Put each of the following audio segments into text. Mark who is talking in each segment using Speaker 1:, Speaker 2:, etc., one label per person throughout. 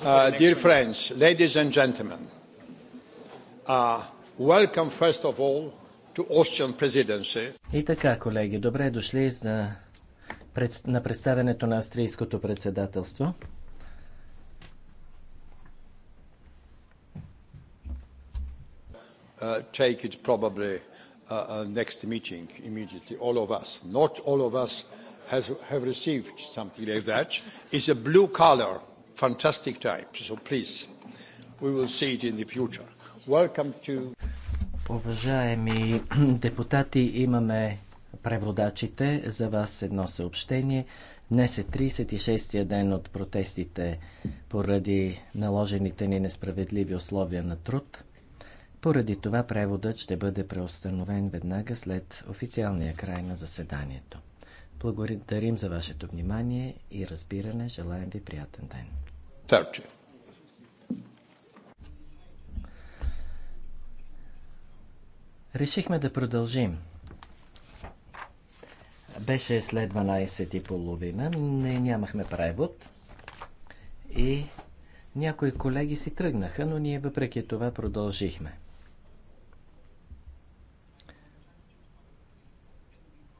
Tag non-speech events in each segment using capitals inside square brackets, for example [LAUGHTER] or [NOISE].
Speaker 1: Uh, dear friends, ladies and gentlemen, uh, welcome first of all to Austrian presidency.
Speaker 2: И така, колеги, добре дошли за, пред... на представенето на австрийското председателство.
Speaker 1: Uh, take it probably uh, uh, next meeting immediately, all of us. Not all of us has, have received something like that, is a blue color. Fantastic type. So please, we will see it in the future. Welcome to...
Speaker 2: Уважаеми [CLEARS THROAT] депутати, имаме преводачите. За вас едно съобщение. Днес е 36-я ден от протестите поради наложените ни несправедливи условия на труд. Поради това преводът ще бъде преустановен веднага след официалния край на заседанието. Благодарим за вашето внимание и разбиране. Желаем ви приятен ден. Чао, Решихме да продължим. Беше след 12.30. Не нямахме превод. И някои колеги си тръгнаха, но ние въпреки това продължихме.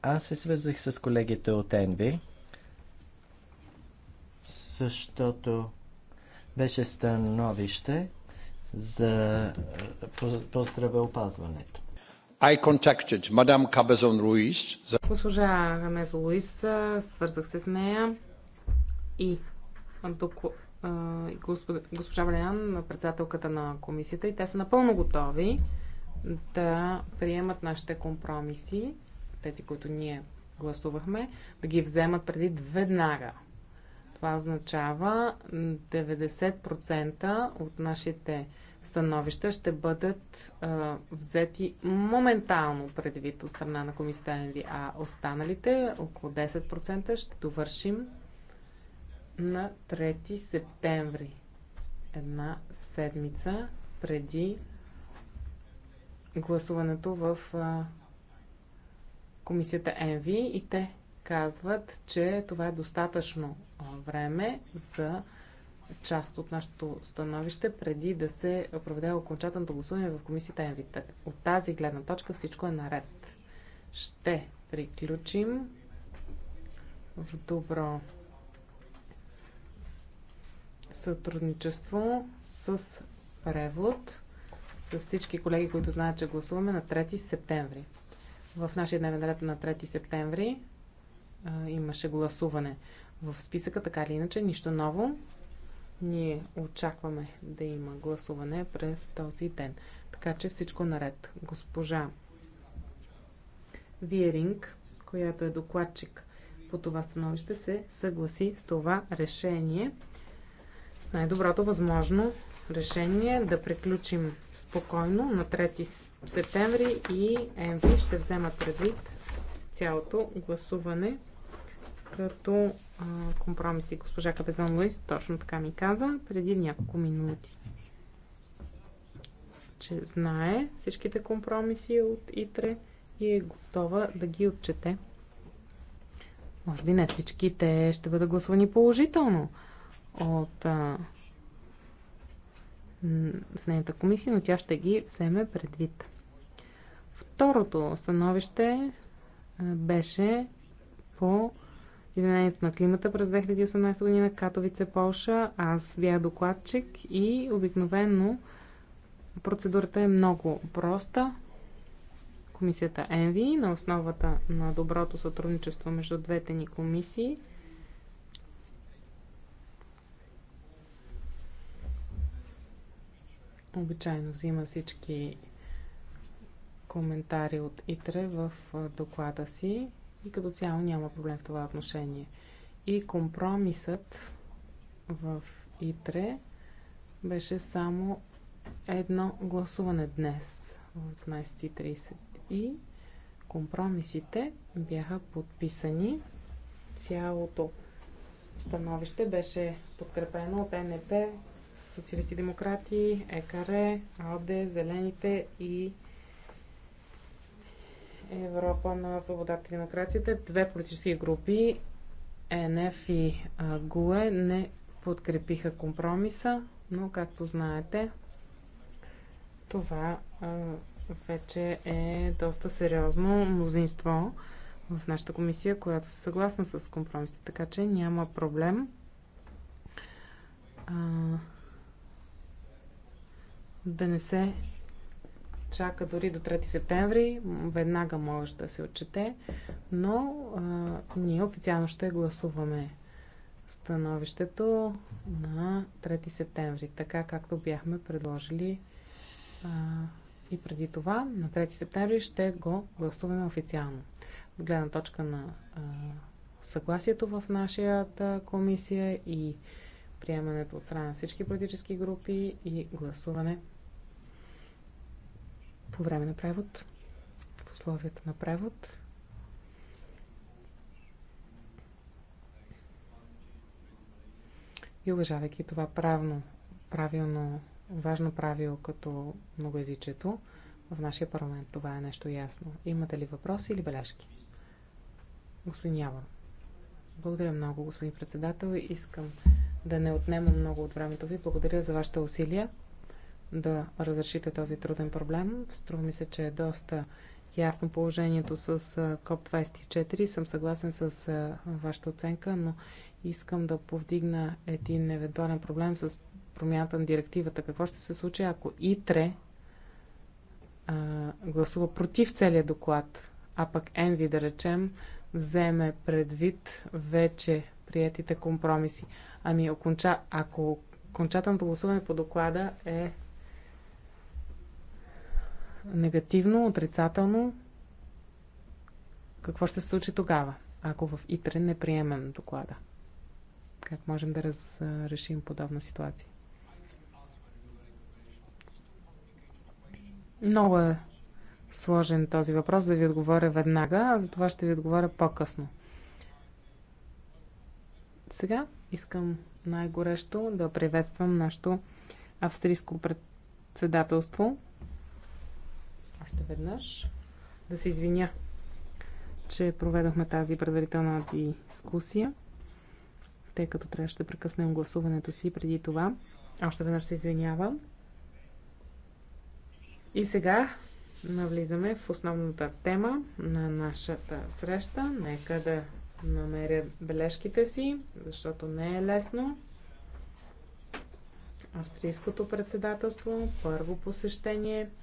Speaker 2: Аз се свързах с колегите от Енви, защото беше становище за по, здравеопазването.
Speaker 1: I contacted Madame Cabezon Ruiz. The...
Speaker 3: Госпожа Хамезо Луис, свързах се с нея и госпожа, госпожа Валян, председателката на комисията, и те са напълно готови да приемат нашите компромиси тези, които ние гласувахме, да ги вземат преди веднага. Това означава 90% от нашите становища ще бъдат а, взети моментално предвид от страна на комисията НВ, а останалите, около 10%, ще довършим на 3 септември. Една седмица преди гласуването в а, комисията ЕНВИ и те казват, че това е достатъчно време за част от нашето становище преди да се проведе окончателното гласуване в комисията ЕНВИ. От тази гледна точка всичко е наред. Ще приключим в добро сътрудничество с превод с всички колеги, които знаят, че гласуваме на 3 септември. В нашия дневен ред на 3 септември а, имаше гласуване в списъка, така или иначе, нищо ново. Ние очакваме да има гласуване през този ден. Така че всичко наред. Госпожа Виеринг, която е докладчик по това становище, се съгласи с това решение. С най-доброто възможно решение да приключим спокойно на 3 септември и ЕМВИ ще вземат предвид цялото гласуване като а, компромиси. Госпожа Капезон Луис точно така ми каза преди няколко минути, че знае всичките компромиси от ИТРЕ и е готова да ги отчете. Може би не всичките ще бъдат гласувани положително от а, в нейната комисия, но тя ще ги вземе предвид. Второто становище беше по изменението на климата през 2018 година, Катовице, Полша. Аз бях докладчик и обикновено процедурата е много проста. Комисията ЕНВИ на основата на доброто сътрудничество между двете ни комисии обичайно взима всички коментари от ИТРЕ в доклада си и като цяло няма проблем в това отношение. И компромисът в ИТРЕ беше само едно гласуване днес в 12.30 и компромисите бяха подписани. Цялото становище беше подкрепено от НП, социалисти демократи, ЕКР, АОД, Зелените и Европа на свободата и демокрацията. Две политически групи, ЕНФ и ГУЕ, не подкрепиха компромиса, но както знаете, това вече е доста сериозно мнозинство в нашата комисия, която се съгласна с компромисите, така че няма проблем. А, да не се чака дори до 3 септември, веднага може да се отчете, но а, ние официално ще гласуваме становището на 3 септември, така както бяхме предложили а, и преди това. На 3 септември ще го гласуваме официално. От гледна точка на а, съгласието в нашата комисия и приемането от страна на всички политически групи и гласуване по време на превод, в условията на превод. И уважавайки това правно, правилно, важно правило като многоязичието, в нашия парламент това е нещо ясно. Имате ли въпроси или бележки? Господин Явор. Благодаря много, господин председател. Искам да не отнема много от времето ви. Благодаря за вашите усилия да разрешите този труден проблем. Струва ми се, че е доста ясно положението с COP24. Съм съгласен с вашата оценка, но искам да повдигна един евентуален проблем с промяната на директивата. Какво ще се случи, ако ИТРЕ а, гласува против целият доклад, а пък ЕНВИ, да речем, вземе предвид вече приятите компромиси? Ами, оконча... ако окончателното гласуване по доклада е негативно, отрицателно, какво ще се случи тогава, ако в ИТРЕ не приемем доклада? Как можем да разрешим подобна ситуация? Много е сложен този въпрос, да ви отговоря веднага, а за това ще ви отговоря по-късно. Сега искам най-горещо да приветствам нашето австрийско председателство – още веднъж да се извиня, че проведохме тази предварителна дискусия, тъй като трябваше да прекъснем гласуването си преди това. Още веднъж се извинявам. И сега навлизаме в основната тема на нашата среща. Нека да намеря бележките си, защото не е лесно. Австрийското председателство, първо посещение –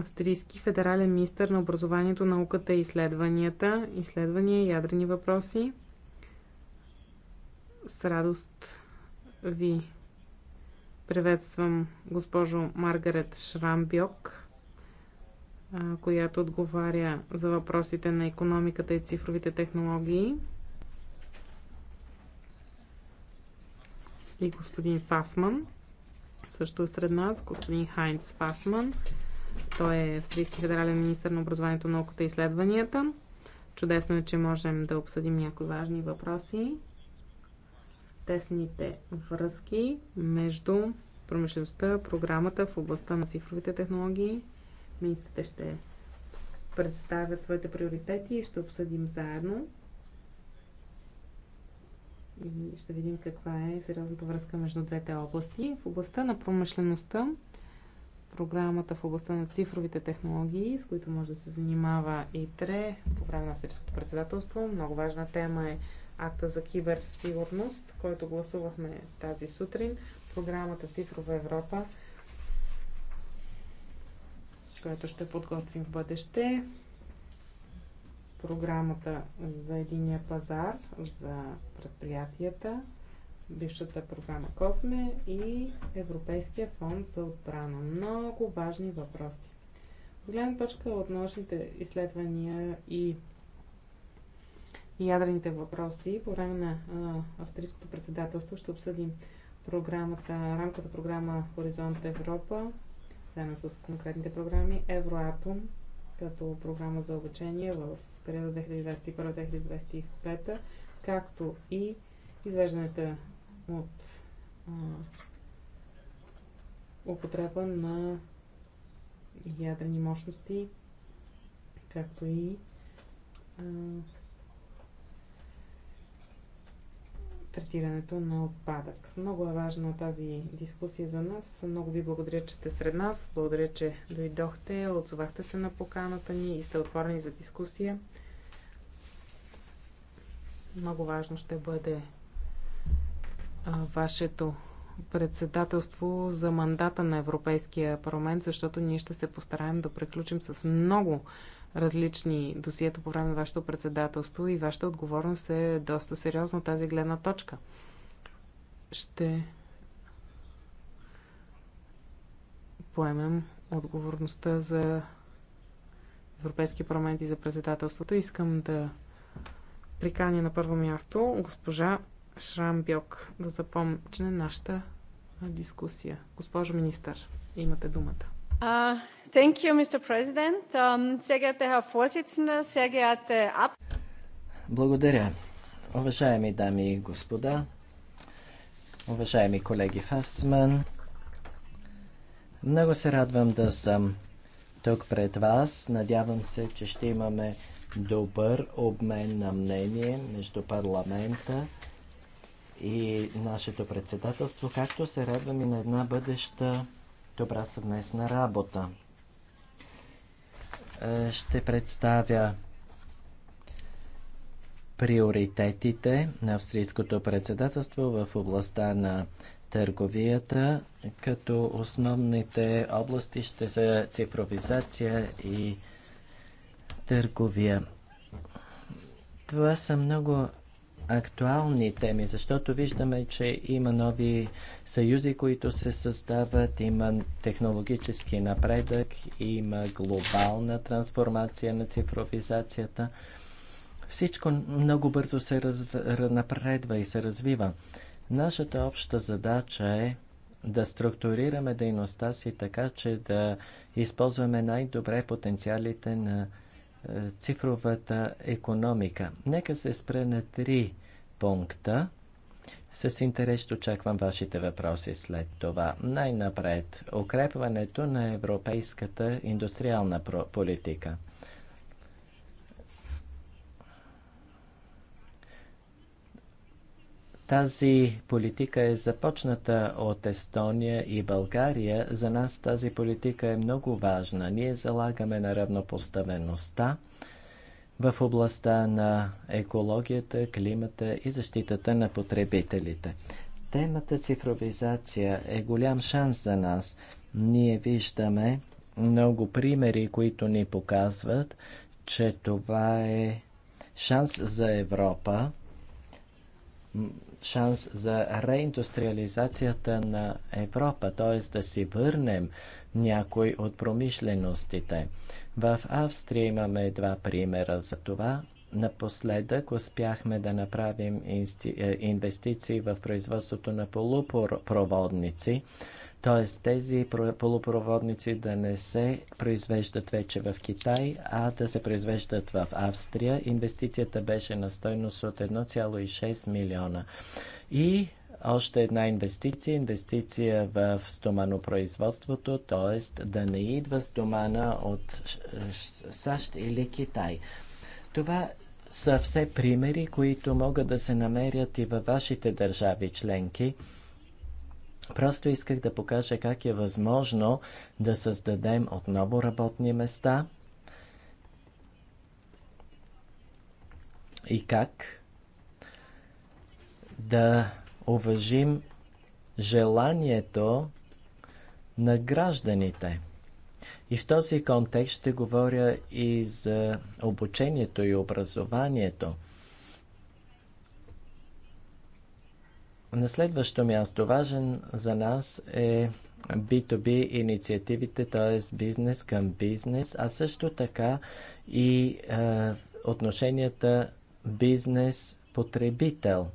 Speaker 3: австрийски федерален министр на образованието, науката и изследванията, изследвания и ядрени въпроси. С радост ви приветствам госпожо Маргарет Шрамбьок, която отговаря за въпросите на економиката и цифровите технологии. И господин Фасман също е сред нас, господин Хайнц Фасман, той е австрийски федерален министр на образованието, науката и изследванията. Чудесно е, че можем да обсъдим някои важни въпроси. Тесните връзки между промишлеността, програмата в областта на цифровите технологии. Министрите ще представят своите приоритети и ще обсъдим заедно. И ще видим каква е сериозната връзка между двете области. В областта на промишлеността програмата в областта на цифровите технологии, с които може да се занимава и ТРЕ по време на Сирското председателство. Много важна тема е акта за киберсигурност, който гласувахме тази сутрин. Програмата Цифрова Европа, която ще подготвим в бъдеще. Програмата за единия пазар за предприятията, бившата програма Косме и Европейския фонд за отбрана. Много важни въпроси. От гледна точка от научните изследвания и ядрените въпроси, по време на а, австрийското председателство ще обсъдим програмата, рамката програма Хоризонт Европа, заедно с конкретните програми Евроатом, като програма за обучение в периода 2021-2025, както и извеждането от а, употреба на ядрени мощности, както и а, третирането на отпадък. Много е важна тази дискусия за нас. Много ви благодаря, че сте сред нас. Благодаря, че дойдохте, отзовахте се на поканата ни и сте отворени за дискусия. Много важно ще бъде вашето председателство за мандата на Европейския парламент, защото ние ще се постараем да приключим с много различни досиета по време на вашето председателство и вашата отговорност е доста сериозна тази гледна точка. Ще поемем отговорността за Европейския парламент и за председателството. Искам да приканя на първо място госпожа Шрамбьок да запомне нашата дискусия. Госпожо министър, имате думата.
Speaker 1: thank you, Mr. President.
Speaker 2: Благодаря. Уважаеми дами и господа, уважаеми колеги Фастман, много се радвам да съм тук пред вас. Надявам се, че ще имаме добър обмен на мнение между парламента и нашето председателство, както се радваме на една бъдеща добра съвместна работа. Е, ще представя приоритетите на австрийското председателство в областта на търговията, като основните области ще са цифровизация и търговия. Това са много актуални теми, защото виждаме, че има нови съюзи, които се създават, има технологически напредък, има глобална трансформация на цифровизацията. Всичко много бързо се разв... напредва и се развива. Нашата обща задача е да структурираме дейността си така, че да използваме най-добре потенциалите на е, цифровата економика. Нека се спре на три пункта. С интерес очаквам вашите въпроси след това. Най-напред, укрепването на европейската индустриална политика. Тази политика е започната от Естония и България. За нас тази политика е много важна. Ние залагаме на равнопоставеността в областта на екологията, климата и защитата на потребителите. Темата цифровизация е голям шанс за нас. Ние виждаме много примери, които ни показват, че това е шанс за Европа, шанс за реиндустриализацията на Европа, т.е. да си върнем някой от промишленостите. В Австрия имаме два примера за това. Напоследък успяхме да направим е, инвестиции в производството на полупроводници, т.е. тези полупроводници да не се произвеждат вече в Китай, а да се произвеждат в Австрия. Инвестицията беше на стойност от 1,6 милиона. И още една инвестиция, инвестиция в стоманопроизводството, т.е. да не идва стомана от САЩ или Китай. Това са все примери, които могат да се намерят и във вашите държави членки. Просто исках да покажа как е възможно да създадем отново работни места и как да уважим желанието на гражданите. И в този контекст ще говоря и за обучението и образованието. На следващо място важен за нас е B2B инициативите, т.е. бизнес към бизнес, а също така и е, отношенията бизнес-потребител.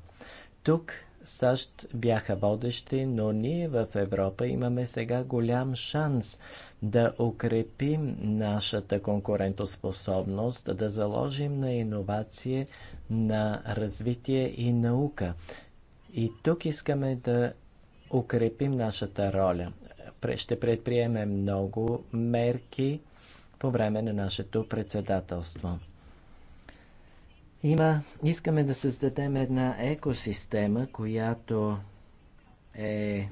Speaker 2: Тук САЩ бяха водещи, но ние в Европа имаме сега голям шанс да укрепим нашата конкурентоспособност, да заложим на иновация, на развитие и наука. И тук искаме да укрепим нашата роля. Ще предприемем много мерки по време на нашето председателство. Има, искаме да създадем една екосистема, която е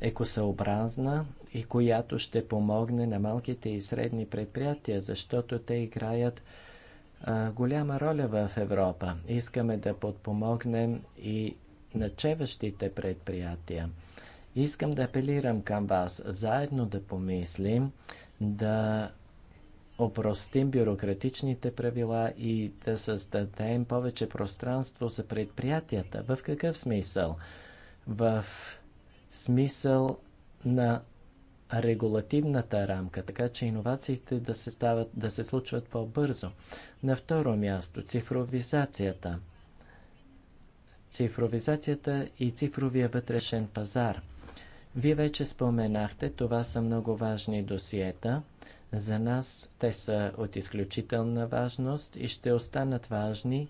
Speaker 2: екосъобразна и която ще помогне на малките и средни предприятия, защото те играят а, голяма роля в Европа. Искаме да подпомогнем и начеващите предприятия. Искам да апелирам към вас заедно да помислим да опростим бюрократичните правила и да създадем повече пространство за предприятията. В какъв смисъл? В смисъл на регулативната рамка, така че иновациите да се, стават, да се случват по-бързо. На второ място, цифровизацията. Цифровизацията и цифровия вътрешен пазар. Вие вече споменахте, това са много важни досиета. За нас те са от изключителна важност и ще останат важни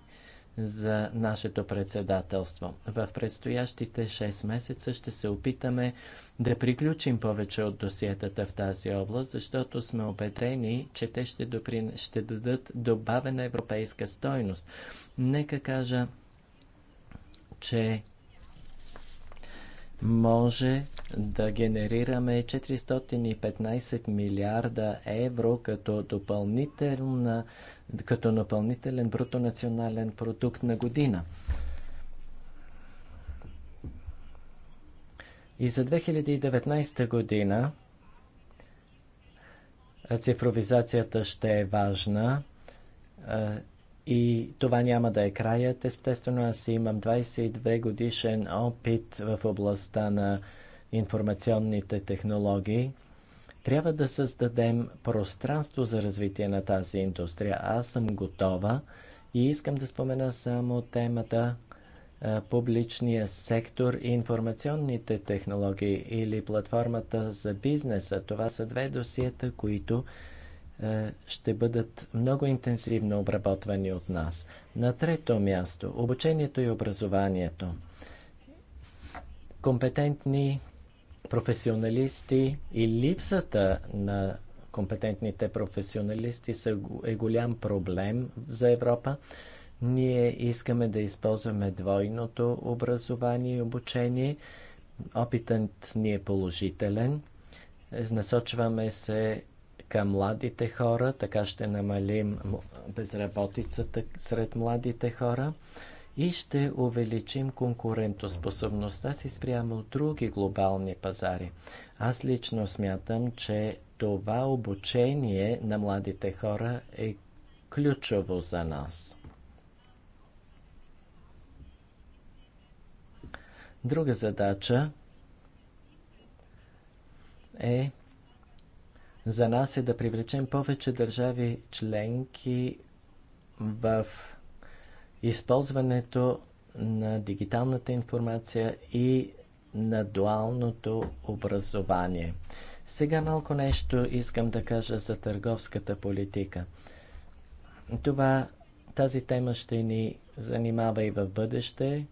Speaker 2: за нашето председателство. В предстоящите 6 месеца ще се опитаме да приключим повече от досиетата в тази област, защото сме убедени, че те ще, доприн... ще дадат добавена европейска стойност. Нека кажа, че може да генерираме 415 милиарда евро като, допълнителна, като допълнителен брутонационален продукт на година. И за 2019 година цифровизацията ще е важна и това няма да е краят. Естествено, аз имам 22 годишен опит в областта на информационните технологии. Трябва да създадем пространство за развитие на тази индустрия. Аз съм готова и искам да спомена само темата публичния сектор и информационните технологии или платформата за бизнеса. Това са две досиета, които е, ще бъдат много интенсивно обработвани от нас. На трето място обучението и образованието. Компетентни професионалисти и липсата на компетентните професионалисти е голям проблем за Европа. Ние искаме да използваме двойното образование и обучение. Опитът ни е положителен. Насочваме се към младите хора, така ще намалим безработицата сред младите хора и ще увеличим конкурентоспособността си спрямо други глобални пазари. Аз лично смятам, че това обучение на младите хора е ключово за нас. Друга задача е за нас е да привлечем повече държави членки в използването на дигиталната информация и на дуалното образование. Сега малко нещо искам да кажа за търговската политика. Това, тази тема ще ни занимава и в бъдеще.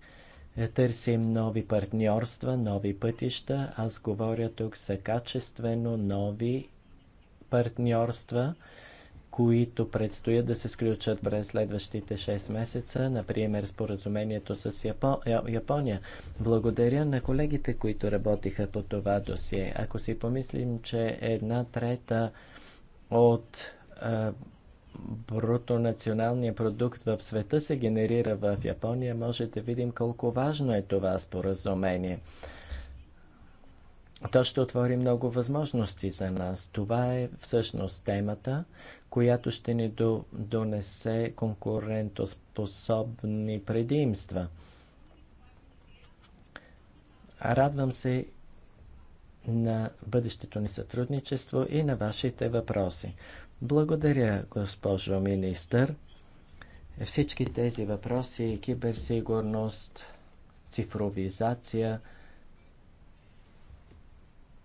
Speaker 2: Търсим нови партньорства, нови пътища. Аз говоря тук за качествено нови партньорства, които предстоят да се сключат през следващите 6 месеца, например споразумението с Япо... Япония. Благодаря на колегите, които работиха по това досие. Ако си помислим, че една трета от а, брутонационалния продукт в света се генерира в Япония, може да видим колко важно е това споразумение то ще отвори много възможности за нас. Това е всъщност темата, която ще ни до, донесе конкурентоспособни предимства. Радвам се на бъдещето ни сътрудничество и на вашите въпроси. Благодаря, госпожо министър. Всички тези въпроси, киберсигурност, цифровизация –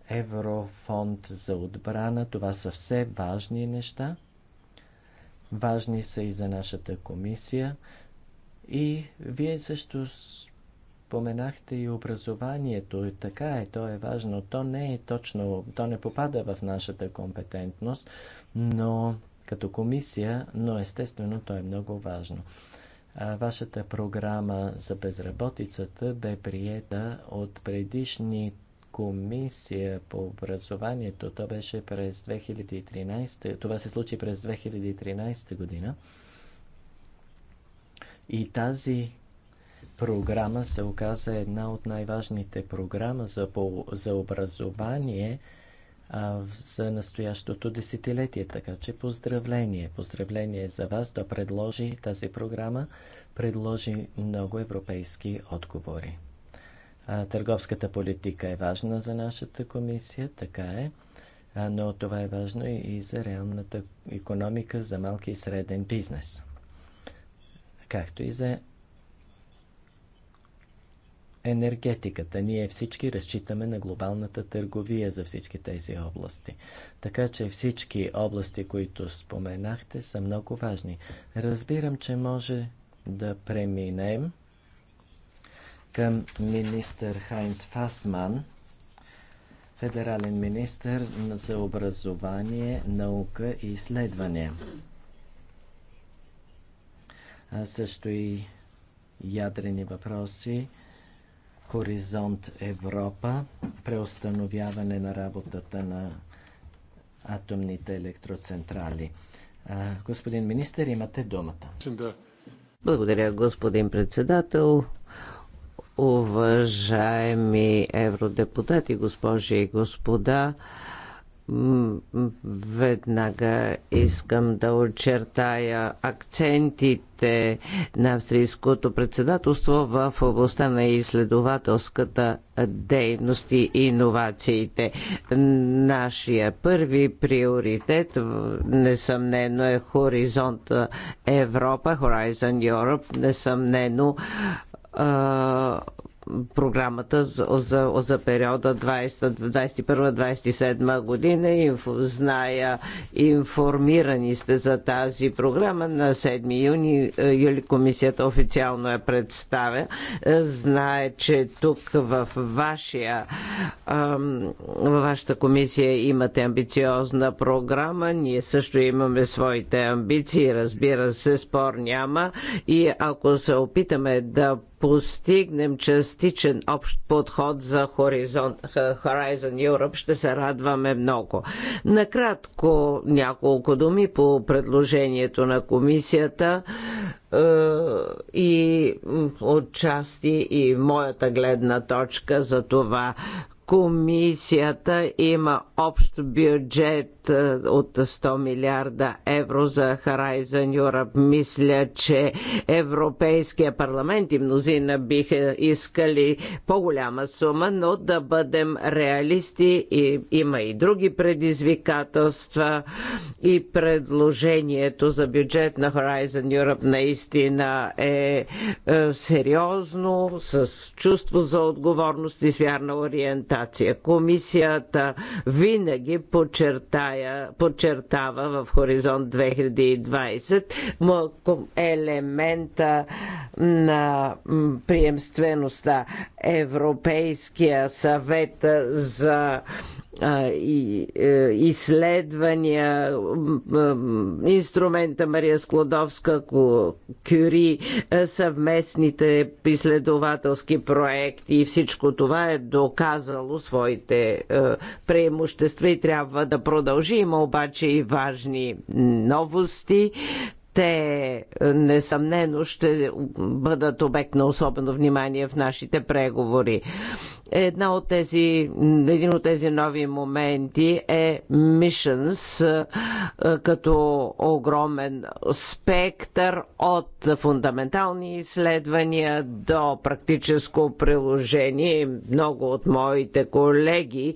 Speaker 2: Еврофонд за отбрана. Това са все важни неща. Важни са и за нашата комисия. И вие също споменахте и образованието. И така е, то е важно. То не е точно, то не попада в нашата компетентност, но като комисия, но естествено то е много важно. Вашата програма за безработицата бе приета от предишните комисия по образованието. То беше през 2013. Това се случи през 2013 година. И тази програма се оказа една от най-важните програма за, по, за образование а, за настоящото десетилетие. Така че поздравление! Поздравление за вас да предложи тази програма, предложи много европейски отговори. Търговската политика е важна за нашата комисия, така е, но това е важно и за реалната економика, за малки и среден бизнес, както и за енергетиката. Ние всички разчитаме на глобалната търговия за всички тези области. Така че всички области, които споменахте, са много важни. Разбирам, че може да преминем към министър Хайнц Фасман, федерален министър за образование, наука и изследване. А също и ядрени въпроси, Хоризонт Европа, преустановяване на работата на атомните електроцентрали. Господин министър, имате думата.
Speaker 4: Благодаря, господин председател. Уважаеми евродепутати, госпожи и господа, веднага искам да очертая акцентите на австрийското председателство в областта на изследователската дейност и иновациите. Нашия първи приоритет несъмнено е Хоризонт Европа, Horizon Europe, несъмнено програмата за, за, за периода 2021-2027 година. Инфо, зная, информирани сте за тази програма. На 7 юни е, юли комисията официално я представя. Е, знае, че тук в вашия във вашата комисия имате амбициозна програма. Ние също имаме своите амбиции. Разбира се, спор няма. И ако се опитаме да постигнем частичен общ подход за Horizon, Horizon Europe, ще се радваме много. Накратко няколко думи по предложението на комисията е, и отчасти и моята гледна точка за това, комисията има общ бюджет от 100 е, милиарда евро за Horizon Europe. Мисля, че Европейския парламент и мнозина биха искали по-голяма сума, но да бъдем реалисти и има и други предизвикателства и предложението за бюджет на Horizon Europe наистина е, е сериозно, с чувство за отговорност и с вярна ориентация. Комисията винаги подчертая накрая подчертава в Хоризонт 2020 елемента на приемствеността. Европейския съвет за и, е, изследвания, инструмента Мария Склодовска, Кюри, е, съвместните изследователски проекти и всичко това е доказало своите е, преимущества и трябва да продължи. Има обаче и важни новости, те несъмнено ще бъдат обект на особено внимание в нашите преговори. Една от тези, един от тези нови моменти е Missions е, като огромен спектър от фундаментални изследвания до практическо приложение. Много от моите колеги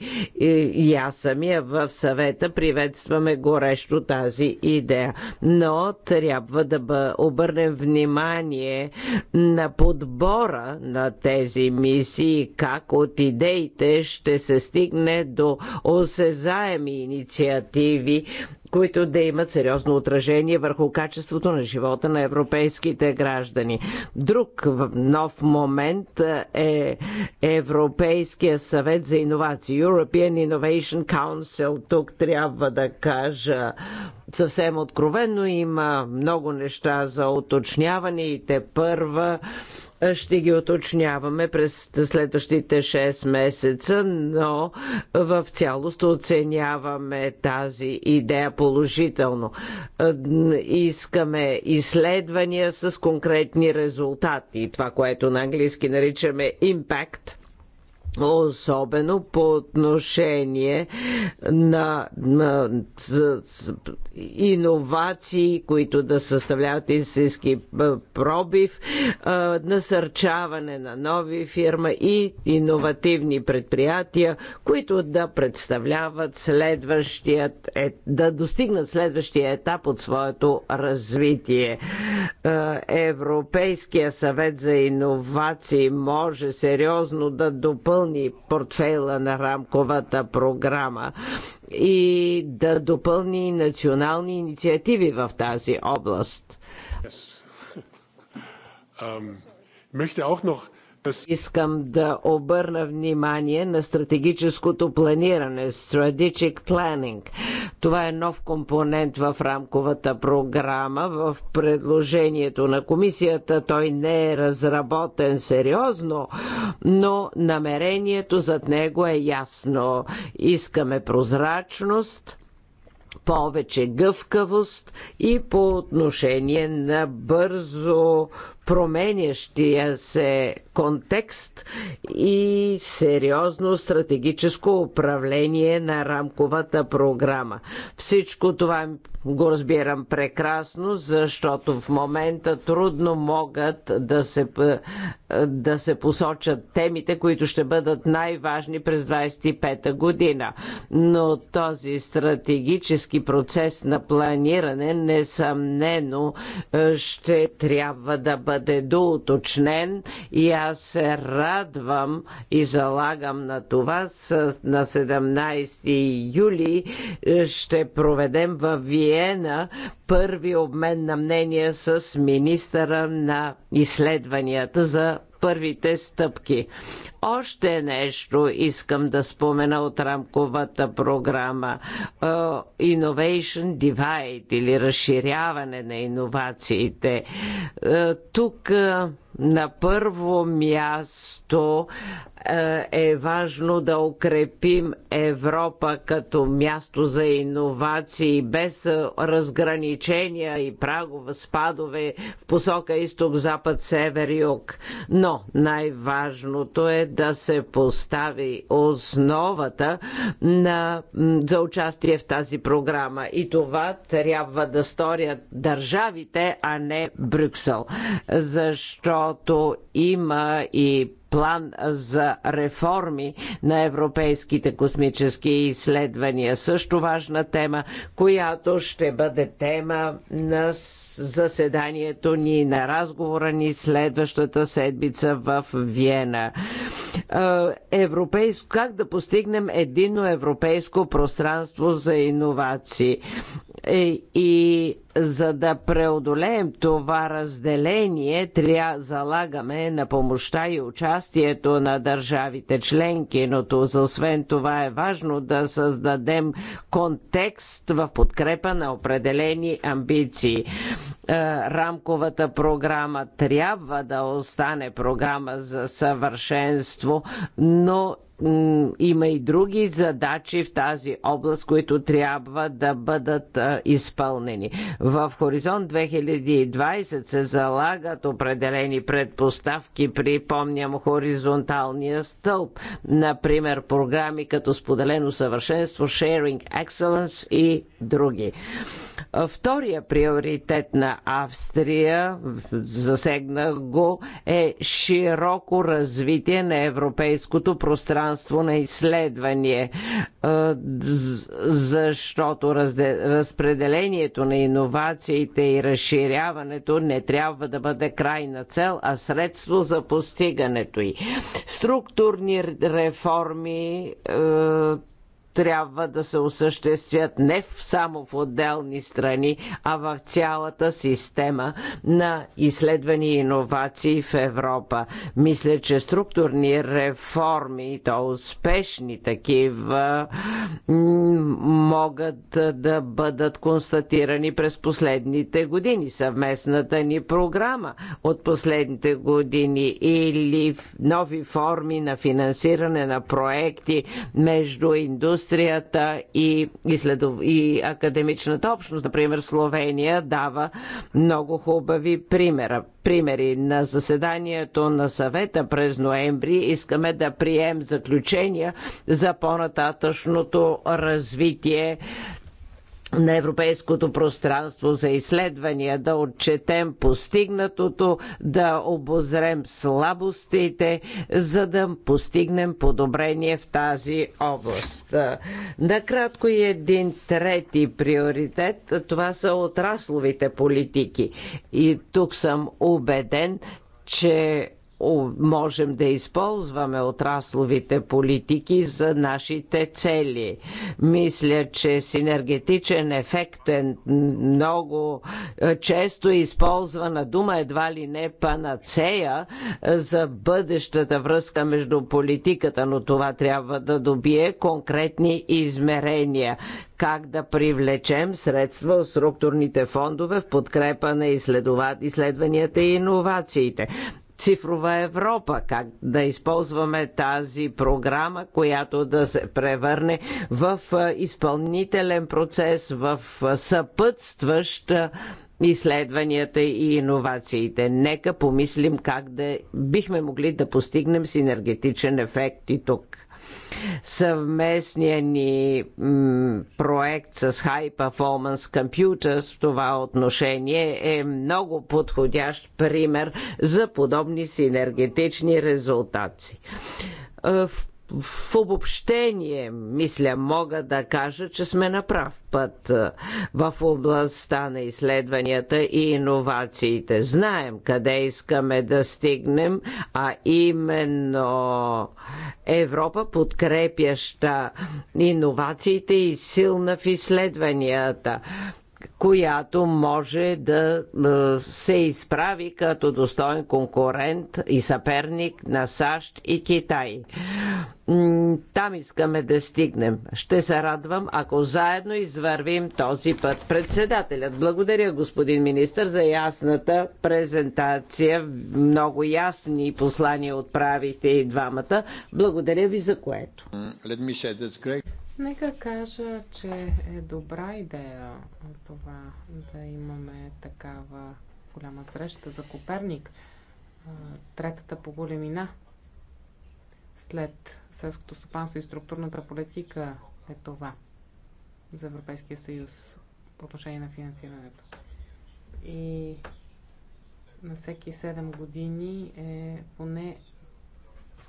Speaker 4: и аз самия в съвета приветстваме горещо тази идея. Но трябва да обърнем внимание на подбора на тези мисии, как от идеите ще се стигне до осезаеми инициативи, които да имат сериозно отражение върху качеството на живота на европейските граждани. Друг нов момент е, е Европейския съвет за иновации, European Innovation Council. Тук трябва да кажа съвсем откровенно има много неща за уточняване и те първа ще ги уточняваме през следващите 6 месеца, но в цялост оценяваме тази идея положително. Искаме изследвания с конкретни резултати, това, което на английски наричаме impact – особено по отношение на, на иновации, които да съставляват истински пробив, насърчаване на нови фирма и иновативни предприятия, които да представляват следващият, е, да достигнат следващия етап от своето развитие. Европейския съвет за иновации може сериозно да допълни допълни портфейла на рамковата програма и да допълни национални инициативи в тази област. Yes. [LAUGHS] Um, möchte auch noch Искам да обърна внимание на стратегическото планиране, strategic planning. Това е нов компонент в рамковата програма. В предложението на комисията той не е разработен сериозно, но намерението зад него е ясно. Искаме прозрачност, повече гъвкавост и по отношение на бързо променящия се контекст и сериозно стратегическо управление на рамковата програма. Всичко това го разбирам прекрасно, защото в момента трудно могат да се, да се посочат темите, които ще бъдат най-важни през 25-та година. Но този стратегически процес на планиране несъмнено ще трябва да бъде доуточнен и аз се радвам и залагам на това с, на 17 юли ще проведем във Вие Виена първи обмен на мнение с министъра на изследванията за първите стъпки. Още нещо искам да спомена от рамковата програма е, Innovation Divide или разширяване на иновациите. Е, тук е, на първо място е важно да укрепим Европа като място за иновации без разграничения и прагове, спадове в посока изток, запад, север, юг. Но но най-важното е да се постави основата на, за участие в тази програма. И това трябва да сторят държавите, а не Брюксел. Защото има и план за реформи на европейските космически изследвания. Също важна тема, която ще бъде тема на заседанието ни, на разговора ни следващата седмица в Виена. Е, европейско, как да постигнем едино европейско пространство за иновации? Е, и за да преодолеем това разделение, трябва залагаме на помощта и участието на държавите членки, но то, за освен това е важно да създадем контекст в подкрепа на определени амбиции. Е, рамковата програма трябва да остане програма за съвършенство, но има и други задачи в тази област, които трябва да бъдат изпълнени. В Хоризонт 2020 се залагат определени предпоставки, припомням хоризонталния стълб, например програми като споделено съвършенство, Sharing Excellence и други. Втория приоритет на Австрия, засегна го, е широко развитие на европейското пространство пространство на изследване, е, защото разпределението на иновациите и разширяването не трябва да бъде крайна цел, а средство за постигането й. Структурни реформи е, трябва да се осъществят не само в отделни страни, а в цялата система на изследвания и иновации в Европа. Мисля, че структурни реформи, то успешни такива, могат да бъдат констатирани през последните години. Съвместната ни програма от последните години или нови форми на финансиране на проекти между индустрията индустрията и, следов... и академичната общност. Например, Словения дава много хубави примера. примери. На заседанието на съвета през ноември искаме да прием заключения за по-нататъчното развитие на европейското пространство за изследвания, да отчетем постигнатото, да обозрем слабостите, за да постигнем подобрение в тази област. Накратко и един трети приоритет, това са отрасловите политики. И тук съм убеден, че можем да използваме отрасловите политики за нашите цели. Мисля, че синергетичен ефект е много е, често използвана дума, едва ли не панацея е, за бъдещата връзка между политиката, но това трябва да добие конкретни измерения как да привлечем средства от структурните фондове в подкрепа на изследванията и иновациите цифрова Европа, как да използваме тази програма, която да се превърне в изпълнителен процес, в съпътстваща изследванията и иновациите. Нека помислим как да бихме могли да постигнем синергетичен ефект и тук. Съвместния ни проект с High Performance Computers в това отношение е много подходящ пример за подобни синергетични резултати. Е, в в обобщение, мисля, мога да кажа, че сме на прав път е, в областта на изследванията и иновациите. Знаем къде искаме да стигнем, а именно Европа, подкрепяща иновациите и силна в изследванията която може да се изправи като достоен конкурент и съперник на САЩ и Китай. Там искаме да стигнем. Ще се радвам, ако заедно извървим този път. Председателят, благодаря господин министр за ясната презентация. Много ясни послания отправихте и двамата. Благодаря ви за което.
Speaker 3: Нека кажа, че е добра идея това да имаме такава голяма среща за Коперник, третата по големина. След селското стопанство и структурната политика е това за Европейския съюз по отношение на финансирането. И на всеки 7 години е поне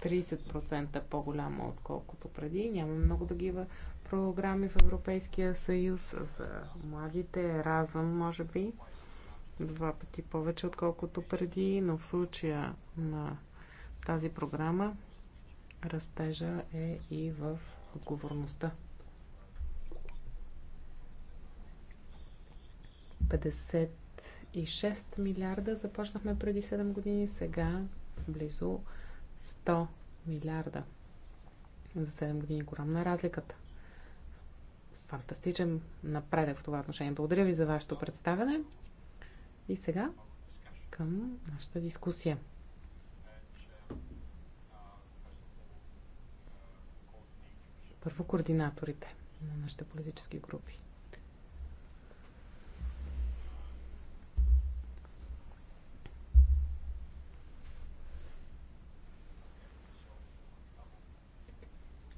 Speaker 3: 30% по-голяма, отколкото преди. Няма много такива програми в Европейския съюз за младите. Разъм, може би, два пъти повече, отколкото преди, но в случая на тази програма растежа е и в отговорността. 56 милиарда започнахме преди 7 години, сега близо 100 милиарда. За 7 години огромна на е разликата. Фантастичен напредък в това отношение. Благодаря ви за вашето представяне. И сега към нашата дискусия. Първо координаторите на нашите политически групи.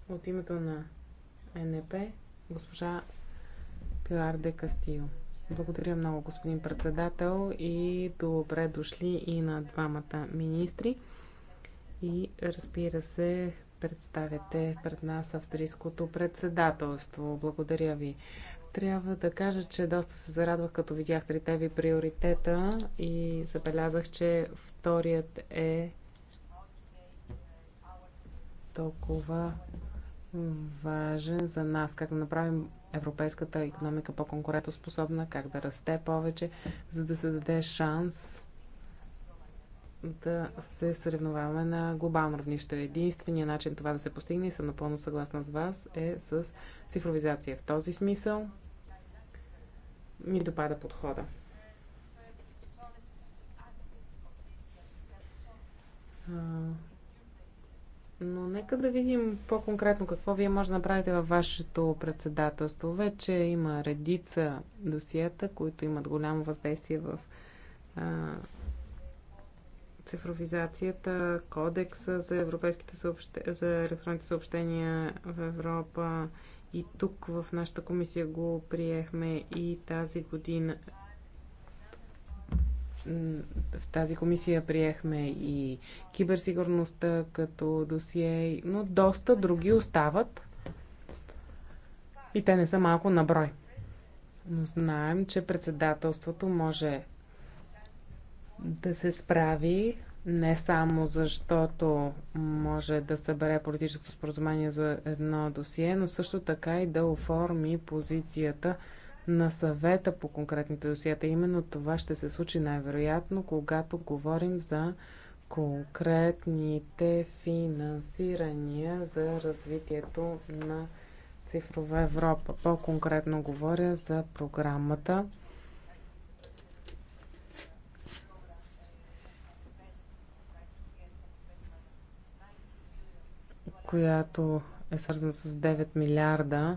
Speaker 3: От името на НП, госпожа Пилар де Кастио. Благодаря много, господин председател, и добре дошли и на двамата министри. И разбира се, представяте пред нас австрийското председателство. Благодаря ви. Трябва да кажа, че доста се зарадвах, като видях трите ви приоритета и забелязах, че вторият е толкова важен за нас. Как да направим европейската економика по-конкурентоспособна, как да расте повече, за да се даде шанс да се съревноваваме на глобално равнище. Единственият начин това да се постигне, и съм напълно съгласна с вас, е с цифровизация. В този смисъл ми допада подхода. Но нека да видим по-конкретно какво вие може да направите във вашето председателство. Вече има редица досията, които имат голямо въздействие в а, цифровизацията, кодекса за, европейските съобще... за електронните съобщения в Европа. И тук в нашата комисия го приехме и тази година в тази комисия приехме и киберсигурността като досие, но доста други остават и те не са малко на брой. Но знаем, че председателството може да се справи не само защото може да събере политическо споразумение за едно досие, но също така и да оформи позицията на съвета по конкретните досията. Именно това ще се случи най-вероятно, когато говорим за конкретните финансирания за развитието на цифрова Европа. По-конкретно говоря за програмата която е свързана с 9 милиарда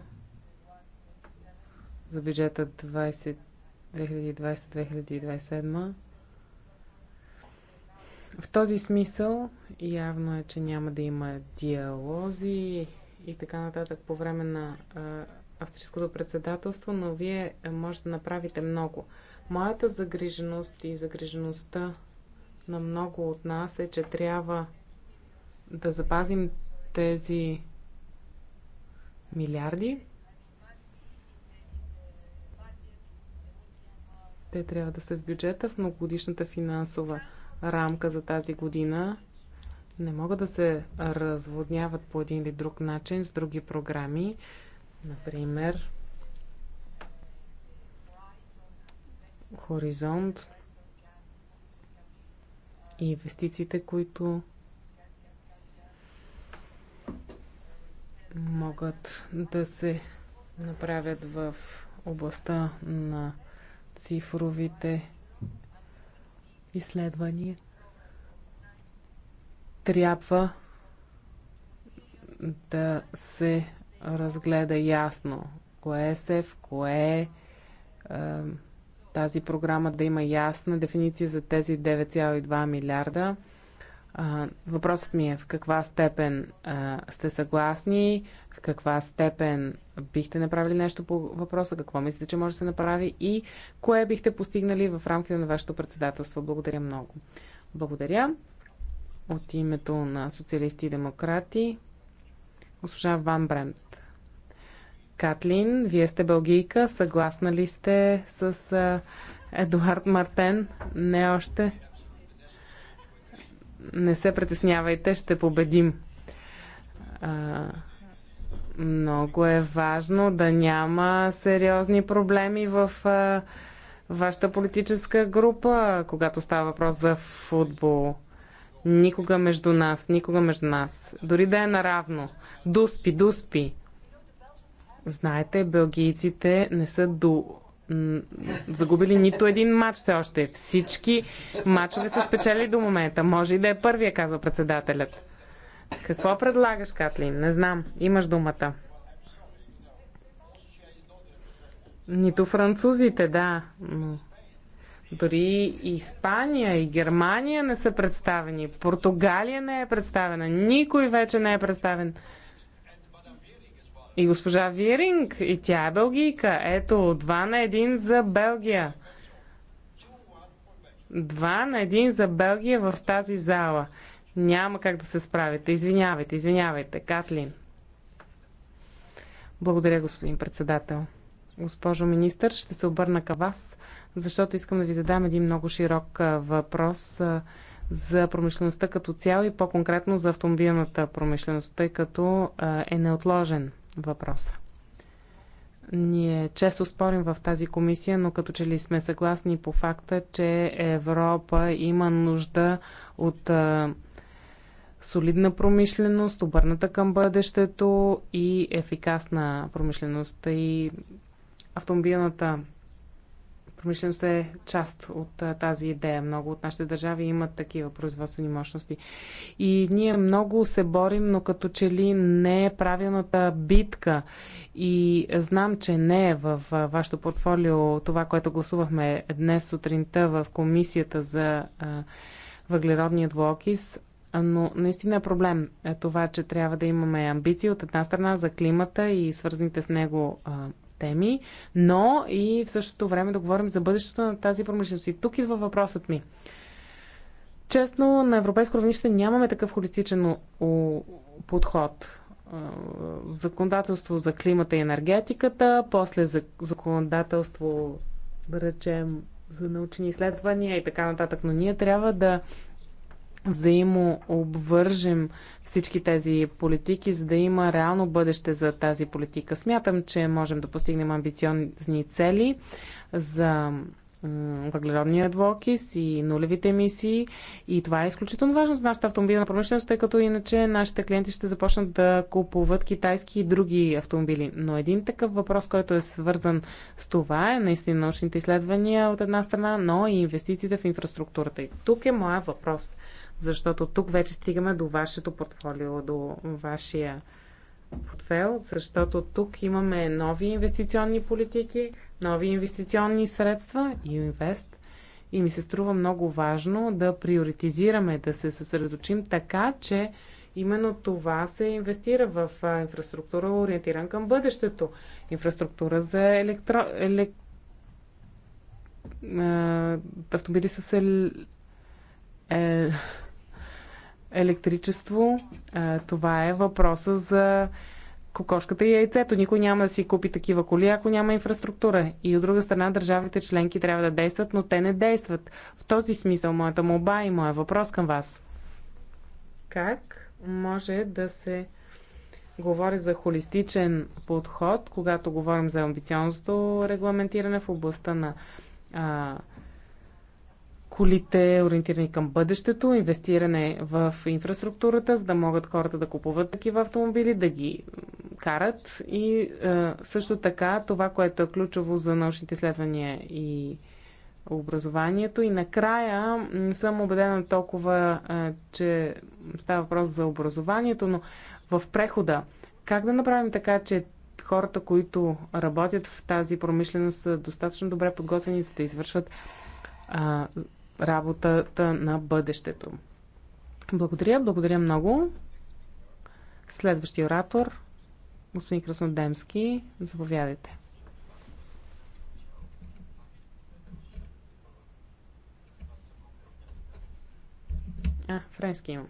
Speaker 3: за бюджета 2020-2027. В този смисъл явно е, че няма да има диалози и така нататък по време на австрийското председателство, но вие може да направите много. Моята загриженост и загрижеността на много от нас е, че трябва да запазим тези милиарди, Те трябва да са в бюджета в многогодишната финансова рамка за тази година. Не могат да се разводняват по един или друг начин с други програми. Например, Хоризонт и инвестициите, които могат да се направят в областта на цифровите изследвания. Трябва да се разгледа ясно кое е СЕФ, кое е, е тази програма да има ясна дефиниция за тези 9,2 милиарда въпросът ми е в каква степен а, сте съгласни, в каква степен бихте направили нещо по въпроса, какво мислите, че може да се направи и кое бихте постигнали в рамките на вашето председателство. Благодаря много. Благодаря. От името на социалисти и демократи, госпожа Ван Брент. Катлин, вие сте бългийка, съгласна ли сте с а, Едуард Мартен? Не още не се притеснявайте, ще победим. А, много е важно да няма сериозни проблеми в а, вашата политическа група, когато става въпрос за футбол. Никога между нас, никога между нас. Дори да е наравно. Дуспи, дуспи. Знаете, белгийците не са до загубили нито един матч все още. Всички матчове са спечели до момента. Може и да е първия, казва председателят. Какво предлагаш, Катлин? Не знам. Имаш думата. Нито французите, да. Но... Дори и Испания и Германия не са представени. Португалия не е представена. Никой вече не е представен и госпожа Виринг, и тя е белгийка. Ето, 2 на 1 за Белгия. 2 на 1 за Белгия в тази зала. Няма как да се справите. Извинявайте, извинявайте, Катлин. Благодаря, господин председател. Госпожо министър, ще се обърна към вас, защото искам да ви задам един много широк въпрос за промишлеността като цяло и по-конкретно за автомобилната промишленост, тъй като е неотложен въпроса. Ние често спорим в тази комисия, но като че ли сме съгласни по факта, че Европа има нужда от а, солидна промишленост, обърната към бъдещето и ефикасна промишленост. И автомобилната Промишлеността е част от а, тази идея. Много от нашите държави имат такива производствени мощности. И ние много се борим, но като че ли не е правилната битка. И знам, че не е в вашето портфолио това, което гласувахме днес сутринта в комисията за а, въглеродния двуокис, но наистина е проблем е това, че трябва да имаме амбиции от една страна за климата и свързаните с него теми, но и в същото време да говорим за бъдещето на тази промишленост. И тук идва въпросът ми. Честно, на европейско равнище нямаме такъв холистичен подход. Законодателство за климата и енергетиката, после законодателство, да речем, за научни изследвания и така нататък. Но ние трябва да взаимообвържем всички тези политики, за да има реално бъдеще за тази политика. Смятам, че можем да постигнем амбициозни цели за въглеродния двуокис и нулевите емисии. И това е изключително важно за нашата автомобилна промишленост, тъй като иначе нашите клиенти ще започнат да купуват китайски и други автомобили. Но един такъв въпрос, който е свързан с това е наистина научните изследвания от една страна, но и инвестициите в инфраструктурата. И тук е моя въпрос. Защото тук вече стигаме до вашето портфолио, до вашия портфел, защото тук имаме нови инвестиционни политики, нови инвестиционни средства, Инвест И ми се струва много важно да приоритизираме, да се съсредоточим така, че именно това се инвестира в инфраструктура, ориентиран към бъдещето. Инфраструктура за електро... Елек... автомобили с ел... Е електричество. Това е въпроса за кокошката и яйцето. Никой няма да си купи такива коли, ако няма инфраструктура. И от друга страна, държавите членки трябва да действат, но те не действат. В този смисъл моята молба и моя въпрос към вас. Как може да се говори за холистичен подход, когато говорим за амбициозното регламентиране в областта на а, колите, ориентирани към бъдещето, инвестиране в инфраструктурата, за да могат хората да купуват такива автомобили, да ги карат и е, също така това, което е ключово за научните изследвания и образованието. И накрая съм убедена толкова, е, че става въпрос за образованието, но в прехода как да направим така, че хората, които работят в тази промишленост, са достатъчно добре подготвени, за да извършват работата на бъдещето. Благодаря, благодаря много. Следващия оратор, господин Краснодемски, заповядайте. А, френски имам.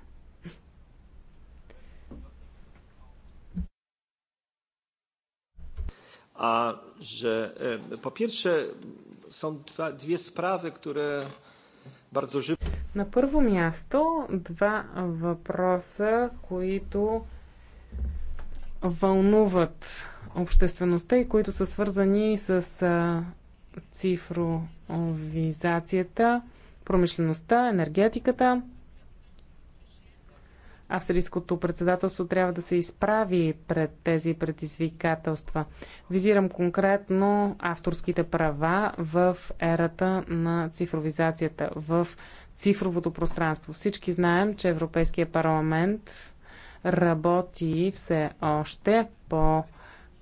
Speaker 2: A że po pierwsze są dwie sprawy, które Bardzo
Speaker 3: На първо място два въпроса, които вълнуват обществеността и които са свързани с цифровизацията, промишлеността, енергетиката австрийското председателство трябва да се изправи пред тези предизвикателства. Визирам конкретно авторските права в ерата на цифровизацията, в цифровото пространство. Всички знаем, че Европейския парламент работи все още по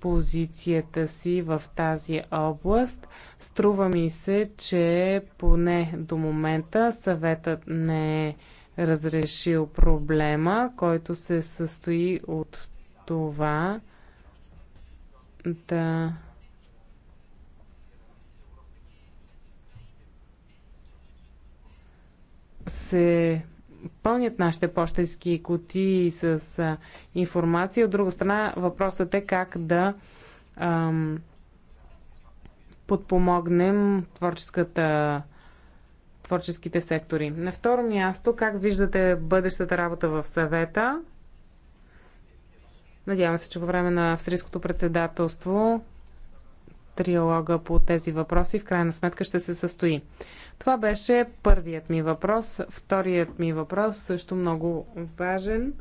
Speaker 3: позицията си в тази област. Струва ми се, че поне до момента съветът не е разрешил проблема, който се състои от това да се пълнят нашите почтенски кутии с информация. От друга страна, въпросът е как да ам, подпомогнем творческата творческите сектори. На второ място, как виждате бъдещата работа в съвета? Надявам се, че по време на австрийското председателство триалога по тези въпроси в крайна сметка ще се състои. Това беше първият ми въпрос. Вторият ми въпрос също много важен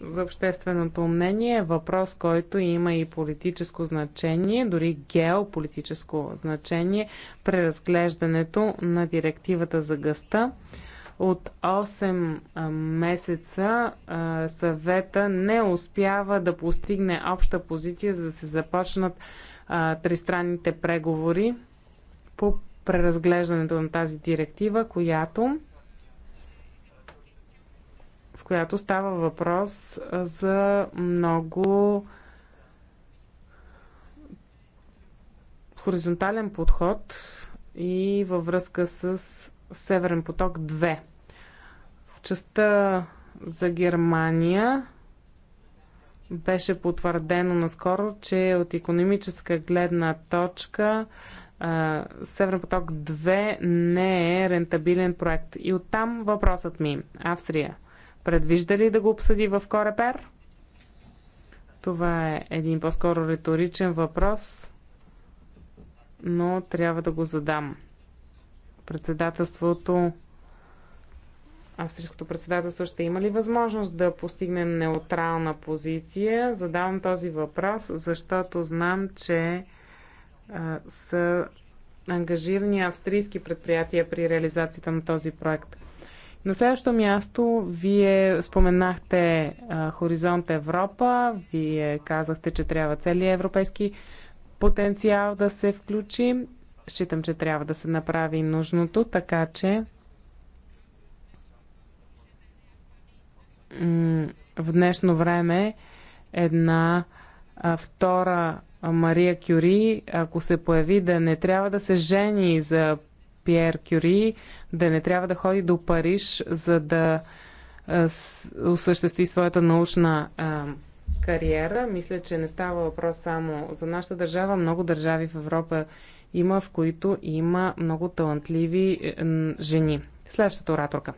Speaker 3: за общественото мнение е въпрос, който има и политическо значение, дори геополитическо значение. Преразглеждането на директивата за гъста от 8 месеца съвета не успява да постигне обща позиция, за да се започнат тристранните преговори по преразглеждането на тази директива, която в която става въпрос за много хоризонтален подход и във връзка с Северен поток 2. В частта за Германия беше потвърдено наскоро, че от економическа гледна точка Северен поток 2 не е рентабилен проект. И оттам въпросът ми. Австрия – Предвижда ли да го обсъди в Корепер? Това е един по-скоро риторичен въпрос, но трябва да го задам. Председателството австрийското председателство ще има ли възможност да постигне неутрална позиция? Задавам този въпрос, защото знам, че а, са ангажирани австрийски предприятия при реализацията на този проект. На следващо място, вие споменахте а, Хоризонт Европа, вие казахте, че трябва целият европейски потенциал да се включи. Считам, че трябва да се направи нужното, така че в днешно време една а, втора Мария Кюри, ако се появи, да не трябва да се жени за Пьер Кюри да не трябва да ходи до Париж, за да осъществи своята научна кариера. Мисля, че не става въпрос само за нашата държава. Много държави в Европа има, в които има много талантливи жени. Следващата ораторка.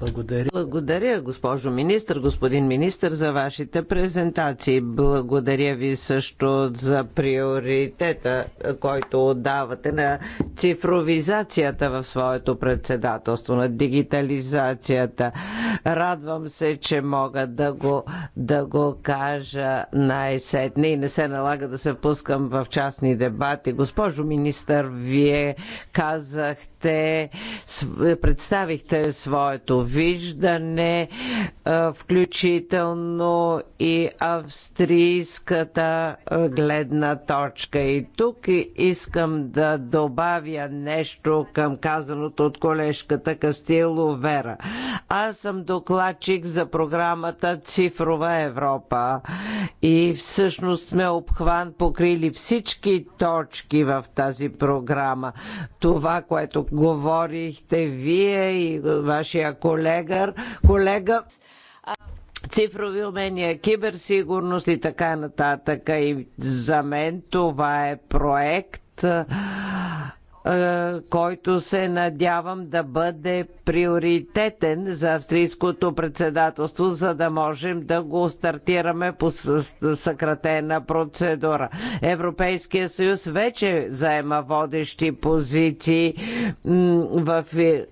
Speaker 4: Благодаря. Благодаря, госпожо министр, господин министр, за вашите презентации. Благодаря ви също за приоритета, който отдавате на цифровизацията в своето председателство, на дигитализацията. Радвам се, че мога да го, да го кажа най-сетне и не се налага да се впускам в частни дебати. Госпожо министър, вие казахте, представихте своето виждане, включително и австрийската гледна точка. И тук искам да добавя нещо към казаното от колежката Кастило Вера. Аз съм докладчик за програмата Цифрова Европа и всъщност сме обхван покрили всички точки в тази програма. Това, което говорихте вие и вашия колега колега, колега цифрови умения, киберсигурност и така нататък. И за мен това е проект е, който се надявам да бъде приоритетен за австрийското председателство, за да можем да го стартираме по съкратена процедура. Европейския съюз вече заема водещи позиции в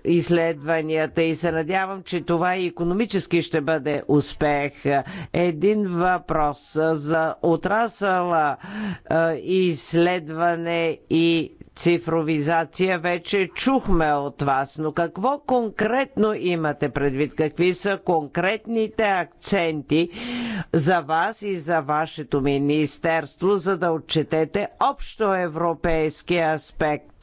Speaker 4: изследванията и се надявам, че това и економически ще бъде успех. Един въпрос за отрасъла е, изследване и цифровизация вече чухме от вас, но какво конкретно имате предвид? Какви са конкретните акценти за вас и за вашето министерство, за да отчетете общо европейския аспект?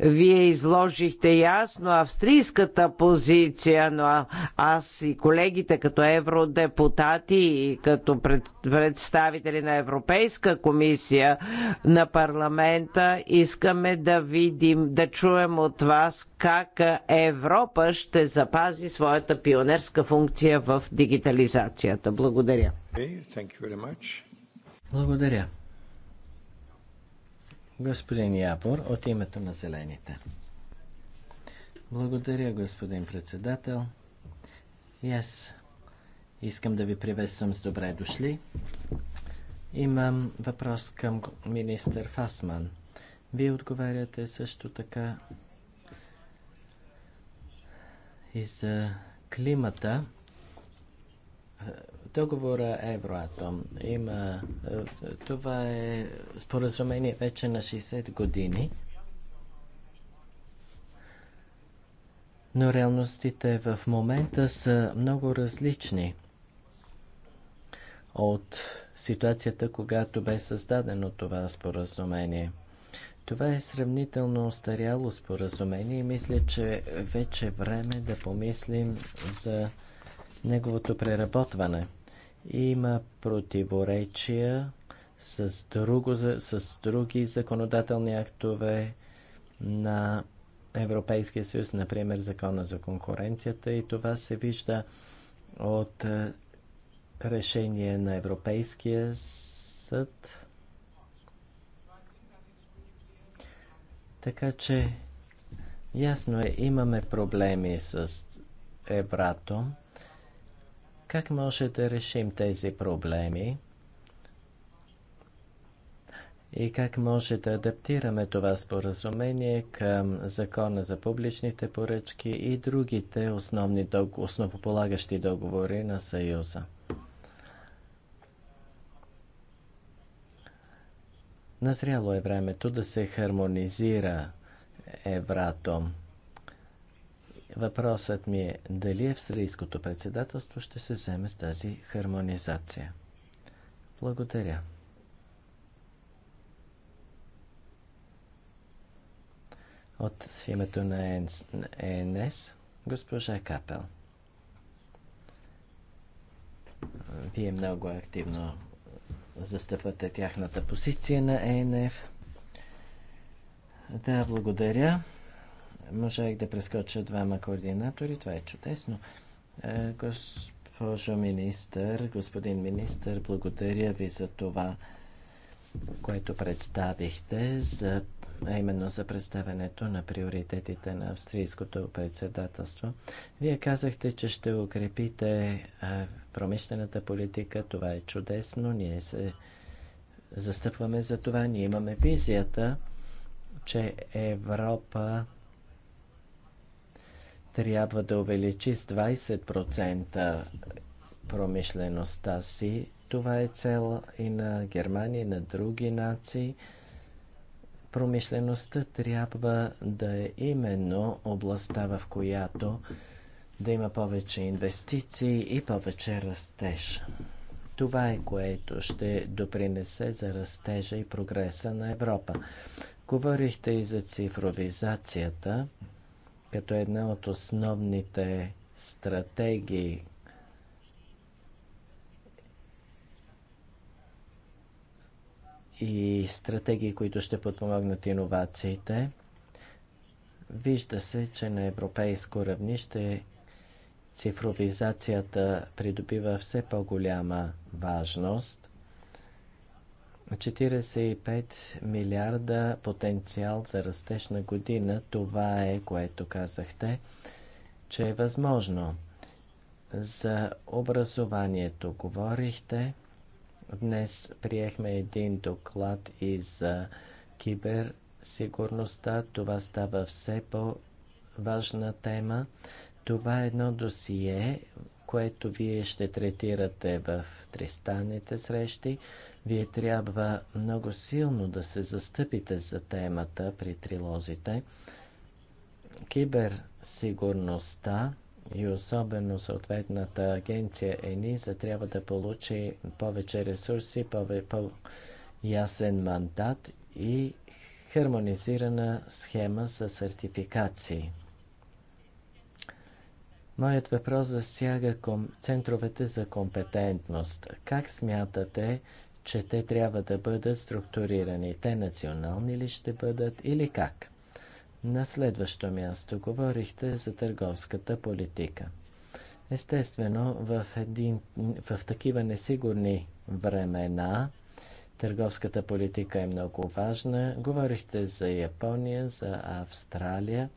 Speaker 4: Вие изложихте ясно австрийската позиция, но аз и колегите като евродепутати и като представители на Европейска комисия на парламента искаме да видим, да чуем от вас как Европа ще запази своята пионерска функция в дигитализацията. Благодаря. Благодаря.
Speaker 2: Господин Явор, от името на Зелените. Благодаря, господин председател. И аз искам да ви приветствам с добре дошли. Имам въпрос към министър Фасман. Вие отговаряте също така и за климата. Договора Евроатом има... Е, това е споразумение вече на 60 години, но реалностите в момента са много различни от ситуацията, когато бе създадено това споразумение. Това е сравнително старяло споразумение и мисля, че вече е време да помислим за неговото преработване. Има противоречия с, друго, с други законодателни актове на Европейския съюз, например Закона за конкуренцията и това се вижда от е, решение на Европейския съд. Така че ясно е, имаме проблеми с Евратом. Как може да решим тези проблеми? И как може да адаптираме това споразумение към Закона за публичните поръчки и другите основни, основополагащи договори на Съюза? Назряло е времето да се хармонизира Евратом. Въпросът ми е дали австрийското председателство ще се вземе с тази хармонизация. Благодаря. От името на ЕНС, госпожа Капел. Вие много активно застъпвате тяхната позиция на ЕНФ. Да, благодаря. Можех да прескоча двама координатори, това е чудесно. Е, госпожо министър, господин министър, благодаря ви за това, което представихте, за, а именно за представенето на приоритетите на австрийското председателство. Вие казахте, че ще укрепите промишлената политика. Това е чудесно. Ние се застъпваме за това. Ние имаме визията, че Европа трябва да увеличи с 20% промишлеността си. Това е цел и на Германия, и на други нации. Промишлеността трябва да е именно областта, в която да има повече инвестиции и повече растеж. Това е което ще допринесе за растежа и прогреса на Европа. Говорихте и за цифровизацията като една от основните стратегии. и стратегии, които ще подпомогнат иновациите. Вижда се, че на европейско равнище цифровизацията придобива все по-голяма важност. 45 милиарда потенциал за растеж на година. Това е, което казахте, че е възможно. За образованието говорихте. Днес приехме един доклад и за киберсигурността. Това става все по-важна тема. Това е едно досие, което вие ще третирате в тристанните срещи. Вие трябва много силно да се застъпите за темата при трилозите. Киберсигурността и особено съответната агенция ЕНИЗА трябва да получи повече ресурси, повече по-ясен мандат и хармонизирана схема за сертификации. Моят въпрос засяга ком... центровете за компетентност. Как смятате, че те трябва да бъдат структурирани. Те национални ли ще бъдат или как? На следващо място говорихте за търговската политика. Естествено, в, един, в такива несигурни времена търговската политика е много важна. Говорихте за Япония, за Австралия.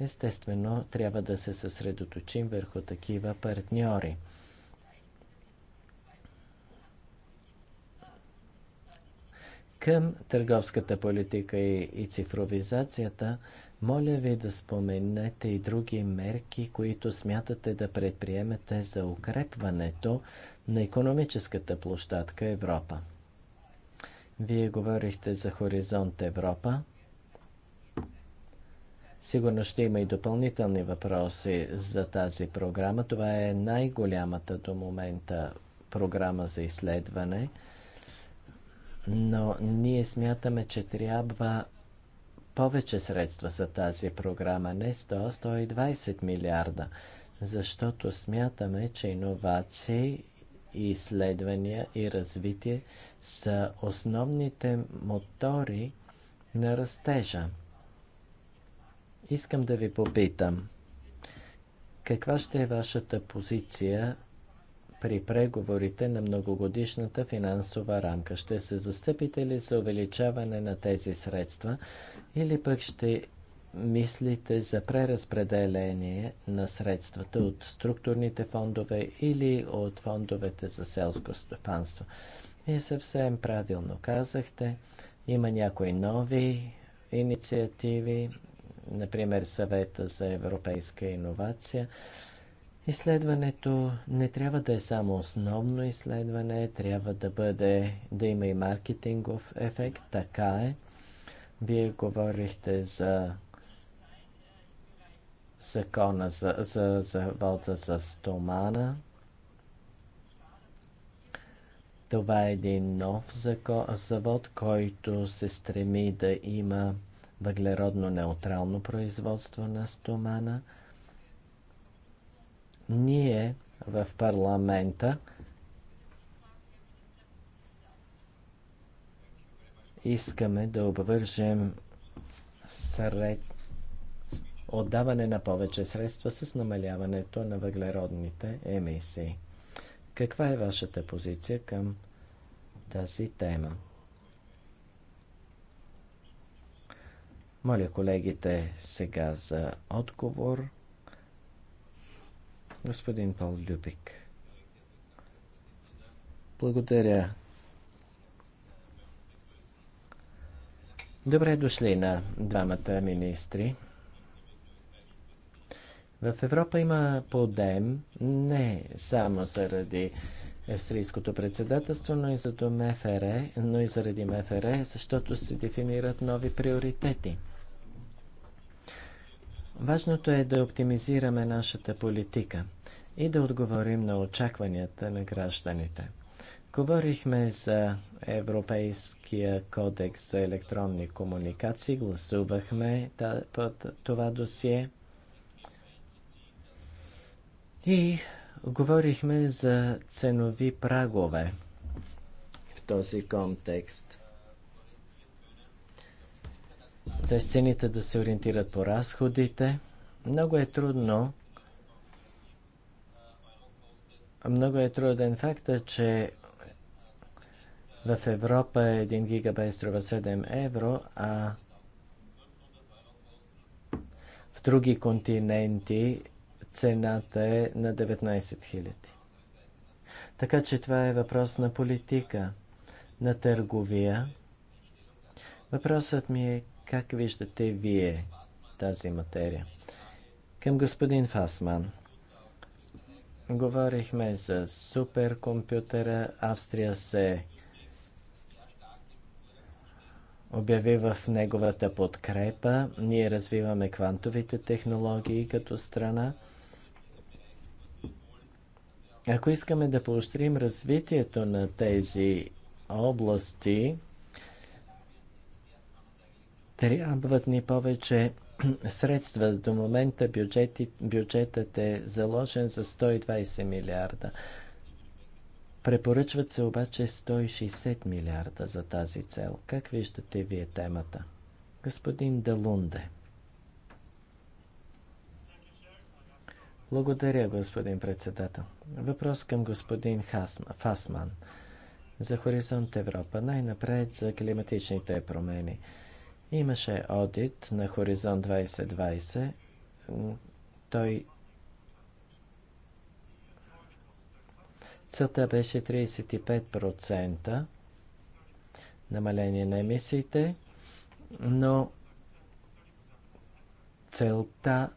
Speaker 2: Естествено, трябва да се съсредоточим върху такива партньори – към търговската политика и, и цифровизацията, моля ви да споменете и други мерки, които смятате да предприемете за укрепването на економическата площадка Европа. Вие говорихте за Хоризонт Европа. Сигурно ще има и допълнителни въпроси за тази програма. Това е най-голямата до момента програма за изследване но ние смятаме, че трябва повече средства за тази програма, не 100, 120 милиарда, защото смятаме, че иновации, изследвания и развитие са основните мотори на растежа. Искам да ви попитам, каква ще е вашата позиция при преговорите на многогодишната финансова рамка? Ще се застъпите ли за увеличаване на тези средства или пък ще мислите за преразпределение на средствата от структурните фондове или от фондовете за селско стопанство? И съвсем правилно казахте, има някои нови инициативи, например съвета за европейска иновация. Изследването не трябва да е само основно изследване, трябва да бъде, да има и маркетингов ефект, така е. Вие говорихте за закона за, за завода за стомана. Това е един нов закон, завод, който се стреми да има въглеродно неутрално производство на стомана – ние в парламента искаме да обвържем сред отдаване на повече средства с намаляването на въглеродните емисии. Каква е вашата позиция към тази тема? Моля колегите сега за отговор. Господин Пол Любик. Благодаря. Добре дошли на двамата министри. В Европа има подем не само заради австрийското председателство, но и, за МФР, но и заради МФР, защото се дефинират нови приоритети – Важното е да оптимизираме нашата политика и да отговорим на очакванията на гражданите. Говорихме за Европейския кодекс за електронни комуникации, гласувахме под това досие и говорихме за ценови прагове в този контекст т.е. цените да се ориентират по разходите. Много е трудно много е труден факта, че в Европа 1 е гигабайт струва 7 евро, а в други континенти цената е на 19 000. Така че това е въпрос на политика, на търговия. Въпросът ми е как виждате вие тази материя? Към господин Фасман. Говорихме за суперкомпютъра. Австрия се обяви в неговата подкрепа. Ние развиваме квантовите технологии като страна. Ако искаме да поощрим развитието на тези области, Трябват ни повече [CLEARS THROAT] средства. До момента бюджети, бюджетът е заложен за 120 милиарда. Препоръчват се обаче 160 милиарда за тази цел. Как виждате вие темата? Господин Далунде. Благодаря, господин председател. Въпрос към господин Хасма, Фасман. За Хоризонт Европа най-напред за климатичните промени. Имаше одит на Хоризонт 2020. Той Целта беше 35% намаление на емисиите, но целта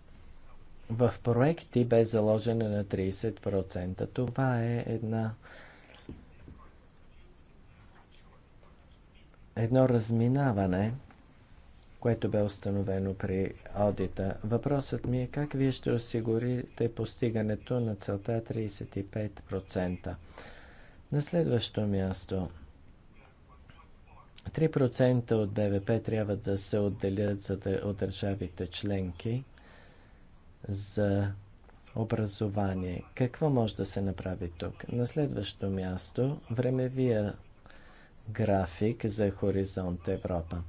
Speaker 2: в проекти бе заложена на 30%. Това е една едно разминаване което бе установено при аудита. Въпросът ми е как вие ще осигурите постигането на целта 35%. На следващо място. 3% от БВП трябва да се отделят за да, от държавите членки за образование. Какво може да се направи тук? На следващо място, времевия график за Хоризонт Европа.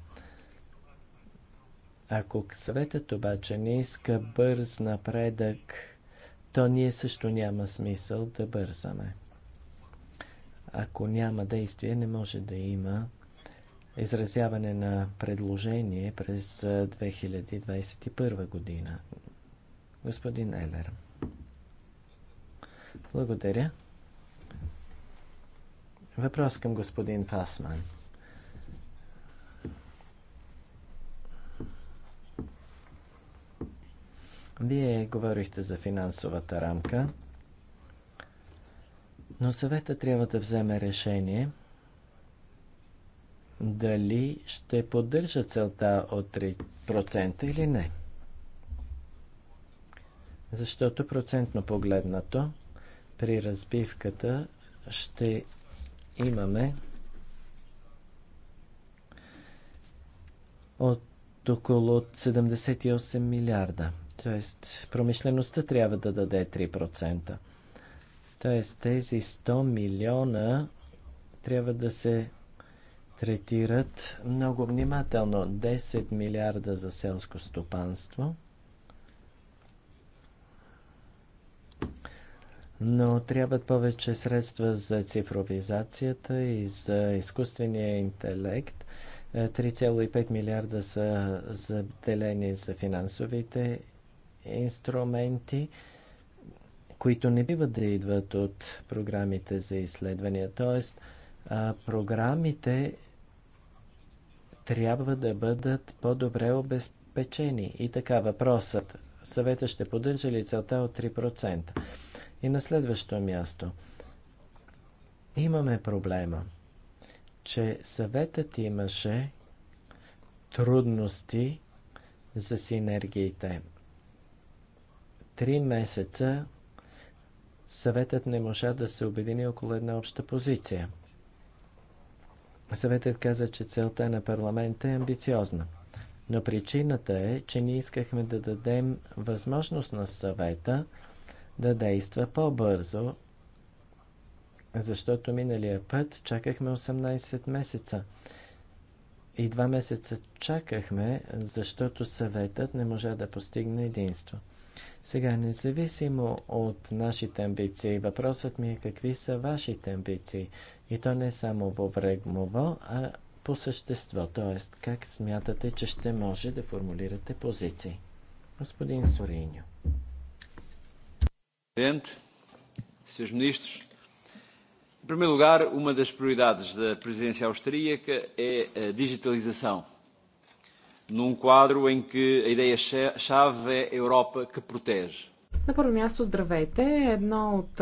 Speaker 2: Ако съветът обаче не иска бърз напредък, то ние също няма смисъл да бързаме. Ако няма действие, не може да има изразяване на предложение през 2021 година. Господин Елер. Благодаря. Въпрос към господин Фасман. Вие говорихте за финансовата рамка, но съвета трябва да вземе решение дали ще поддържа целта от 3% или не. Защото процентно погледнато при разбивката ще имаме от около 78 милиарда – Тоест, промишлеността трябва да даде 3%. Тоест, тези 100 милиона трябва да се третират много внимателно. 10 милиарда за селско стопанство. Но трябват повече средства за цифровизацията и за изкуствения интелект. 3,5 е, милиарда са заделени за финансовите инструменти, които не бива да идват от програмите за изследвания. Тоест, а, програмите трябва да бъдат по-добре обезпечени. И така въпросът. Съвета ще поддържа ли целта от 3%? И на следващо място. Имаме проблема, че съветът имаше трудности за синергиите три месеца съветът не можа да се обедини около една обща позиция. Съветът каза, че целта на парламента е амбициозна. Но причината е, че ние искахме да дадем възможност на съвета да действа по-бързо, защото миналия път чакахме 18 месеца. И два месеца чакахме, защото съветът не можа да постигне единство. Сега, независимо от нашите амбиции, въпросът ми е какви са вашите амбиции. И то не само във времево, а по същество, т.е. как смятате, че ще може да формулирате позиции. Господин Сориньо.
Speaker 1: Президент, Srs. Ministros,
Speaker 2: em primeiro lugar, uma das prioridades da presidência austríaca num quadro em que a ideia-chave е Европа que protege.
Speaker 3: На първо място, здравейте! Едно от,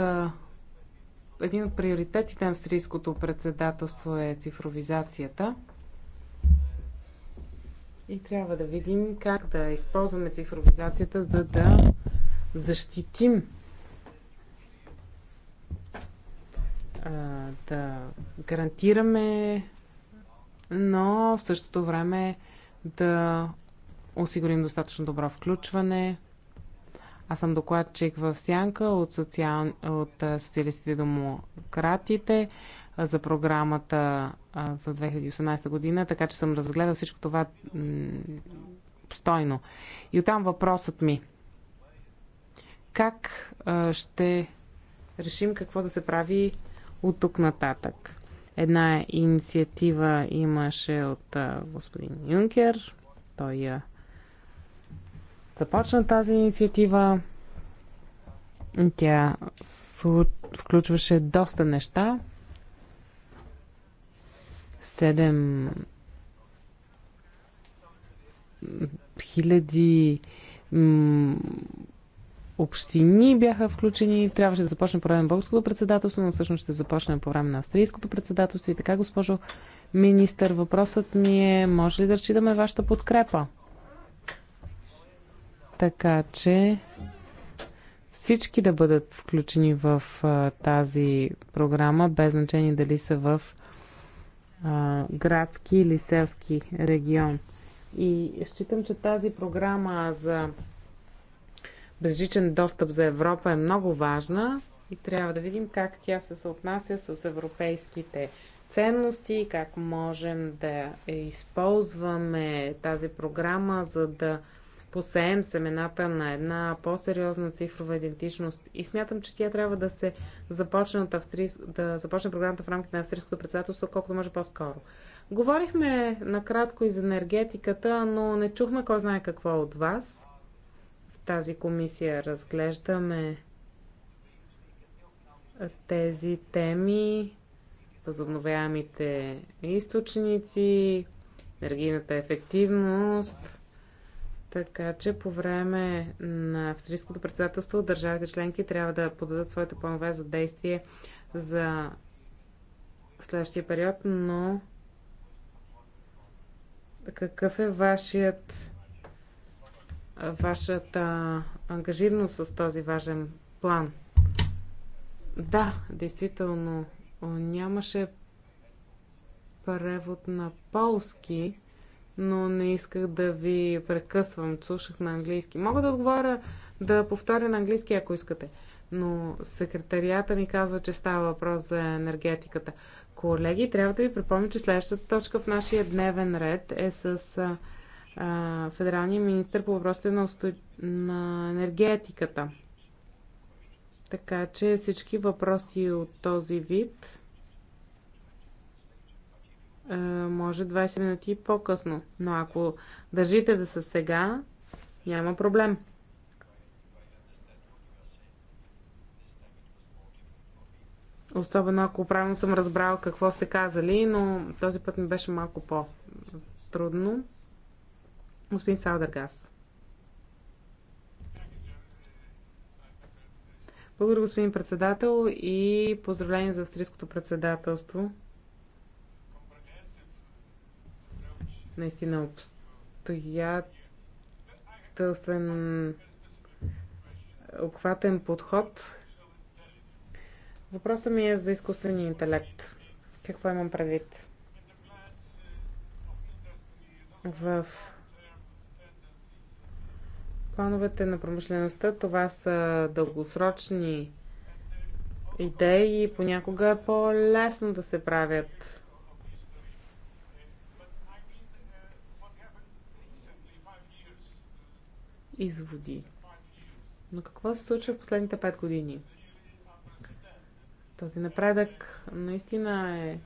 Speaker 3: един от приоритетите на австрийското председателство е цифровизацията. И трябва да видим как да използваме цифровизацията, за да защитим да гарантираме, но в същото време да осигурим достатъчно добро включване. Аз съм докладчик в Сянка от, социал... от социалистите демократите за програмата за 2018 година, така че съм разгледал всичко това стойно. И оттам въпросът ми. Как ще решим какво да се прави от тук нататък? Една инициатива имаше от господин Юнкер. Той я започна тази инициатива. Тя включваше доста неща. Седем хиляди общини бяха включени. Трябваше да започне по време на българското председателство, но всъщност ще започне по време на австрийското председателство. И така, госпожо министър, въпросът ми е, може ли да разчитаме вашата подкрепа? Така че всички да бъдат включени в а, тази програма, без значение дали са в а, градски или селски регион. И считам, че тази програма за безжичен достъп за Европа е много важна и трябва да видим как тя се съотнася с европейските ценности, как можем да използваме тази програма, за да посеем семената на една по-сериозна цифрова идентичност. И смятам, че тя трябва да се започне, от австрийс... да започне програмата в рамките на австрийското председателство, колкото може по-скоро. Говорихме накратко и за енергетиката, но не чухме кой знае какво от вас тази комисия. Разглеждаме тези теми, възобновяемите източници, енергийната ефективност. Така че по време на австрийското председателство държавите членки трябва да подадат своите планове за действие за следващия период, но какъв е вашият вашата ангажираност с този важен план. Да, действително нямаше превод на полски, но не исках да ви прекъсвам. Слушах на английски. Мога да отговоря, да повторя на английски, ако искате. Но секретарията ми казва, че става въпрос за енергетиката. Колеги, трябва да ви припомня, че следващата точка в нашия дневен ред е с федералния министр по въпросите на, усто... на енергетиката. Така че всички въпроси от този вид може 20 минути по-късно. Но ако държите да са сега, няма проблем. Особено ако правилно съм разбрал какво сте казали, но този път ми беше малко по-трудно. Господин Салдъргас. Благодаря, господин председател и поздравление за австрийското председателство. Наистина обстоятелствен обхватен подход. Въпросът ми е за изкуствения интелект. Какво имам предвид? В Плановете на промишлеността, това са дългосрочни идеи и понякога е по-лесно да се правят. Изводи. Но какво се случва в последните пет години? Този напредък наистина е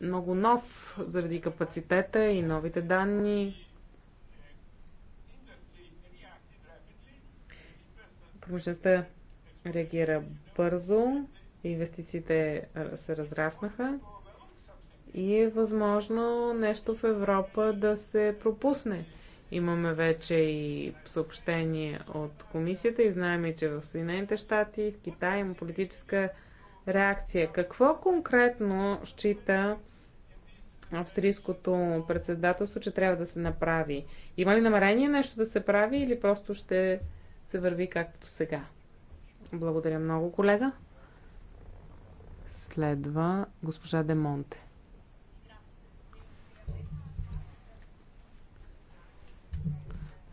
Speaker 3: много нов заради капацитета и новите данни. Промишлеността реагира бързо, инвестициите се разраснаха и е възможно нещо в Европа да се пропусне. Имаме вече и съобщение от комисията и знаем, че в Съединените щати, в Китай има политическа реакция. Какво конкретно счита австрийското председателство, че трябва да се направи. Има ли намерение нещо да се прави или просто ще се върви както сега? Благодаря много, колега. Следва госпожа Демонте.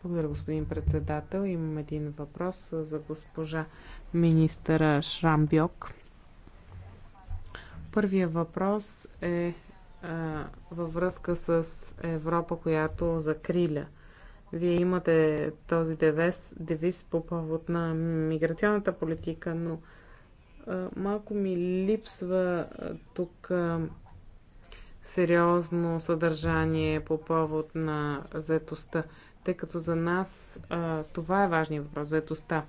Speaker 3: Благодаря, господин председател. Имам един въпрос за госпожа министъра Шрамбьок. Първия въпрос е във връзка с Европа, която закриля. Вие имате този девиз, девиз по повод на миграционната политика, но а, малко ми липсва а, тук а, сериозно съдържание по повод на заетостта, тъй като за нас а, това е важният въпрос заетостта.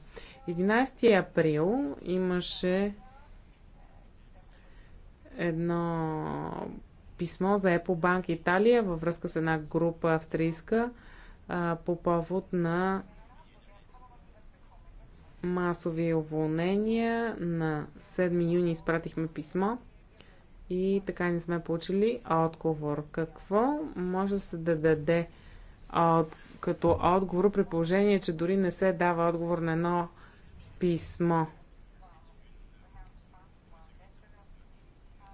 Speaker 3: 11 април имаше едно писмо за Apple Bank Италия във връзка с една група австрийска а, по повод на масови уволнения. На 7 юни изпратихме писмо и така не сме получили отговор. Какво може да се да даде от, като отговор при положение, че дори не се дава отговор на едно писмо?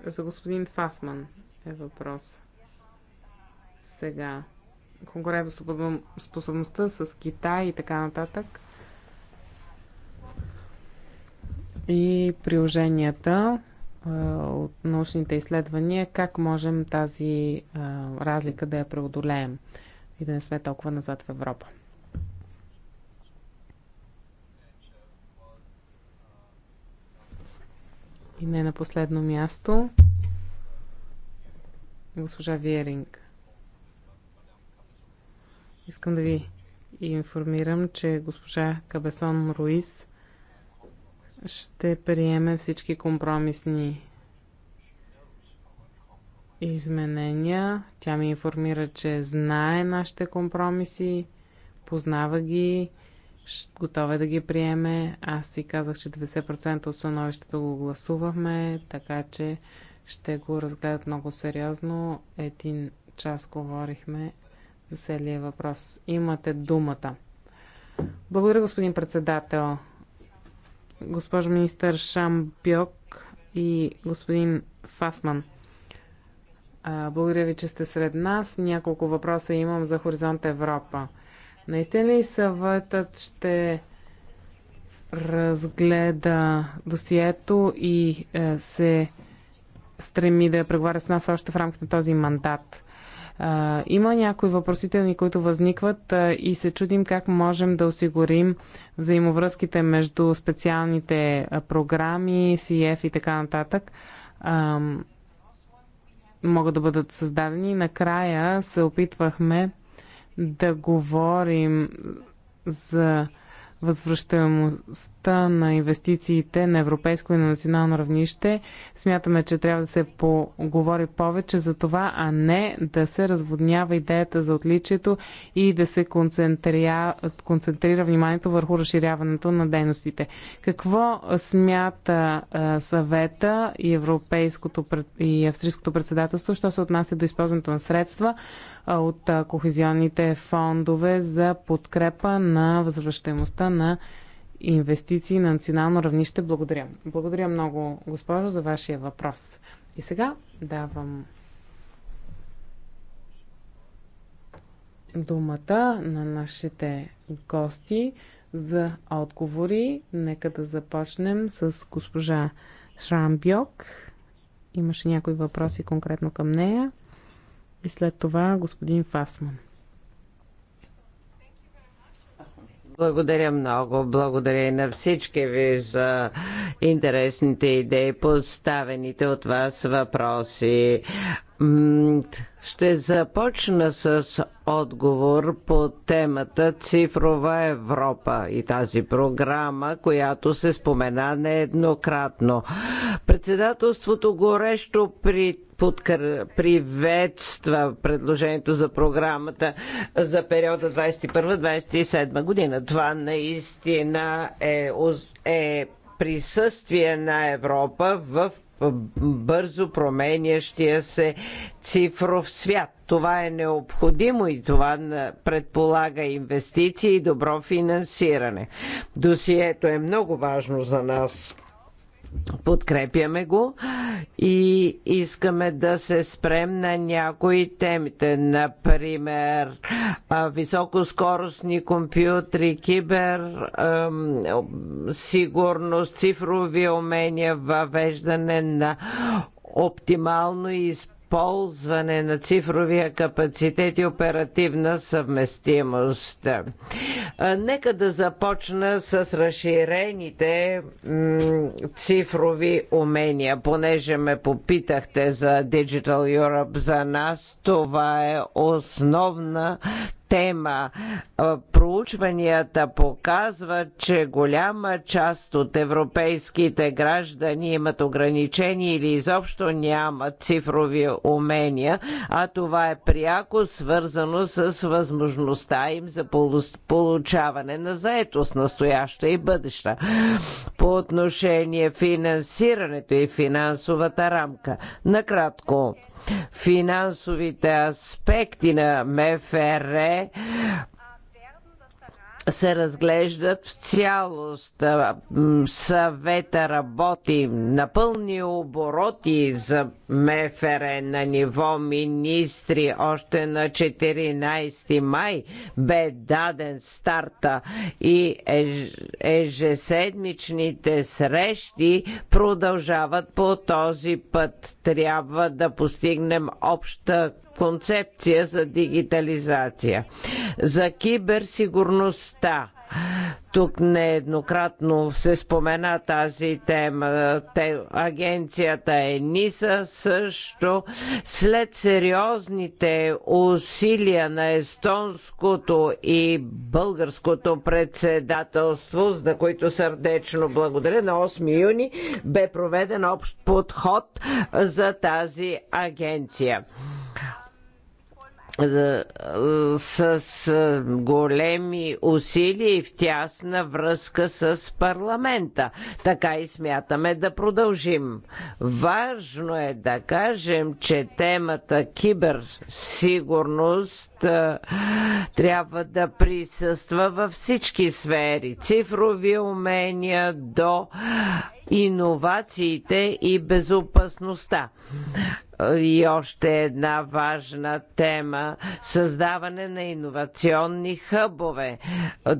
Speaker 3: За господин Фасман е въпрос. Сега, конкурентоспособността с Китай и така нататък. И приложенията от научните изследвания, как можем тази разлика да я преодолеем и да не сме толкова назад в Европа. И не на последно място, госпожа Виеринг. Искам да ви информирам, че госпожа Кабесон Руис ще приеме всички компромисни изменения. Тя ми информира, че знае нашите компромиси, познава ги, готова е да ги приеме. Аз си казах, че 90% от становището го гласувахме, така че ще го разгледат много сериозно. Един час говорихме за целия въпрос. Имате думата. Благодаря, господин председател. Госпожо министър Шамбьок и господин Фасман. Благодаря ви, че сте сред нас. Няколко въпроса имам за Хоризонт Европа. Наистина ли съветът ще разгледа досието и е, се стреми да преговаря с нас още в рамките на този мандат. Има някои въпросителни, които възникват и се чудим как можем да осигурим взаимовръзките между специалните програми, CF e и така нататък могат да бъдат създадени. Накрая се опитвахме да говорим за възвръщаемост на инвестициите на европейско и на национално равнище. Смятаме, че трябва да се поговори повече за това, а не да се разводнява идеята за отличието и да се концентрира, концентрира вниманието върху разширяването на дейностите. Какво смята съвета и европейското и австрийското председателство, що се отнася до използването на средства от кохезионните фондове за подкрепа на възвръщаемостта на инвестиции на национално равнище. Благодаря. Благодаря много, госпожо, за вашия въпрос. И сега давам думата на нашите гости за отговори. Нека да започнем с госпожа Шрамбьок. Имаше някои въпроси конкретно към нея. И след това господин Фасман.
Speaker 4: Благодаря много. Благодаря и на всички ви за интересните идеи, поставените от вас въпроси ще започна с отговор по темата Цифрова Европа и тази програма, която се спомена нееднократно. Председателството горещо при подкър... приветства предложението за програмата за периода 21-27 година. Това наистина е, е присъствие на Европа в бързо променящия се цифров свят. Това е необходимо и това предполага инвестиции и добро финансиране. Досието е много важно за нас подкрепяме го и искаме да се спрем на някои темите, например високоскоростни компютри, кибер сигурност, цифрови умения, въвеждане на оптимално използване ползване на цифровия капацитет и оперативна съвместимост. Нека да започна с разширените цифрови умения. Понеже ме попитахте за Digital Europe, за нас това е основна тема. Проучванията показват, че голяма част от европейските граждани имат ограничения или изобщо нямат цифрови умения, а това е пряко свързано с възможността им за получаване на заетост, настояща и бъдеща. По отношение финансирането и финансовата рамка. Накратко, Финансовите аспекти на МФР се разглеждат в цялост. Съвета работи на пълни обороти за МФР на ниво министри. Още на 14 май бе даден старта и ежеседмичните срещи продължават по този път. Трябва да постигнем обща концепция за дигитализация. За киберсигурност места. Тук нееднократно се спомена тази тема. Те, агенцията ЕНИСА също след сериозните усилия на естонското и българското председателство, за които сърдечно благодаря, на 8 юни бе проведен общ подход за тази агенция с големи усилия и в тясна връзка с парламента. Така и смятаме да продължим. Важно е да кажем, че темата киберсигурност трябва да присъства във всички сфери. Цифрови умения до иновациите и безопасността. И още една важна тема създаване на иновационни хъбове.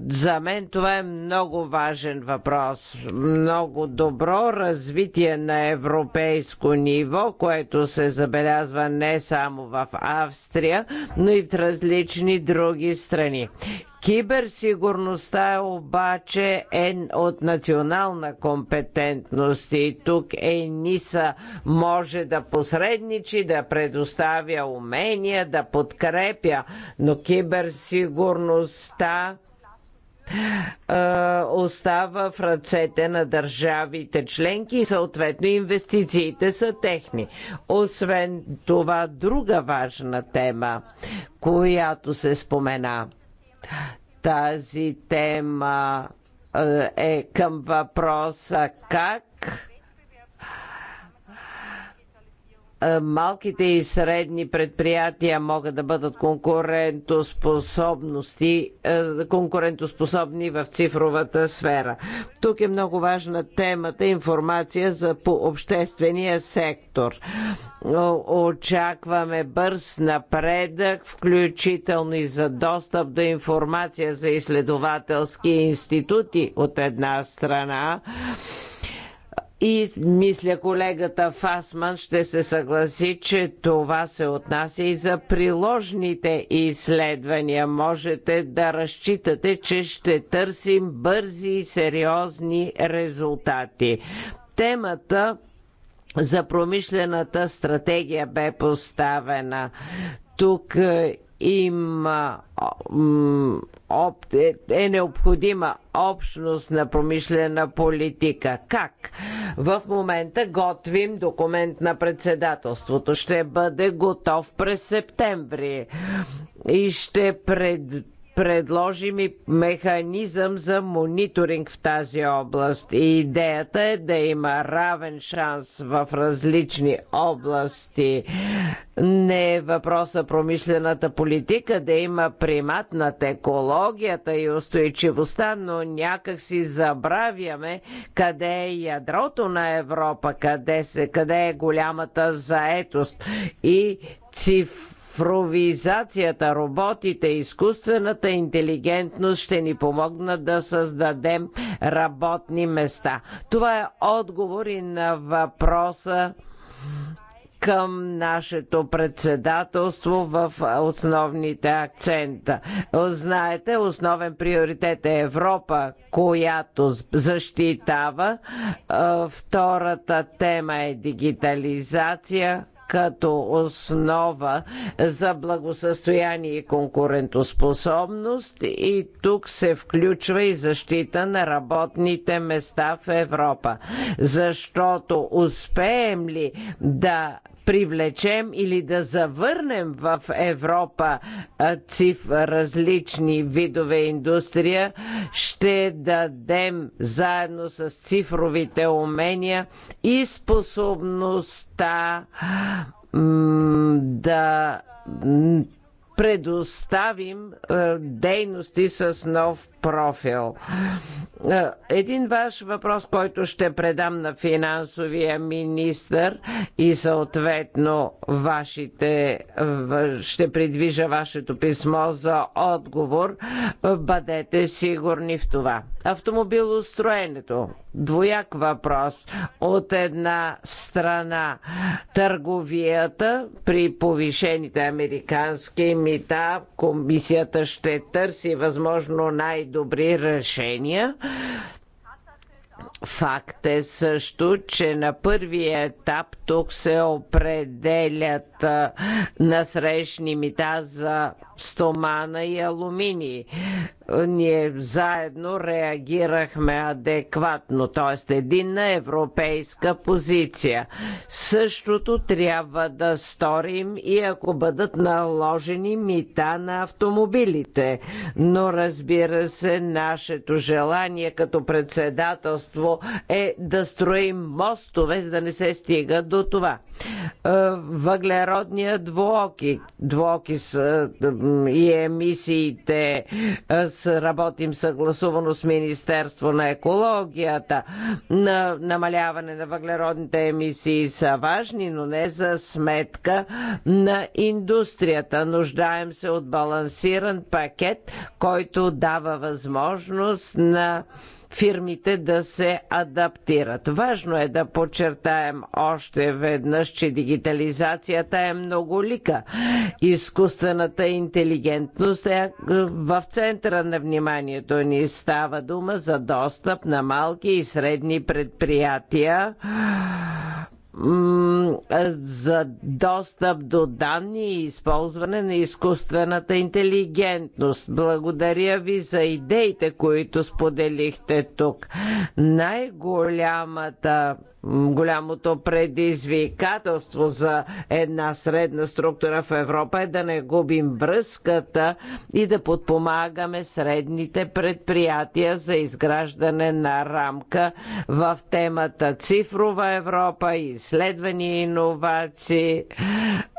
Speaker 4: За мен това е много важен въпрос. Много добро развитие на европейско ниво, което се забелязва не само в Австрия, но и в различни други страни. Киберсигурността е обаче е от национална компетентност и тук ЕНИСА може да посредничи, да предоставя умения, да подкрепя, но киберсигурността остава в ръцете на държавите членки и съответно инвестициите са техни. Освен това, друга важна тема, която се спомена – тази тема е, е към въпроса как Е, малките и средни предприятия могат да бъдат конкурентоспособности, е, конкурентоспособни в цифровата сфера. Тук е много важна темата информация за по обществения сектор. Очакваме бърз напредък, включително и за достъп до информация за изследователски институти от една страна и мисля, колегата Фасман ще се съгласи, че това се отнася и за приложните изследвания. Можете да разчитате, че ще търсим бързи и сериозни резултати. Темата за промишлената стратегия бе поставена. Тук е, има е, е необходима общност на промишлена политика. Как? В момента готвим документ на председателството. Ще бъде готов през септември и ще пред, предложим и механизъм за мониторинг в тази област. И идеята е да има равен шанс в различни области. Не е въпроса промишлената политика да има примат над екологията и устойчивостта, но някак си забравяме къде е ядрото на Европа, къде, се, къде е голямата заетост и цифра цифровизацията, роботите, изкуствената интелигентност ще ни помогнат да създадем работни места. Това е отговор и на въпроса към нашето председателство в основните акцента. Знаете, основен приоритет е Европа, която защитава. Втората тема е дигитализация, като основа за благосъстояние и конкурентоспособност и тук се включва и защита на работните места в Европа. Защото успеем ли да привлечем или да завърнем в Европа циф различни видове индустрия, ще дадем заедно с цифровите умения и способността да предоставим дейности с нов профил. Е, един ваш въпрос, който ще предам на финансовия министр и съответно вашите, ще придвижа вашето писмо за отговор. Е, бъдете сигурни в това. Автомобилостроенето. Двояк въпрос. От една страна търговията при повишените американски мита комисията ще търси възможно най добри решения. Факт е също, че на първия етап тук се определят насрещни мита за стомана и алуминий. Ние заедно реагирахме адекватно, т.е. единна европейска позиция. Същото трябва да сторим и ако бъдат наложени мита на автомобилите. Но разбира се, нашето желание като председателство е да строим мостове, за да не се стига до това. Въглеродният двуоки, двуоки са и емисиите. Работим съгласувано с Министерство на екологията. На намаляване на въглеродните емисии са важни, но не за сметка на индустрията. Нуждаем се от балансиран пакет, който дава възможност на фирмите да се адаптират. Важно е да подчертаем още веднъж, че дигитализацията е многолика. Изкуствената интелигентност е, е в центъра на вниманието ни. Става дума за достъп на малки и средни предприятия за достъп до данни и използване на изкуствената интелигентност. Благодаря ви за идеите, които споделихте тук. Най-голямата голямото предизвикателство за една средна структура в Европа е да не губим връзката и да подпомагаме средните предприятия за изграждане на рамка в темата цифрова Европа, изследвания и иновации,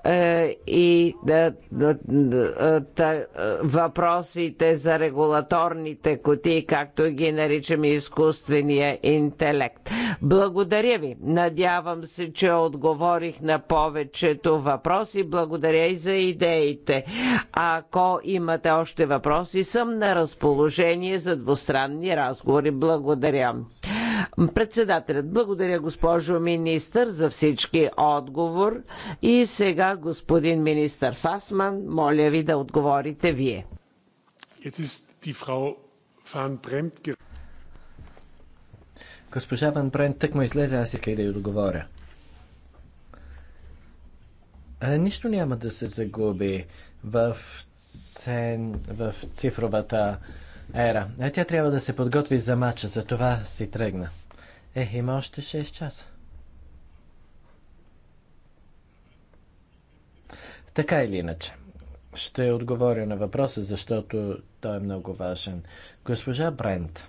Speaker 4: е, и да, да, да, да, е, е, въпросите за регулаторните коти, както ги наричаме изкуствения интелект. Благодаря ви. Надявам се, че отговорих на повечето въпроси. Благодаря и за идеите. Ако имате още въпроси, съм на разположение за двустранни разговори. Благодаря. Председателят, благодаря госпожо министър за всички отговор. И сега господин министър Фасман, моля ви да отговорите вие.
Speaker 2: Госпожа Ван Брент тък му излезе, аз исках да й отговоря. нищо няма да се загуби в, цен, в цифровата ера. А е, тя трябва да се подготви за матча, за това си тръгна. Е, има още 6 часа. Така или иначе, ще отговоря на въпроса, защото той е много важен. Госпожа Брент.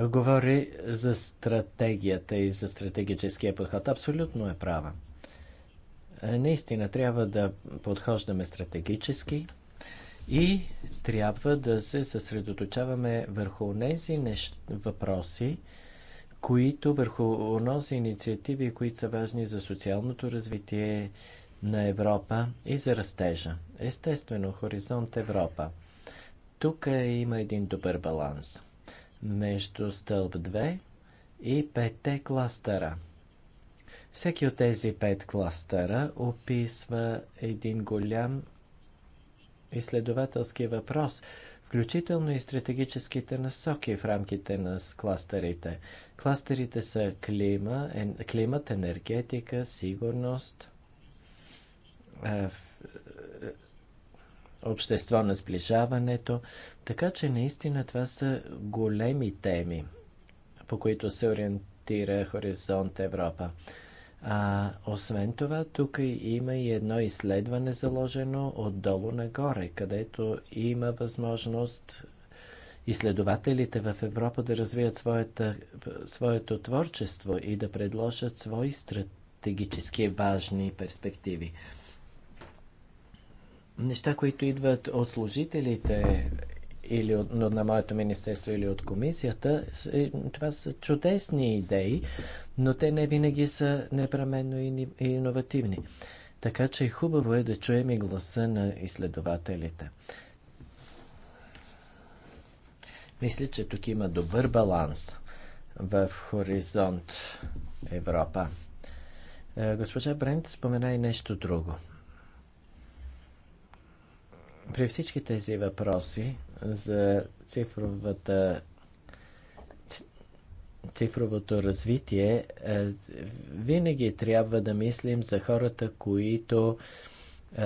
Speaker 2: Говори за стратегията и за стратегическия подход. Абсолютно е права. Е, наистина трябва да подхождаме стратегически и трябва да се съсредоточаваме върху тези нещ... въпроси, които върху тези инициативи, които са важни за социалното развитие на Европа и за растежа. Естествено, Хоризонт Европа. Тук е, има един добър баланс между стълб 2 и 5 кластера – всеки от тези пет кластера описва един голям изследователски въпрос, включително и стратегическите насоки в рамките на кластерите. Кластерите са клима, е, климат, енергетика, сигурност, е, общество на сближаването, така че наистина това са големи теми, по които се ориентира Хоризонт Европа. А, освен това, тук има и едно изследване заложено отдолу нагоре, където има възможност изследователите в Европа да развият своята, своето творчество и да предложат свои стратегически важни перспективи. Неща, които идват от служителите или от, на моето министерство или от комисията, е, това са чудесни идеи, но те не винаги са непременно и, и иновативни. Така че хубаво е да чуем и гласа на изследователите. Мисля, че тук има добър баланс в хоризонт Европа. Е, госпожа Брент спомена и нещо друго. При всички тези въпроси за цифровата цифровото развитие, е, винаги трябва да мислим за хората, които е,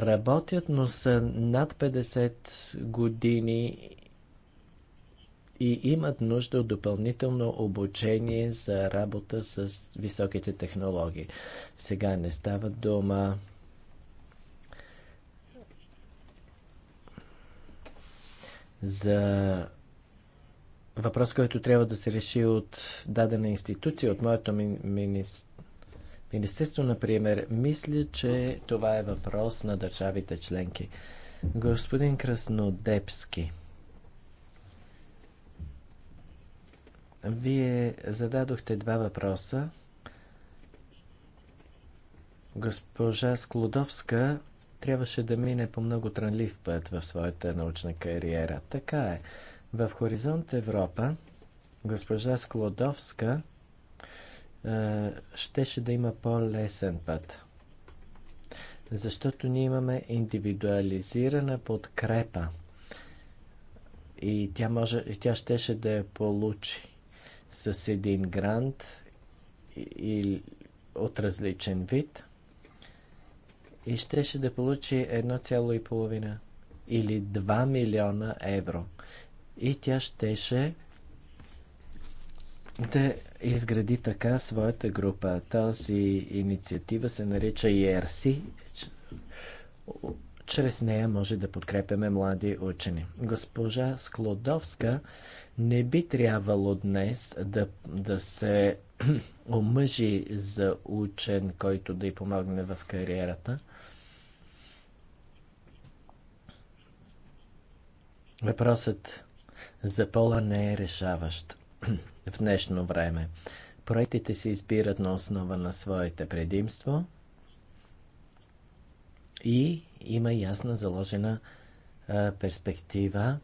Speaker 2: работят, но са над 50 години и имат нужда от допълнително обучение за работа с високите технологии. Сега не става дума за въпрос, който трябва да се реши от дадена институция, от моето ми, министерство. Министерство, например, мисля, че това е въпрос на държавите членки. Господин Краснодепски, вие зададохте два въпроса. Госпожа Склодовска трябваше да мине по много трънлив път в своята научна кариера. Така е. В Хоризонт Европа госпожа Склодовска е, щеше да има по-лесен път. Защото ние имаме индивидуализирана подкрепа. И тя, може, тя щеше да я получи с един грант и, и от различен вид – и щеше да получи 1,5 или 2 милиона евро. И тя щеше да изгради така своята група. Тази инициатива се нарича ERC. Е Чрез нея може да подкрепяме млади учени. Госпожа Склодовска не би трябвало днес да, да се омъжи за учен, който да й помогне в кариерата. Въпросът за пола не е решаващ [CLEARS THROAT] в днешно време. Проектите се избират на основа на своите предимства и има ясна заложена перспектива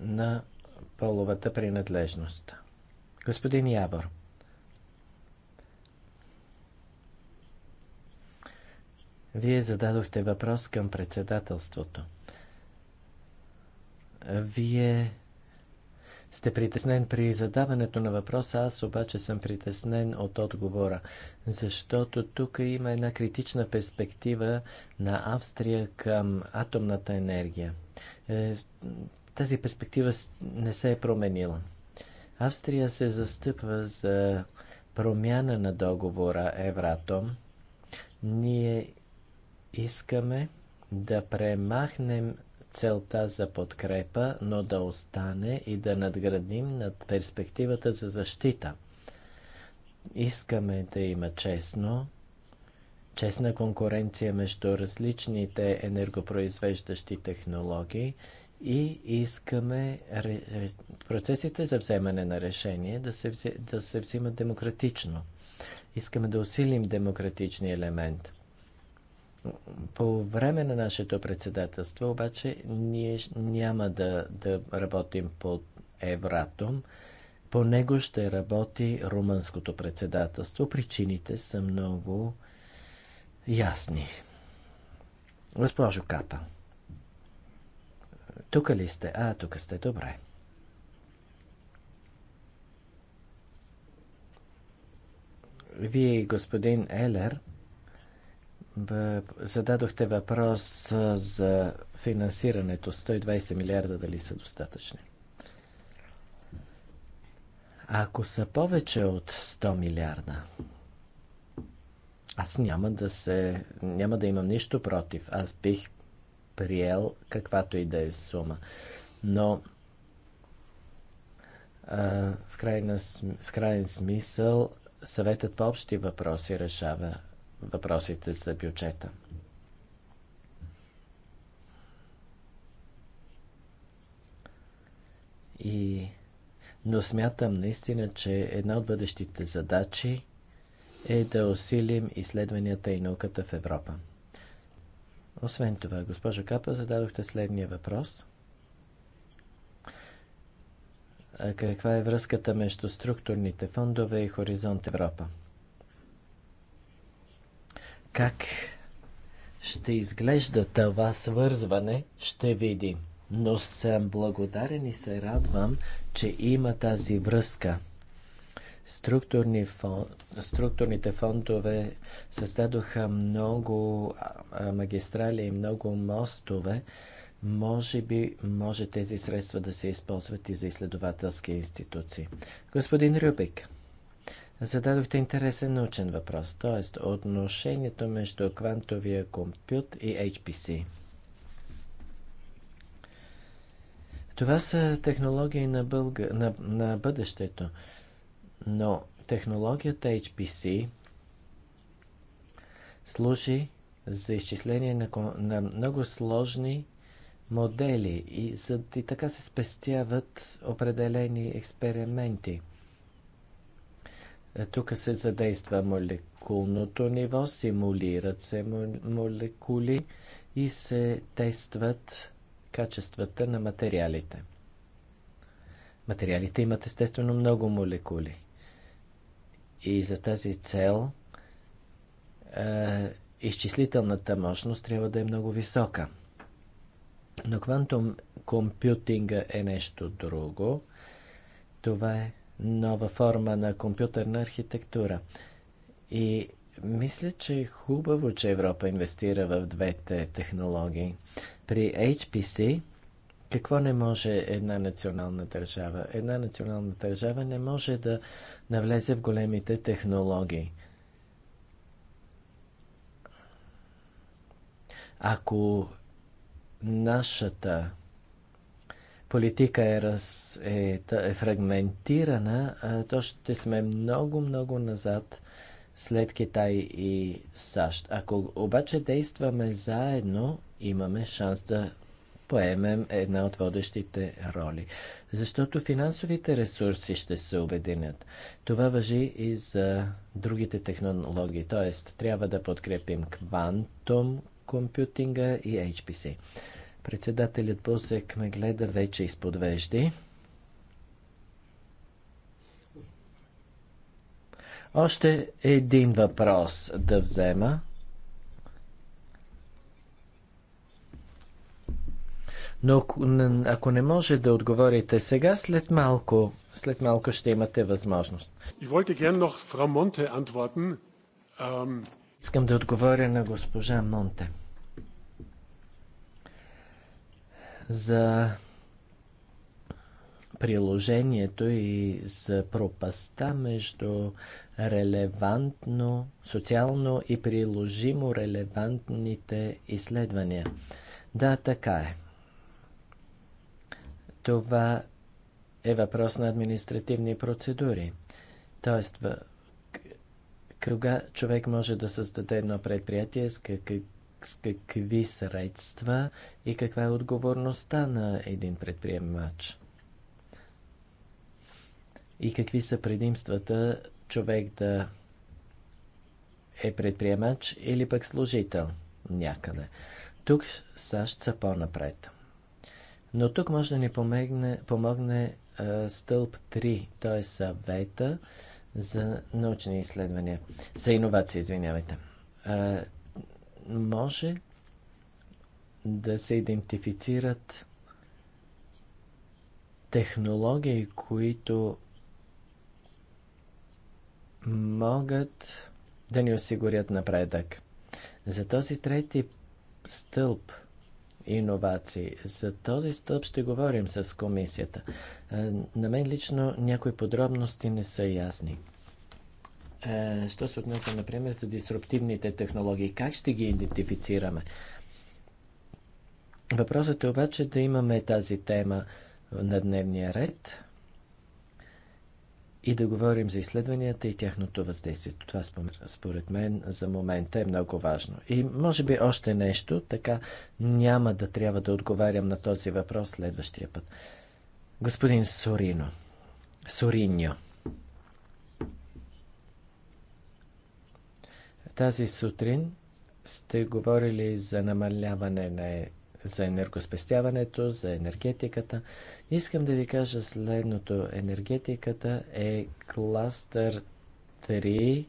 Speaker 2: на половата принадлежност. Господин Явор. Вие зададохте въпрос към председателството. Вие сте притеснен при задаването на въпроса, аз обаче съм притеснен от отговора, защото тук има една критична перспектива на Австрия към атомната енергия. Е, тази перспектива не се е променила. Австрия се застъпва за промяна на договора Евратом. Ние искаме да премахнем целта за подкрепа, но да остане и да надградим над перспективата за защита. Искаме да има честно, честна конкуренция между различните енергопроизвеждащи технологии – и искаме процесите за вземане на решение да се, да се взимат демократично. Искаме да усилим демократични елемент. По време на нашето председателство обаче ние няма да, да работим по Евратом. По него ще работи румънското председателство. Причините са много ясни. Госпожо Капа. Тук ли сте? А, тук сте. Добре. Вие, господин Елер, зададохте въпрос за финансирането. 120 милиарда дали са достатъчни? Ако са повече от 100 милиарда, аз няма да се. няма да имам нищо против. Аз бих приел каквато и да е сума. Но а, в, крайна, в крайен смисъл съветът по общи въпроси решава въпросите за бюджета. И... Но смятам наистина, че една от бъдещите задачи е да усилим изследванията и науката в Европа. Освен това, госпожо Капа, зададохте следния въпрос. Каква е връзката между структурните фондове и Хоризонт Европа? Как ще изглежда това свързване, ще видим. Но съм благодарен и се радвам, че има тази връзка – Структурни фон... Структурните фондове създадоха много магистрали и много мостове. Може би може тези средства да се използват и за изследователски институции. Господин Рюбик, зададохте интересен научен въпрос, т.е. отношението между квантовия компют и HPC. Това са технологии на, бълга... на, на бъдещето. Но технологията HPC служи за изчисление на, на много сложни модели и, за, и така се спестяват определени експерименти. Е, Тук се задейства молекулното ниво, симулират се молекули и се тестват качествата на материалите. Материалите имат естествено много молекули. И за тази цел е, изчислителната мощност трябва да е много висока. Но квантум компютинга е нещо друго. Това е нова форма на компютърна архитектура. И мисля, че е хубаво, че Европа инвестира в двете технологии. При HPC какво не може една национална държава? Една национална държава не може да навлезе в големите технологии. Ако нашата политика е, раз, е, е фрагментирана, то ще сме много, много назад след Китай и САЩ. Ако обаче действаме заедно, имаме шанс да поемем една от водещите роли. Защото финансовите ресурси ще се обединят. Това въжи и за другите технологии, т.е. трябва да подкрепим квантум компютинга и HPC. Председателят Бусек ме гледа вече изподвежди. Още един въпрос да взема. Но ако не може да отговорите сега, след малко, след малко ще имате възможност.
Speaker 1: Ähm,
Speaker 2: Искам да отговоря на госпожа Монте. За приложението и за пропаста между релевантно, социално и приложимо релевантните изследвания. Да, така е. Това е въпрос на административни процедури. Тоест, в... кога човек може да създаде едно предприятие, с, как... с какви средства и каква е отговорността на един предприемач? И какви са предимствата човек да е предприемач или пък служител някъде? Тук САЩ са по-напред. Но тук може да ни помогне, помогне а, стълб 3, т.е. съвета за научни изследвания, за иновации, извинявайте. А, може да се идентифицират технологии, които могат да ни осигурят напредък. За този трети стълб иновации. За този стълб ще говорим с комисията. Е, на мен лично някои подробности не са ясни. Е, що се отнася, например, за дисруптивните технологии? Как ще ги идентифицираме? Въпросът е обаче да имаме тази тема на дневния ред – и да говорим за изследванията и тяхното въздействие. Това според мен за момента е много важно. И може би още нещо, така няма да трябва да отговарям на този въпрос следващия път. Господин Сорино. Сориньо. Тази сутрин сте говорили за намаляване на за енергоспестяването, за енергетиката. Искам да ви кажа следното. Енергетиката е кластър 3,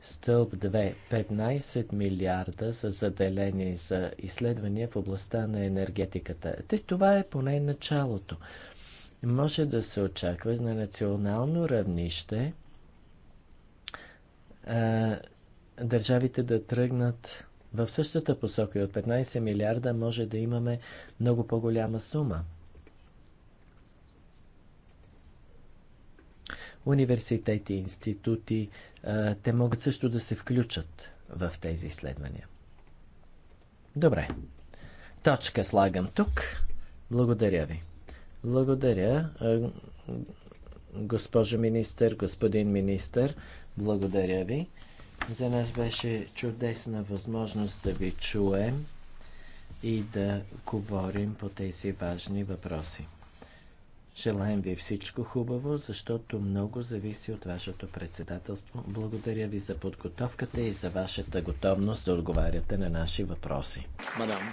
Speaker 2: стълб 2. 15 милиарда са заделени за изследвания в областта на енергетиката. Те, това е поне началото. Може да се очаква на национално равнище държавите да тръгнат в същата посока и от 15 милиарда може да имаме много по-голяма сума. Университети, институти, те могат също да се включат в тези изследвания. Добре. Точка слагам тук. Благодаря ви. Благодаря, госпожо министър, господин министър. Благодаря ви. За нас беше чудесна възможност да ви чуем и да говорим по тези важни въпроси. Желаем ви всичко хубаво, защото много зависи от вашето председателство. Благодаря ви за подготовката и за вашата готовност да отговаряте на наши въпроси.
Speaker 1: Мадам.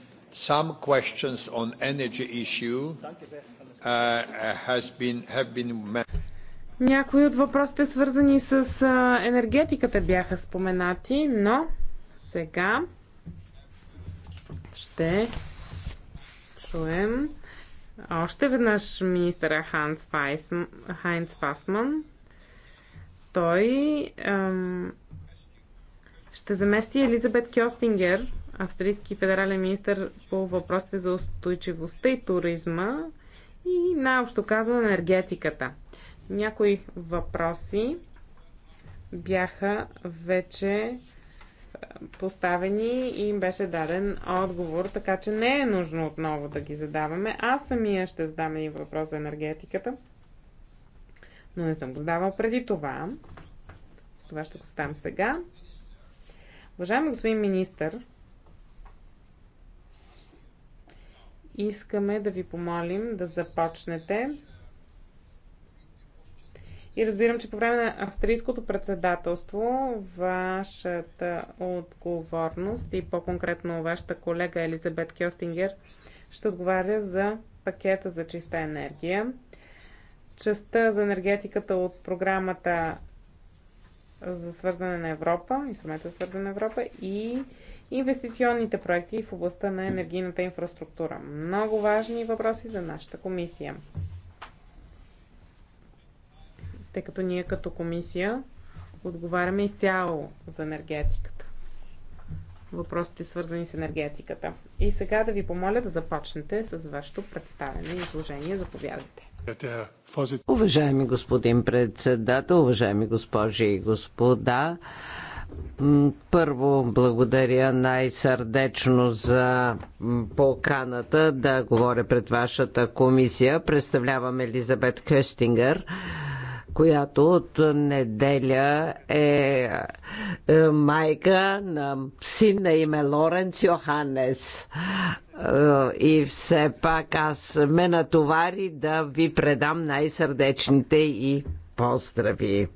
Speaker 1: some questions on energy issue uh, has been, have been
Speaker 3: Някои от въпросите свързани с енергетиката бяха споменати, но сега ще чуем още веднъж министъра Ханс, Хайнц Фасман. Той ем, ще замести Елизабет Кьостингер, австрийски федерален министр по въпросите за устойчивостта и туризма и най-общо казано енергетиката. Някои въпроси бяха вече е, поставени и им беше даден отговор, така че не е нужно отново да ги задаваме. Аз самия ще задам и въпрос за енергетиката, но не съм го задавал преди това. С това ще го ставам сега. Уважаеми господин министър, искаме да ви помолим да започнете. И разбирам, че по време на австрийското председателство вашата отговорност и по-конкретно вашата колега Елизабет Кьостингер ще отговаря за пакета за чиста енергия. Частта за енергетиката от програмата за свързане на Европа, инструмента за свързане на Европа и инвестиционните проекти в областта на енергийната инфраструктура. Много важни въпроси за нашата комисия. Тъй като ние като комисия отговаряме изцяло за енергетиката. Въпросите свързани с енергетиката. И сега да ви помоля да започнете с вашето представене и изложение. Заповядайте.
Speaker 4: Уважаеми господин председател, уважаеми госпожи и господа, първо, благодаря най-сърдечно за поканата да говоря пред вашата комисия. Представлявам Елизабет Кюстингър която от неделя е, е майка на син на име Лоренц Йоханес. Е, и все пак аз ме натовари да ви предам най-сърдечните и поздрави.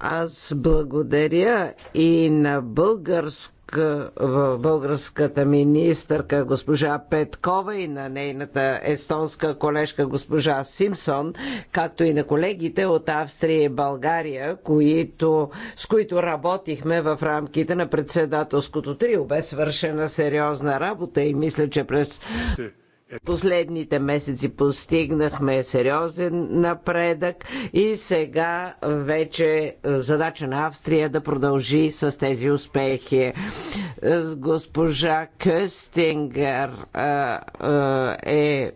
Speaker 4: Аз благодаря и на българска българската министърка госпожа Петкова и на нейната естонска колежка госпожа Симсон, както и на колегите от Австрия и България, които, с които работихме в рамките на председателското трио. Бе свършена сериозна работа и мисля, че през Последните месеци постигнахме сериозен напредък и сега вече задача на Австрия е да продължи с тези успехи. Госпожа Къстингер е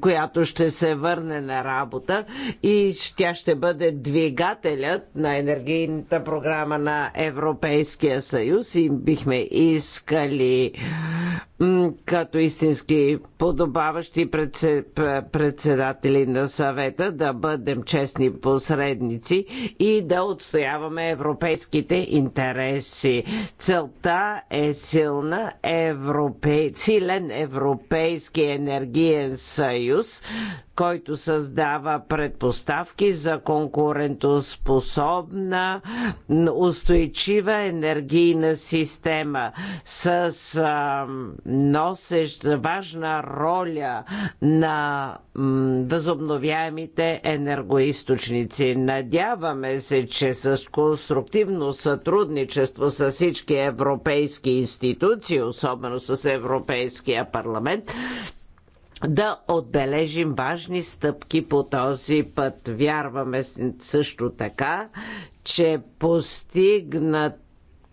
Speaker 4: която ще се върне на работа и тя ще бъде двигателят на енергийната програма на Европейския съюз и бихме искали като истински подобаващи председатели на съвета, да бъдем честни посредници и да отстояваме европейските интереси. Целта е силна европей... силен европейски енергиен съюз който създава предпоставки за конкурентоспособна, устойчива енергийна система с а, носещ важна роля на възобновяемите енергоисточници. Надяваме се, че с конструктивно сътрудничество с всички европейски институции, особено с Европейския парламент, да отбележим важни стъпки по този път. Вярваме също така, че постигнат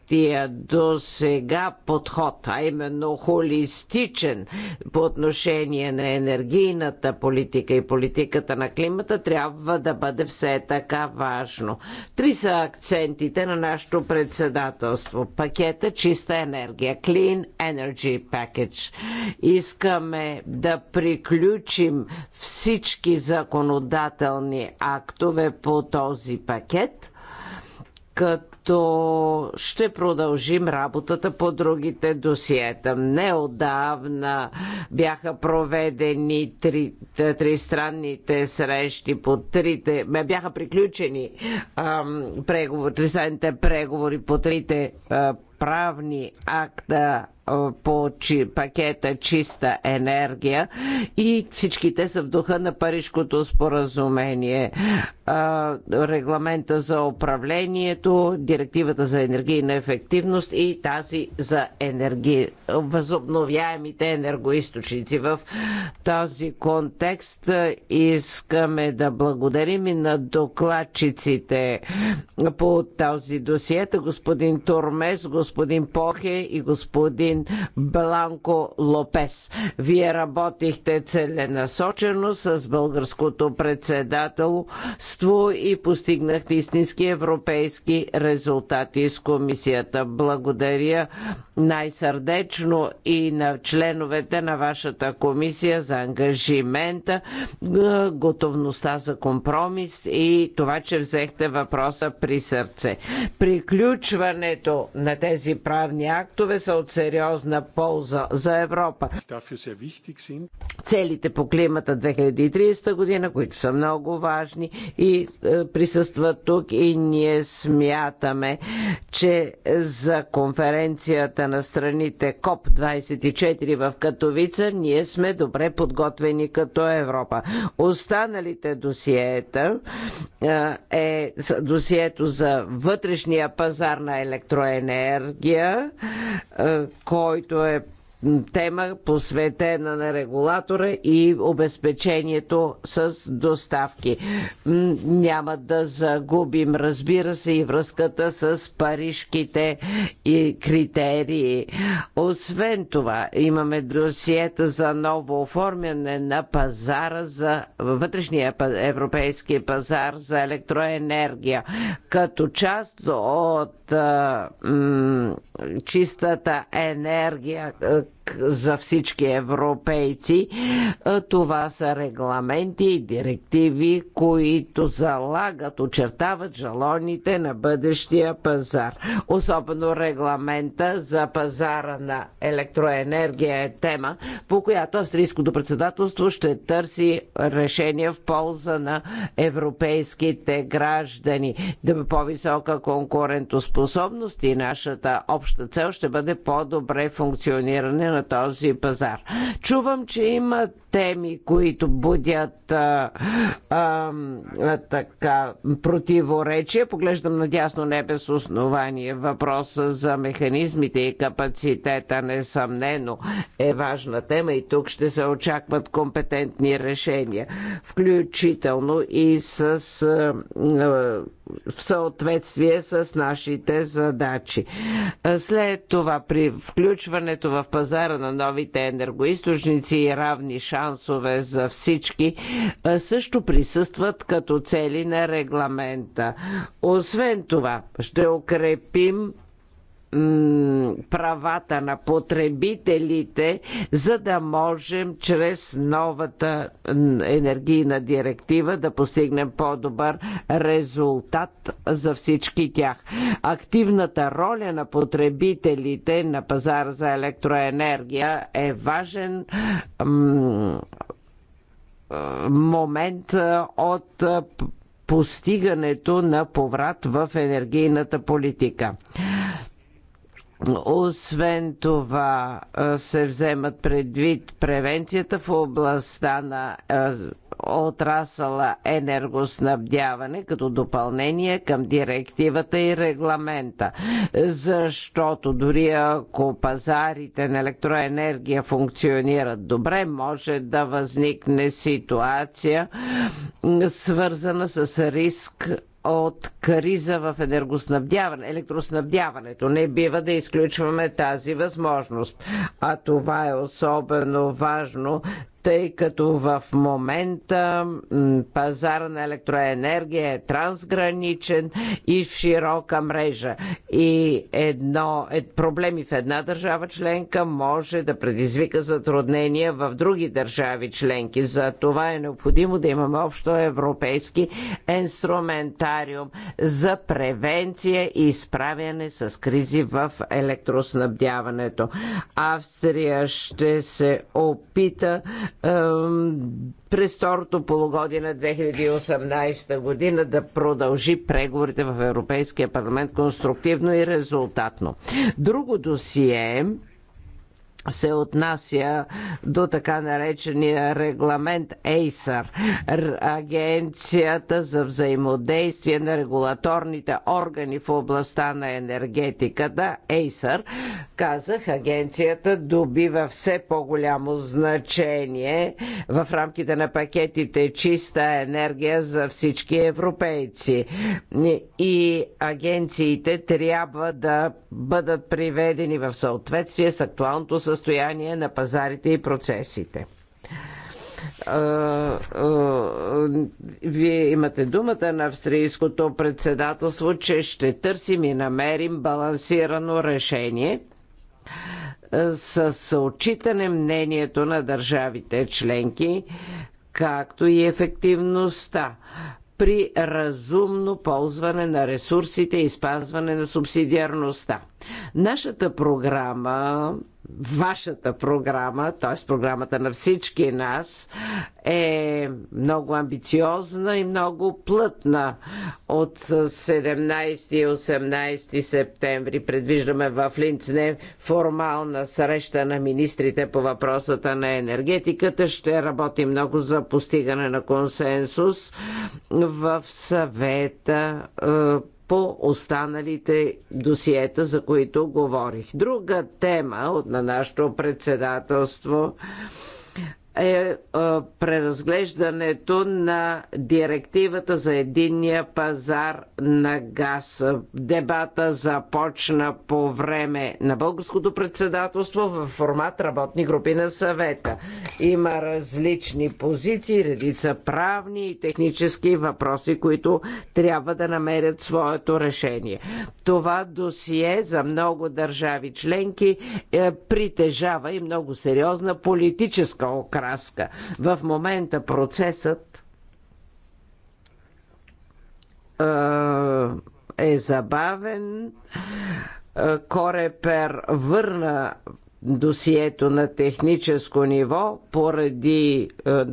Speaker 4: приятия до сега подход, а именно холистичен по отношение на енергийната политика и политиката на климата, трябва да бъде все така важно. Три са акцентите на нашето председателство. Пакета чиста енергия, Clean Energy Package. Искаме да приключим всички законодателни актове по този пакет, като като ще продължим работата по другите досиета. Неодавна бяха проведени три, тристранните срещи по трите, бяха приключени ам, преговор, тристранните преговори по трите а, правни акта по пакета чиста енергия и всичките са в духа на Парижкото споразумение. Регламента за управлението, директивата за енергийна ефективност и тази за енерги... възобновяемите енергоисточници. В този контекст искаме да благодарим и на докладчиците по този досиета, господин Турмес, господин Похе и господин господин Бланко Лопес. Вие работихте целенасочено с българското председателство и постигнахте истински европейски резултати с комисията. Благодаря най-сърдечно и на членовете на вашата комисия за ангажимента, готовността за компромис и това, че взехте въпроса при сърце. Приключването на тези правни актове са от сериозни сериозна полза за Европа. Целите по климата 2030 година, които са много важни и е, присъстват тук и ние смятаме, че за конференцията на страните КОП-24 в Катовица ние сме добре подготвени като Европа. Останалите досиета е, е досието за вътрешния пазар на електроенергия, е, който е тема посветена на регулатора и обезпечението с доставки. Няма да загубим, разбира се, и връзката с парижките и критерии. Освен това, имаме досиета за ново оформяне на пазара за вътрешния европейски пазар за електроенергия, като част от чистата енергия, за всички европейци. Това са регламенти и директиви, които залагат, очертават жалоните на бъдещия пазар. Особено регламента за пазара на електроенергия е тема, по която австрийското председателство ще търси решение в полза на европейските граждани. Да бе по-висока конкурентоспособност и нашата обща цел ще бъде по-добре функциониране отваряне на този пазар. Чувам, че има теми, които будят а, а, така противоречия. Поглеждам надясно небе с основание. Въпроса за механизмите и капацитета несъмнено е важна тема и тук ще се очакват компетентни решения, включително и с а, а, в съответствие с нашите задачи. След това при включването в пазара пазара на новите енергоисточници и равни шансове за всички също присъстват като цели на регламента. Освен това, ще укрепим правата на потребителите, за да можем чрез новата енергийна директива да постигнем по-добър резултат за всички тях. Активната роля на потребителите на пазара за електроенергия е важен момент от постигането на поврат в енергийната политика. Освен това се вземат предвид превенцията в областта на отрасъла енергоснабдяване като допълнение към директивата и регламента. Защото дори ако пазарите на електроенергия функционират добре, може да възникне ситуация свързана с риск от криза в енергоснабдяване, електроснабдяването. Не бива да изключваме тази възможност. А това е особено важно, тъй като в момента пазар на електроенергия е трансграничен и в широка мрежа. И едно, е, проблеми в една държава членка може да предизвика затруднения в други държави членки. За това е необходимо да имаме общо европейски инструментариум за превенция и справяне с кризи в електроснабдяването. Австрия ще се опита през второто полугодие на 2018 година да продължи преговорите в Европейския парламент конструктивно и резултатно. Друго досие се отнася до така наречения регламент ЕЙСАР, Агенцията за взаимодействие на регулаторните органи в областта на енергетиката, ЕЙСАР, казах, агенцията добива все по-голямо значение в рамките на пакетите чиста енергия за всички европейци. И агенциите трябва да бъдат приведени в съответствие с актуалното състояние състояние на пазарите и процесите. Вие имате думата на австрийското председателство, че ще търсим и намерим балансирано решение с отчитане мнението на държавите членки, както и ефективността при разумно ползване на ресурсите и спазване на субсидиарността. Нашата програма вашата програма, т.е. програмата на всички нас, е много амбициозна и много плътна. От 17 и 18 септември предвиждаме в Линцне формална среща на министрите по въпросата на енергетиката. Ще работи много за постигане на консенсус в съвета е, по останалите досиета, за които говорих. Друга тема от на нашето председателство е, е преразглеждането на директивата за единния пазар на газ. Дебата започна по време на българското председателство в формат работни групи на съвета. Има различни позиции, редица правни и технически въпроси, които трябва да намерят своето решение. Това досие за много държави членки е, притежава и много сериозна политическа окраса праска. В момента процесът е забавен. Корепер върна досието на техническо ниво поради е,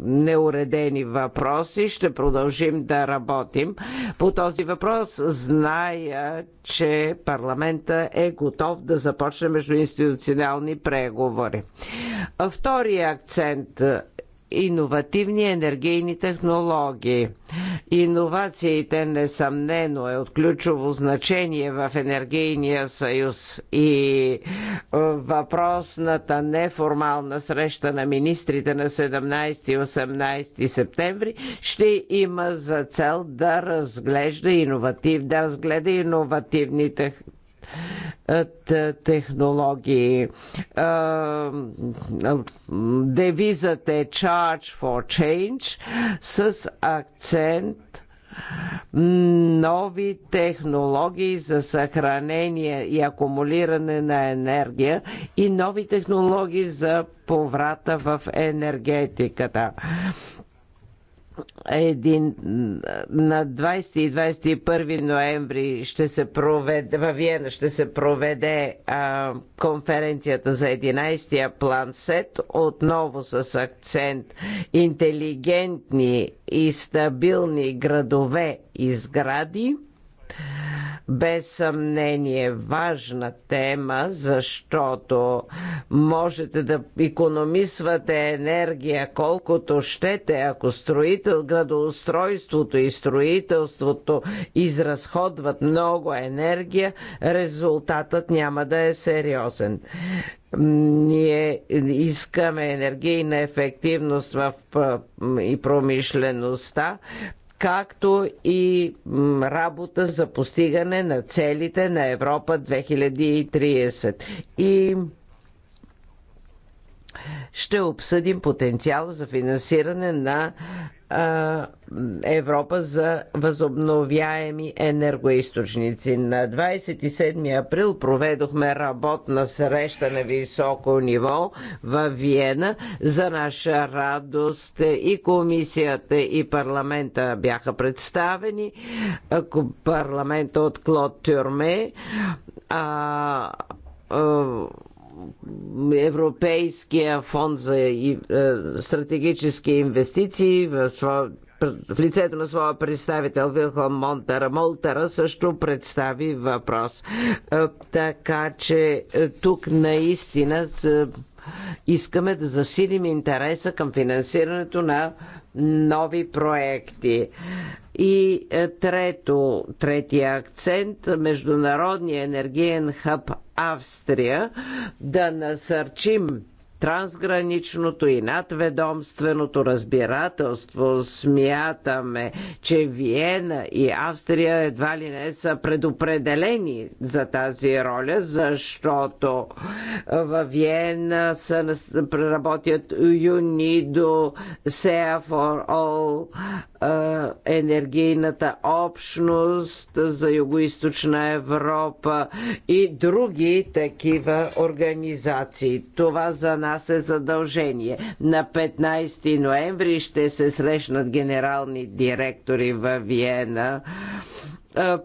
Speaker 4: неуредени въпроси. Ще продължим да работим по този въпрос. Зная, че парламента е готов да започне междуинституционални преговори. Втория акцент иновативни енергийни технологии. Иновациите несъмнено е от ключово значение в енергийния съюз и е, въпросната неформална среща на министрите на 17 и 18 септември ще има за цел да разглежда иновативни да разгледа иновативните е, технологии. Е, девизът е Charge for Change с акцент нови технологии за съхранение и акумулиране на енергия и нови технологии за поврата в енергетиката един, на 20 и 21 ноември ще се проведе, във Виена ще се проведе а, конференцията за 11-я план СЕТ, отново с акцент интелигентни и стабилни градове и сгради без съмнение важна тема, защото можете да економисвате енергия колкото щете, ако строител, градоустройството и строителството изразходват много енергия, резултатът няма да е сериозен ние искаме енергийна ефективност в и промишлеността, както и работа за постигане на целите на Европа 2030. И ще обсъдим потенциал за финансиране на Европа за възобновяеми енергоисточници. На 27 април проведохме работна среща на високо ниво в Виена. За наша радост и комисията и парламента бяха представени. Парламента от Клод Тюрме. А, Европейския фонд за е, стратегически инвестиции в своя в лицето на своя представител Вилхам Монтара. Молтера също представи въпрос. Е, така че е, тук наистина Искаме да засилим интереса към финансирането на нови проекти. И е, трето, третия акцент Международния енергиен хъб Австрия да насърчим трансграничното и надведомственото разбирателство. Смятаме, че Виена и Австрия едва ли не са предопределени за тази роля, защото в Виена са, работят юни до Сеафор Ол енергийната общност за Юго-Источна Европа и други такива организации. Това за нас е задължение. На 15 ноември ще се срещнат генерални директори във Виена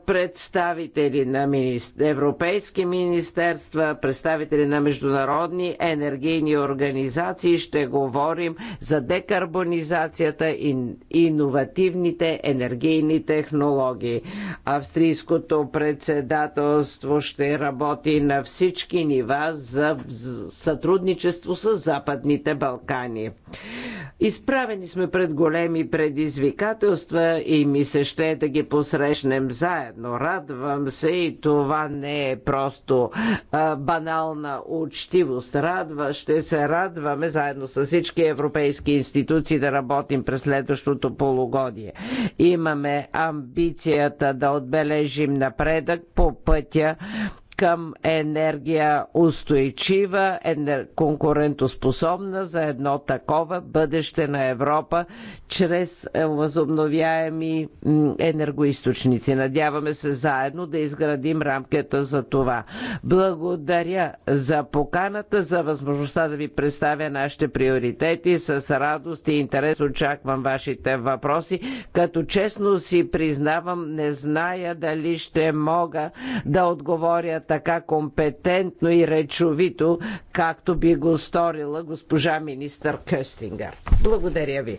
Speaker 4: представители на европейски министерства, представители на международни енергийни организации. Ще говорим за декарбонизацията и иновативните енергийни технологии. Австрийското председателство ще работи на всички нива за сътрудничество с Западните Балкани. Изправени сме пред големи предизвикателства и ми се ще е да ги посрещнем заедно. Радвам се и това не е просто а, банална учтивост. Радва, ще се радваме заедно с всички европейски институции да работим през следващото полугодие. Имаме амбицията да отбележим напредък по пътя към енергия устойчива, енер... конкурентоспособна за едно такова бъдеще на Европа чрез е, възобновяеми енергоисточници. Надяваме се заедно да изградим рамката за това. Благодаря за поканата, за възможността да ви представя нашите приоритети. С радост и интерес очаквам вашите въпроси. Като честно си признавам, не зная дали ще мога да отговоря така компетентно и речовито, както би го сторила госпожа министър Къстингър. Благодаря ви.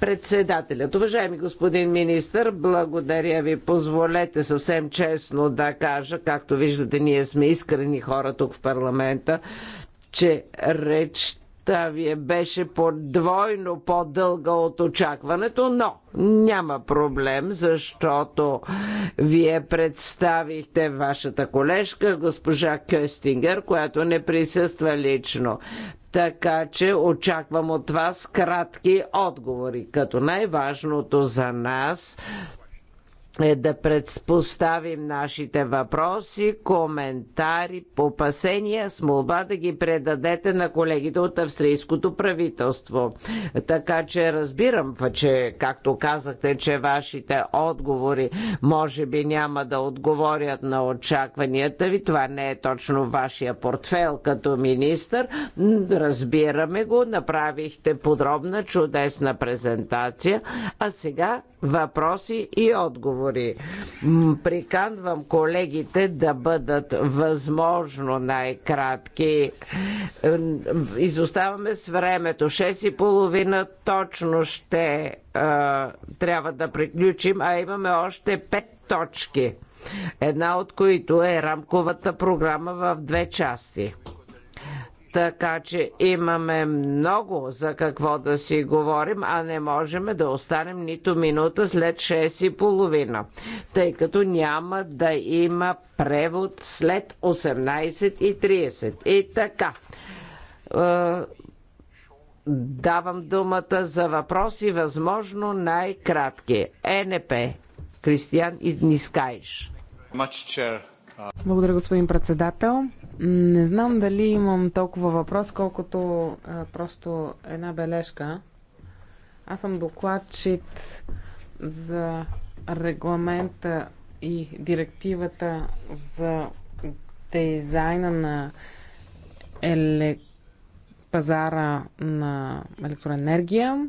Speaker 4: Председателят, уважаеми господин министър, благодаря ви. Позволете съвсем честно да кажа, както виждате, ние сме искрени хора тук в парламента, че речта Та е беше по двойно по-дълга от очакването, но няма проблем, защото вие представихте вашата колежка, госпожа Кюстингер, която не присъства лично. Така че очаквам от вас кратки отговори, като най-важното за нас е да предпоставим нашите въпроси, коментари, опасения с молба да ги предадете на колегите от австрийското правителство. Така че разбирам, че, както казахте, че вашите отговори може би няма да отговорят на очакванията ви. Това не е точно вашия портфел като министр. Разбираме го, направихте подробна, чудесна презентация, а сега въпроси и отговори разговори. Приканвам колегите да бъдат възможно най-кратки. Изоставаме с времето. 6 и половина точно ще а, трябва да приключим, а имаме още пет точки. Една от които е рамковата програма в две части. Така че имаме много за какво да си говорим, а не можем да останем нито минута след 6 и половина, тъй като няма да има превод след 18.30. И така е, давам думата за въпроси, възможно най-кратки. ЕНП. Кристиян
Speaker 3: Нискайш. Благодаря, господин председател. Не знам дали имам толкова въпрос, колкото а, просто една бележка. Аз съм докладчик за регламента и директивата за дизайна на еле... пазара на електроенергия.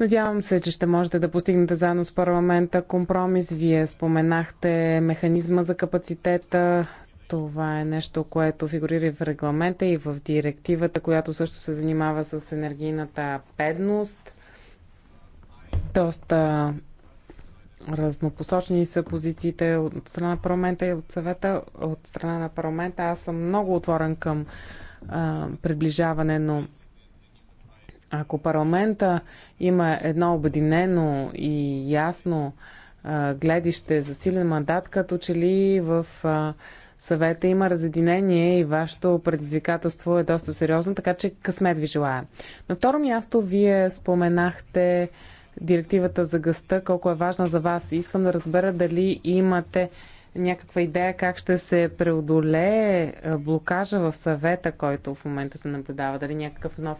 Speaker 3: Надявам се, че ще можете да постигнете заедно с парламента компромис. Вие споменахте механизма за капацитета. Това е нещо, което фигурира и в регламента и в директивата, която също се занимава с енергийната бедност. Доста разнопосочни са позициите от страна на парламента и от съвета. От страна на парламента аз съм много отворен към а, приближаване, но ако парламента има едно обединено и ясно а, гледище за силен мандат, като че ли в а, съвета има разединение и вашето предизвикателство е доста сериозно, така че късмет ви желая. На второ място вие споменахте директивата за гъста, колко е важна за вас. Искам да разбера дали имате някаква идея как ще се преодолее блокажа в съвета, който в момента се наблюдава, дали някакъв нов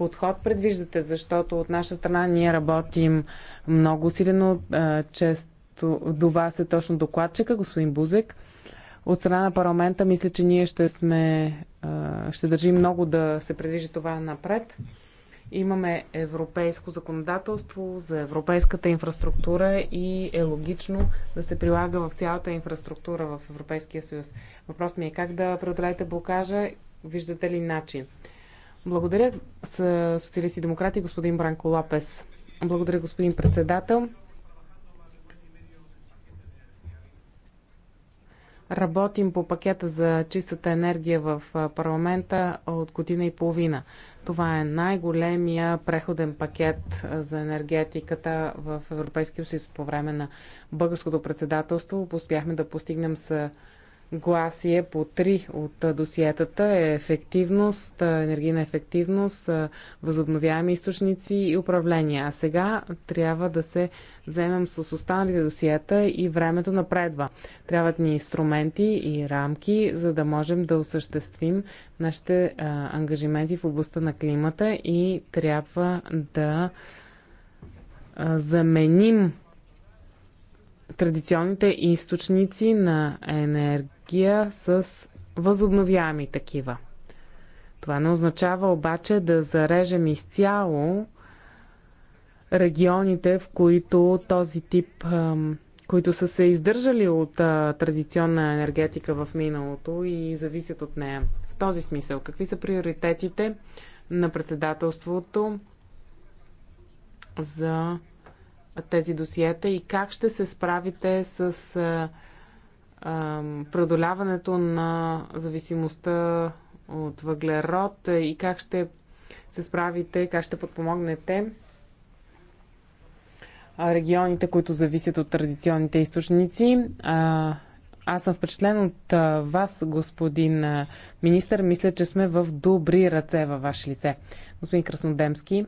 Speaker 3: подход предвиждате, защото от наша страна ние работим много усилено. Е, често до вас е точно докладчика, господин Бузек. От страна на парламента мисля, че ние ще сме, е, ще държим много да се предвижи това напред. Имаме европейско законодателство за европейската инфраструктура и е логично да се прилага в цялата инфраструктура в Европейския съюз. Въпрос ми е как да преодолеете блокажа, виждате ли начин? Благодаря с социалисти и демократи господин Бранко Лапес. Благодаря господин председател. Работим по пакета за чистата енергия в парламента от година и половина. Това е най-големия преходен пакет за енергетиката в Европейския съюз по време на българското председателство. Успяхме да постигнем с гласие по три от досиетата е ефективност, енергийна ефективност, възобновяеми източници и управление. А сега трябва да се вземем с останалите досиета и времето напредва. Трябват ни инструменти и рамки, за да можем да осъществим нашите ангажименти в областта на климата и трябва да заменим традиционните източници на енергия енергия с възобновяеми такива. Това не означава обаче да зарежем изцяло регионите, в които този тип, които са се издържали от традиционна енергетика в миналото и зависят от нея. В този смисъл, какви са приоритетите на председателството за тези досиета и как ще се справите с преодоляването на зависимостта от въглерод е, и как ще се справите, как ще подпомогнете регионите, които зависят от традиционните източници. Аз съм впечатлен от вас, господин министър. Мисля, че сме в добри ръце във ваше лице. Господин Краснодемски,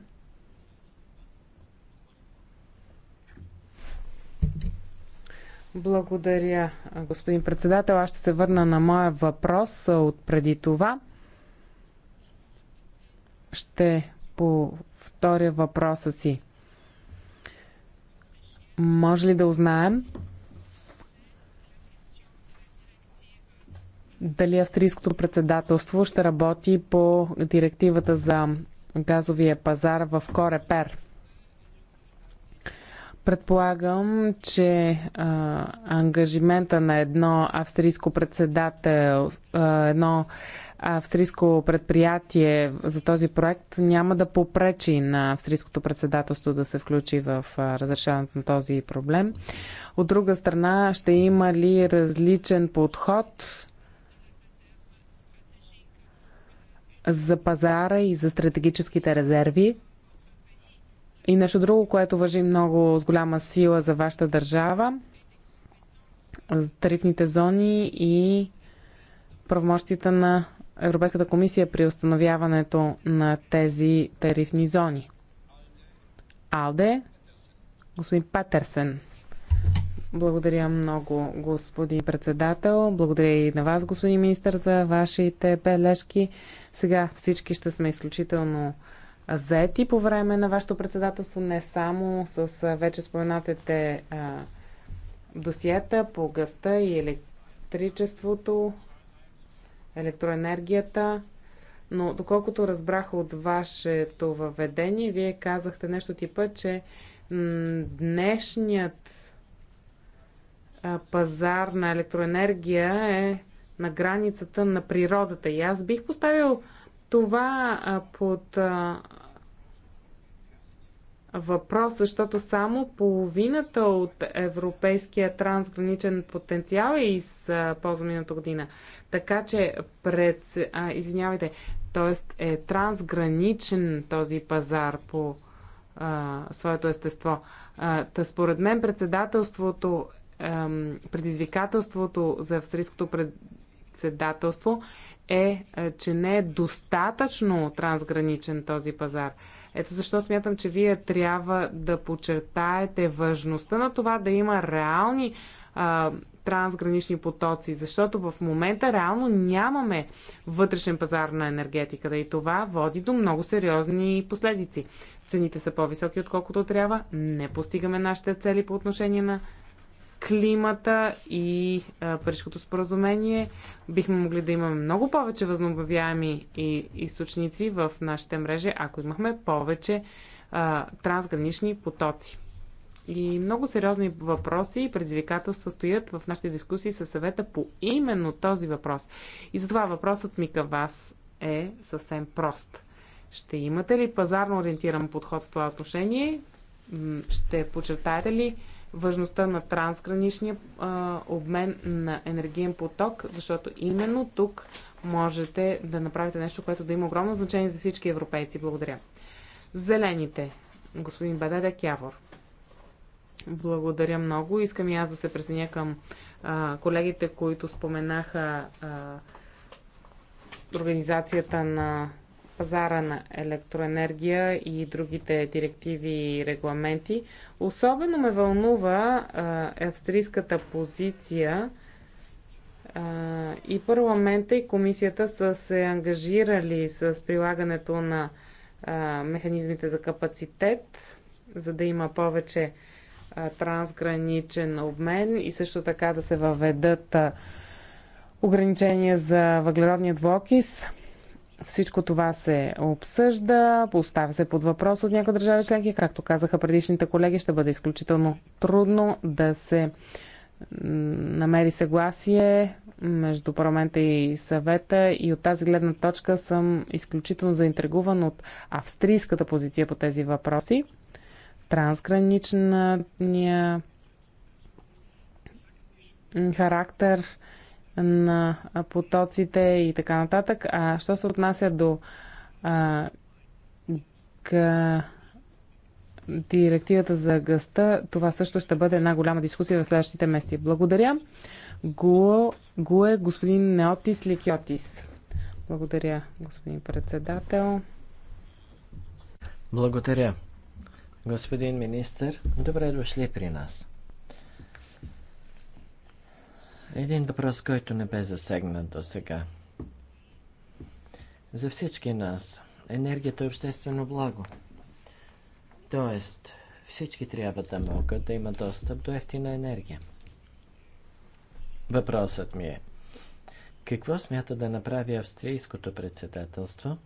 Speaker 3: Благодаря, господин председател. Аз ще се върна на моя въпрос от преди това. Ще повторя въпроса си. Може ли да узнаем дали австрийското председателство ще работи по директивата за газовия пазар в Корепер? Предполагам, че а, ангажимента на едно австрийско председател, а, едно австрийско предприятие за този проект няма да попречи на австрийското председателство да се включи в разрешаването на този проблем. От друга страна, ще има ли различен подход за пазара и за стратегическите резерви? И нещо друго, което въжи много с голяма сила за вашата държава, тарифните зони и правомощията на Европейската комисия при установяването на тези тарифни зони. Алде, господин Патърсен. Благодаря много, господин председател. Благодаря и на вас, господин министр, за вашите бележки. Сега всички ще сме изключително заети по време на вашето председателство, не само с вече споменатите а, досиета по гъста и електричеството, електроенергията, но доколкото разбрах от вашето въведение, вие казахте нещо типа, че днешният пазар на електроенергия е на границата на природата. И аз бих поставил това под въпрос, защото само половината от европейския трансграничен потенциал е използван миналата година. Така че пред, а, извинявайте, т.е. е трансграничен този пазар по а, своето естество. А, та според мен председателството, а, предизвикателството за австрийското пред, председателство е, е, че не е достатъчно трансграничен този пазар. Ето защо смятам, че вие трябва да подчертаете важността на това да има реални а, трансгранични потоци, защото в момента реално нямаме вътрешен пазар на енергетиката и това води до много сериозни последици. Цените са по-високи, отколкото трябва, не постигаме нашите цели по отношение на климата и Парижското споразумение. Бихме могли да имаме много повече възобновяеми и източници в нашите мрежи, ако имахме повече а, трансгранични потоци. И много сериозни въпроси и предизвикателства стоят в нашите дискусии със съвета по именно този въпрос. И затова въпросът ми към вас е съвсем прост. Ще имате ли пазарно ориентиран подход в това отношение? Ще подчертаете ли важността на трансграничния а, обмен на енергиен поток, защото именно тук можете да направите нещо, което да има огромно значение за всички европейци. Благодаря. Зелените. Господин Бададе Явор. Благодаря много. Искам и аз да се присъединя към а, колегите, които споменаха а, организацията на пазара на електроенергия и другите директиви и регламенти. Особено ме вълнува а, австрийската позиция а, и парламента и комисията са се ангажирали с прилагането на а, механизмите за капацитет, за да има повече а, трансграничен обмен и също така да се въведат а, ограничения за въглеродния двуокис. Всичко това се обсъжда, поставя се под въпрос от някои държави членки. Както казаха предишните колеги, ще бъде изключително трудно да се намери съгласие между парламента и съвета и от тази гледна точка съм изключително заинтригуван от австрийската позиция по тези въпроси. Трансграничния характер на потоците и така нататък. А що се отнася до а, к, директивата за гъста, това също ще бъде една голяма дискусия в следващите мести. Благодаря. Го, го е господин Неотис Ликиотис. Благодаря, господин председател.
Speaker 2: Благодаря. Господин министр, добре дошли при нас. Един въпрос, който не бе засегнат до сега. За всички нас енергията е обществено благо. Тоест, всички трябва да могат да имат достъп до ефтина енергия. Въпросът ми е, какво смята да направи австрийското председателство,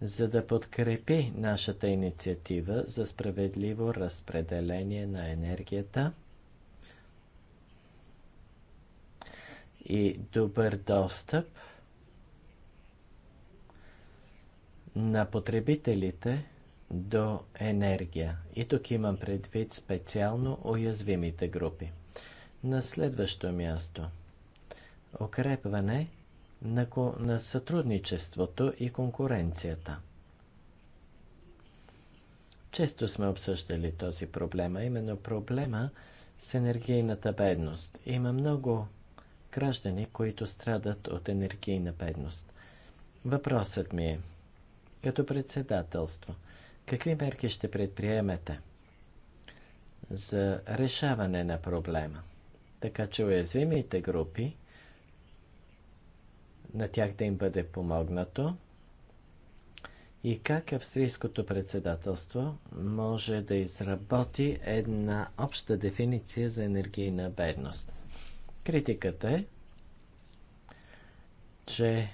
Speaker 2: за да подкрепи нашата инициатива за справедливо разпределение на енергията – и добър достъп на потребителите до енергия. И тук имам предвид специално уязвимите групи. На следващо място укрепване на, на сътрудничеството и конкуренцията. Често сме обсъждали този проблем, именно проблема с енергийната бедност. Има много граждани, които страдат от енергийна бедност. Въпросът ми е, като председателство, какви мерки ще предприемете за решаване на проблема, така че уязвимите групи, на тях да им бъде помогнато и как австрийското председателство може да изработи една обща дефиниция за енергийна бедност. Критиката е, че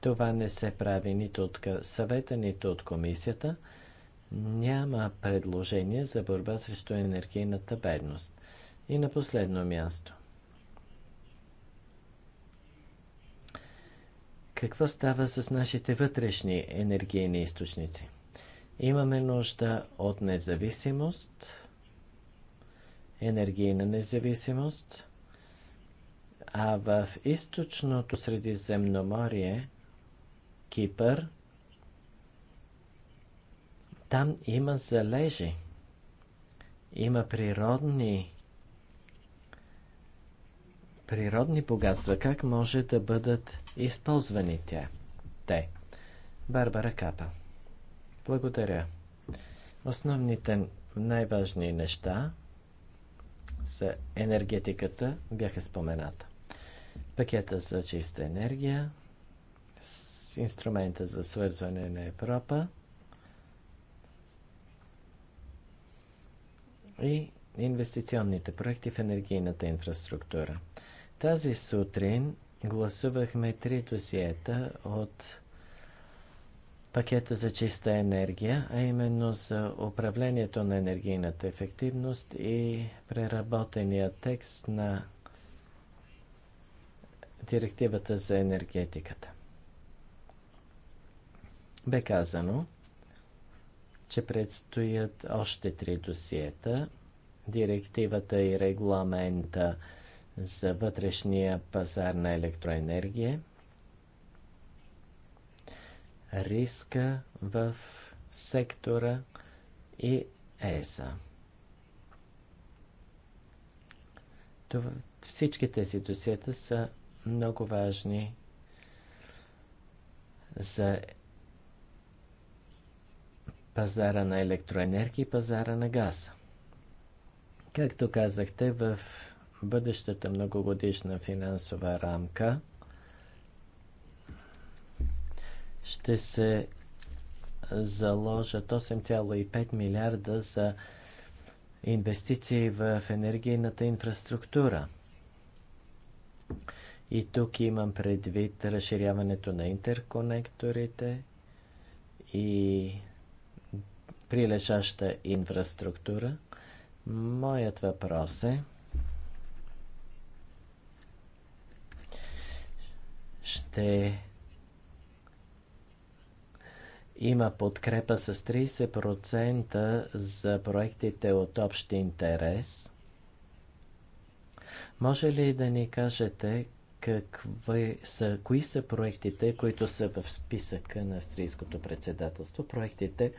Speaker 2: това не се прави нито от съвета, нито от комисията. Няма предложение за борба срещу енергийната бедност. И на последно място. Какво става с нашите вътрешни енергийни източници? Имаме нужда от независимост, енергийна независимост – а в източното Средиземноморие, Кипър, там има залежи. Има природни природни богатства. Как може да бъдат използвани тя? Те. Барбара Капа. Благодаря. Основните най-важни неща са енергетиката бяха спомената пакета за чиста енергия, с инструмента за свързване на Европа и инвестиционните проекти в енергийната инфраструктура. Тази сутрин гласувахме три досиета от пакета за чиста енергия, а именно за управлението на енергийната ефективност и преработения текст на директивата за енергетиката. Бе казано, че предстоят още три досиета. Директивата и регламента за вътрешния пазар на електроенергия, риска в сектора и ЕСА. Това, всички тези досиета са много важни за пазара на електроенергия и пазара на газ. Както казахте, в бъдещата многогодишна финансова рамка ще се заложат 8,5 милиарда за инвестиции в енергийната инфраструктура. И тук имам предвид разширяването на интерконекторите и прилежаща инфраструктура. Моят въпрос е ще има подкрепа с 30% за проектите от общ интерес. Може ли да ни кажете какви са, кои са проектите, които са в списъка на австрийското председателство, проектите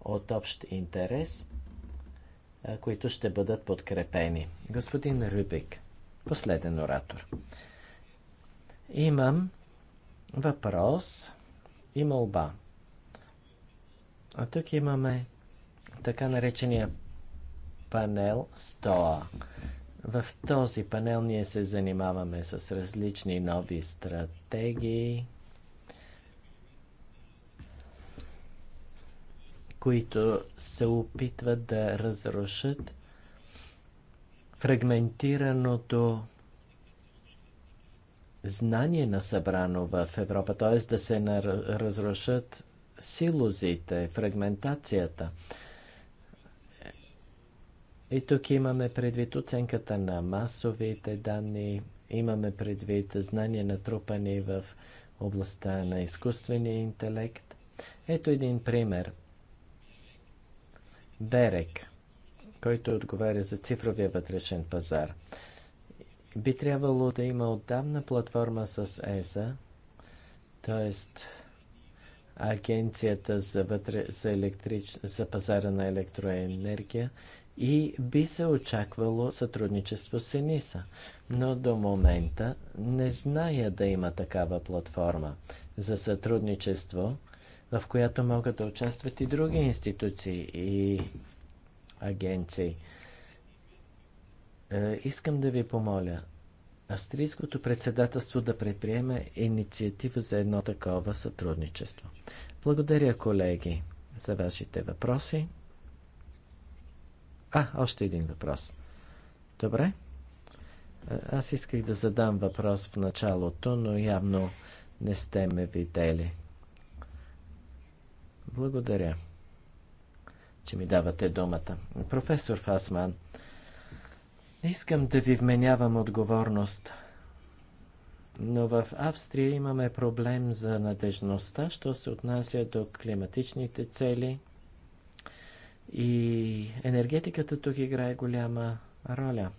Speaker 2: от общ интерес, които ще бъдат подкрепени. Господин Рюбик, последен оратор. Имам въпрос и молба. А тук имаме така наречения панел СТОА. В този панел ние се занимаваме с различни нови стратегии, които се опитват да разрушат фрагментираното знание на събрано в Европа, т.е. да се разрушат силозите, фрагментацията. И тук имаме предвид оценката на масовите данни, имаме предвид знания натрупани в областта на изкуствения интелект. Ето един пример. Берек, който отговаря за цифровия вътрешен пазар. Би трябвало да има отдавна платформа с ЕСА, т.е. Агенцията за, вътре, за, електрич, за пазара на електроенергия и би се очаквало сътрудничество с ЕНИСА. Но до момента не зная да има такава платформа за сътрудничество, в която могат да участват и други институции и агенции. Е, искам да ви помоля австрийското председателство да предприеме инициатива за едно такова сътрудничество. Благодаря, колеги, за вашите въпроси. А, още един въпрос. Добре. Аз исках да задам въпрос в началото, но явно не сте ме видели. Благодаря, че ми давате думата. Професор Фасман, искам да ви вменявам отговорност, но в Австрия имаме проблем за надежността, що се отнася до климатичните цели – и енергетиката тук играе голяма роля.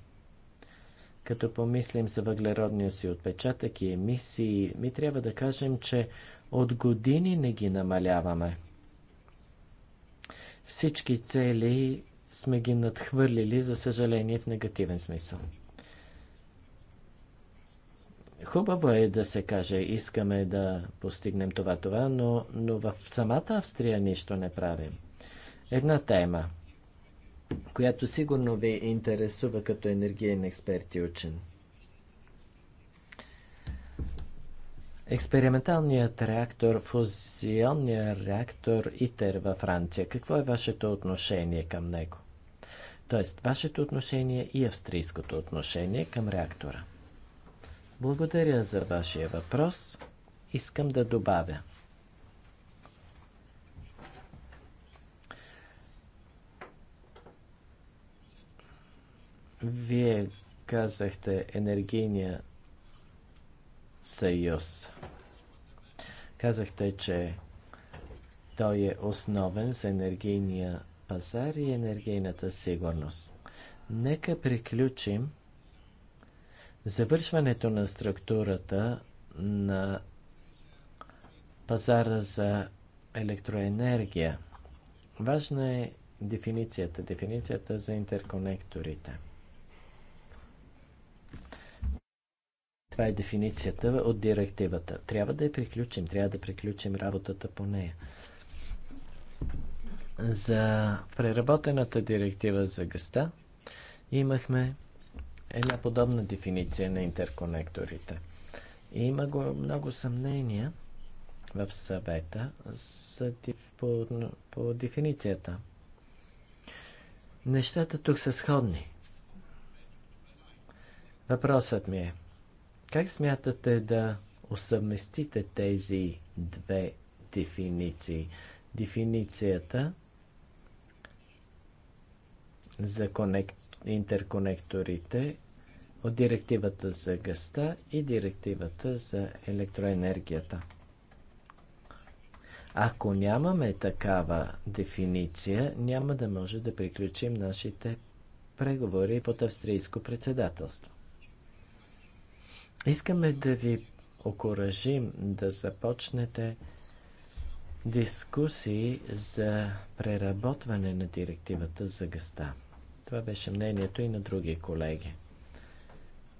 Speaker 2: Като помислим за въглеродния си отпечатък и емисии, ми трябва да кажем, че от години не ги намаляваме. Всички цели сме ги надхвърлили, за съжаление, в негативен смисъл. Хубаво е да се каже, искаме да постигнем това, това, но, но в самата Австрия нищо не правим. Една тема, която сигурно ви интересува като енергиен експерт и учен. Експерименталният реактор, фузионният реактор ИТЕР във Франция. Какво е вашето отношение към него? Тоест, вашето отношение и австрийското отношение към реактора. Благодаря за вашия въпрос. Искам да добавя – Вие казахте енергийния съюз. Казахте, че той е основен за енергийния пазар и енергийната сигурност. Нека приключим завършването на структурата на пазара за електроенергия. Важна е дефиницията, дефиницията за интерконекторите – Това е дефиницията от директивата. Трябва да я приключим, трябва да приключим работата по нея. За преработената директива за гъста имахме една подобна дефиниция на интерконекторите. И има го много съмнения в съвета за, по, по дефиницията. Нещата тук са сходни. Въпросът ми е – как смятате да усъвместите тези две дефиниции? Дефиницията за интерконекторите от директивата за гъста и директивата за електроенергията. Ако нямаме такава дефиниция, няма да може да приключим нашите преговори под австрийско председателство. Искаме да ви окоръжим да започнете дискусии за преработване на директивата за гъста. Това беше мнението и на други колеги.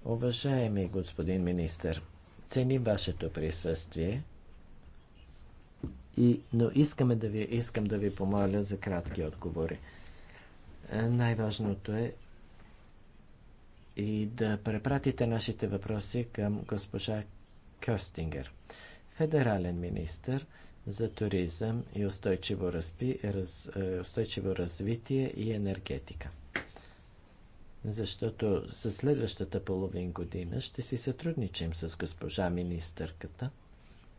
Speaker 2: Уважаеми господин министр, ценим вашето присъствие, и, но искаме да ви, искам да ви помоля за кратки отговори. Е, най-важното е и да препратите нашите въпроси към госпожа Костингер, федерален министр за туризъм и устойчиво, разпи, раз, е, устойчиво развитие и енергетика. Защото за следващата половин година ще си сътрудничим с госпожа министърката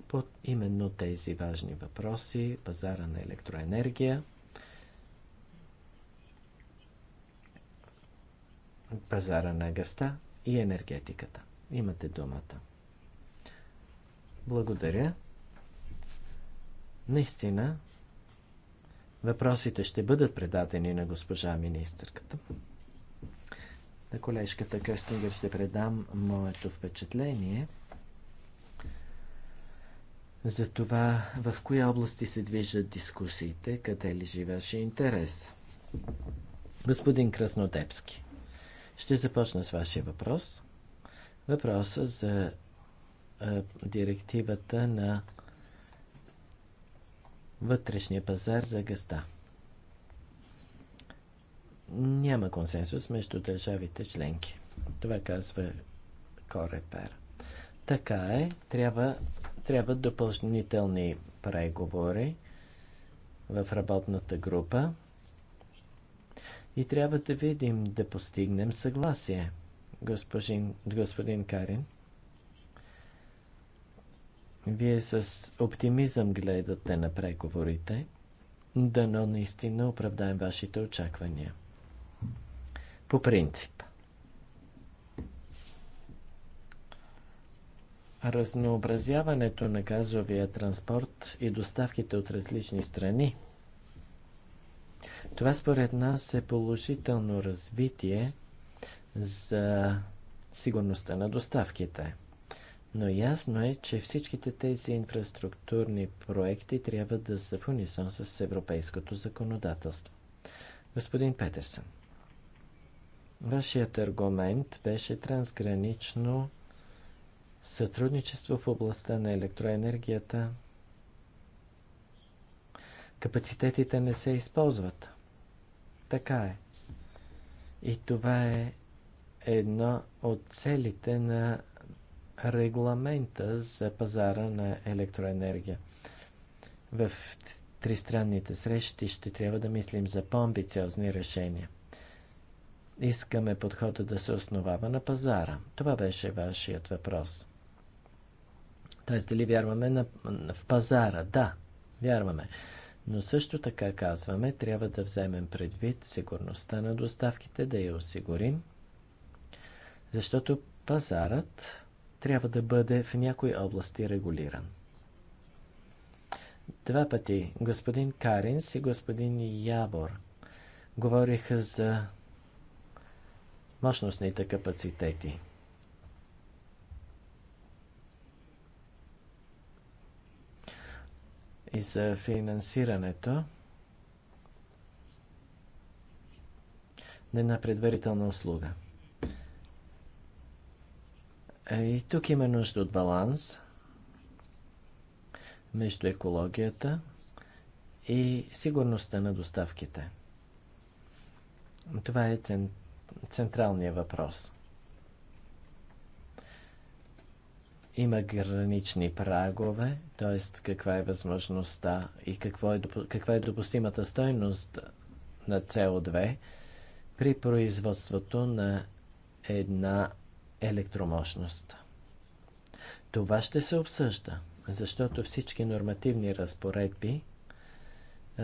Speaker 2: по именно тези важни въпроси, пазара на електроенергия – пазара на гъста и енергетиката. Имате думата. Благодаря. Наистина, въпросите ще бъдат предадени на госпожа министърката. На колежката Къстингър ще предам моето впечатление за това в кои области се движат дискусиите, къде ли живеше интерес. Господин Краснодепски. Ще започна с вашия въпрос. Въпроса за а, директивата на вътрешния пазар за гъста. Няма консенсус между държавите членки. Това казва Корепер. Така е, трябва, трябва допълнителни преговори в работната група и трябва да видим да постигнем съгласие, госпожин, господин Карин. Вие с оптимизъм гледате на преговорите, дано наистина оправдаем вашите очаквания. По принцип. Разнообразяването на газовия транспорт и доставките от различни страни – това според нас е положително развитие за сигурността на доставките. Но ясно е, че всичките тези инфраструктурни проекти трябва да са в унисон с европейското законодателство. Господин Петерсън, вашият аргумент беше трансгранично сътрудничество в областта на електроенергията. Капацитетите не се използват. Така е. И това е една от целите на регламента за пазара на електроенергия. В тристранните срещи ще трябва да мислим за по-амбициозни решения. Искаме подхода да се основава на пазара. Това беше вашият въпрос. Тоест, дали вярваме на, в пазара? Да, вярваме. Но също така казваме, трябва да вземем предвид сигурността на доставките, да я осигурим, защото пазарът трябва да бъде в някои области регулиран. Два пъти господин Каринс и господин Явор говориха за мощностните капацитети – и за финансирането на една предварителна услуга. Е, и тук има нужда от баланс между екологията и сигурността на доставките. Това е централният въпрос. Има гранични прагове, т.е. каква е възможността и какво е, каква е допустимата стойност на CO2 при производството на една електромощност. Това ще се обсъжда, защото всички нормативни разпоредби е,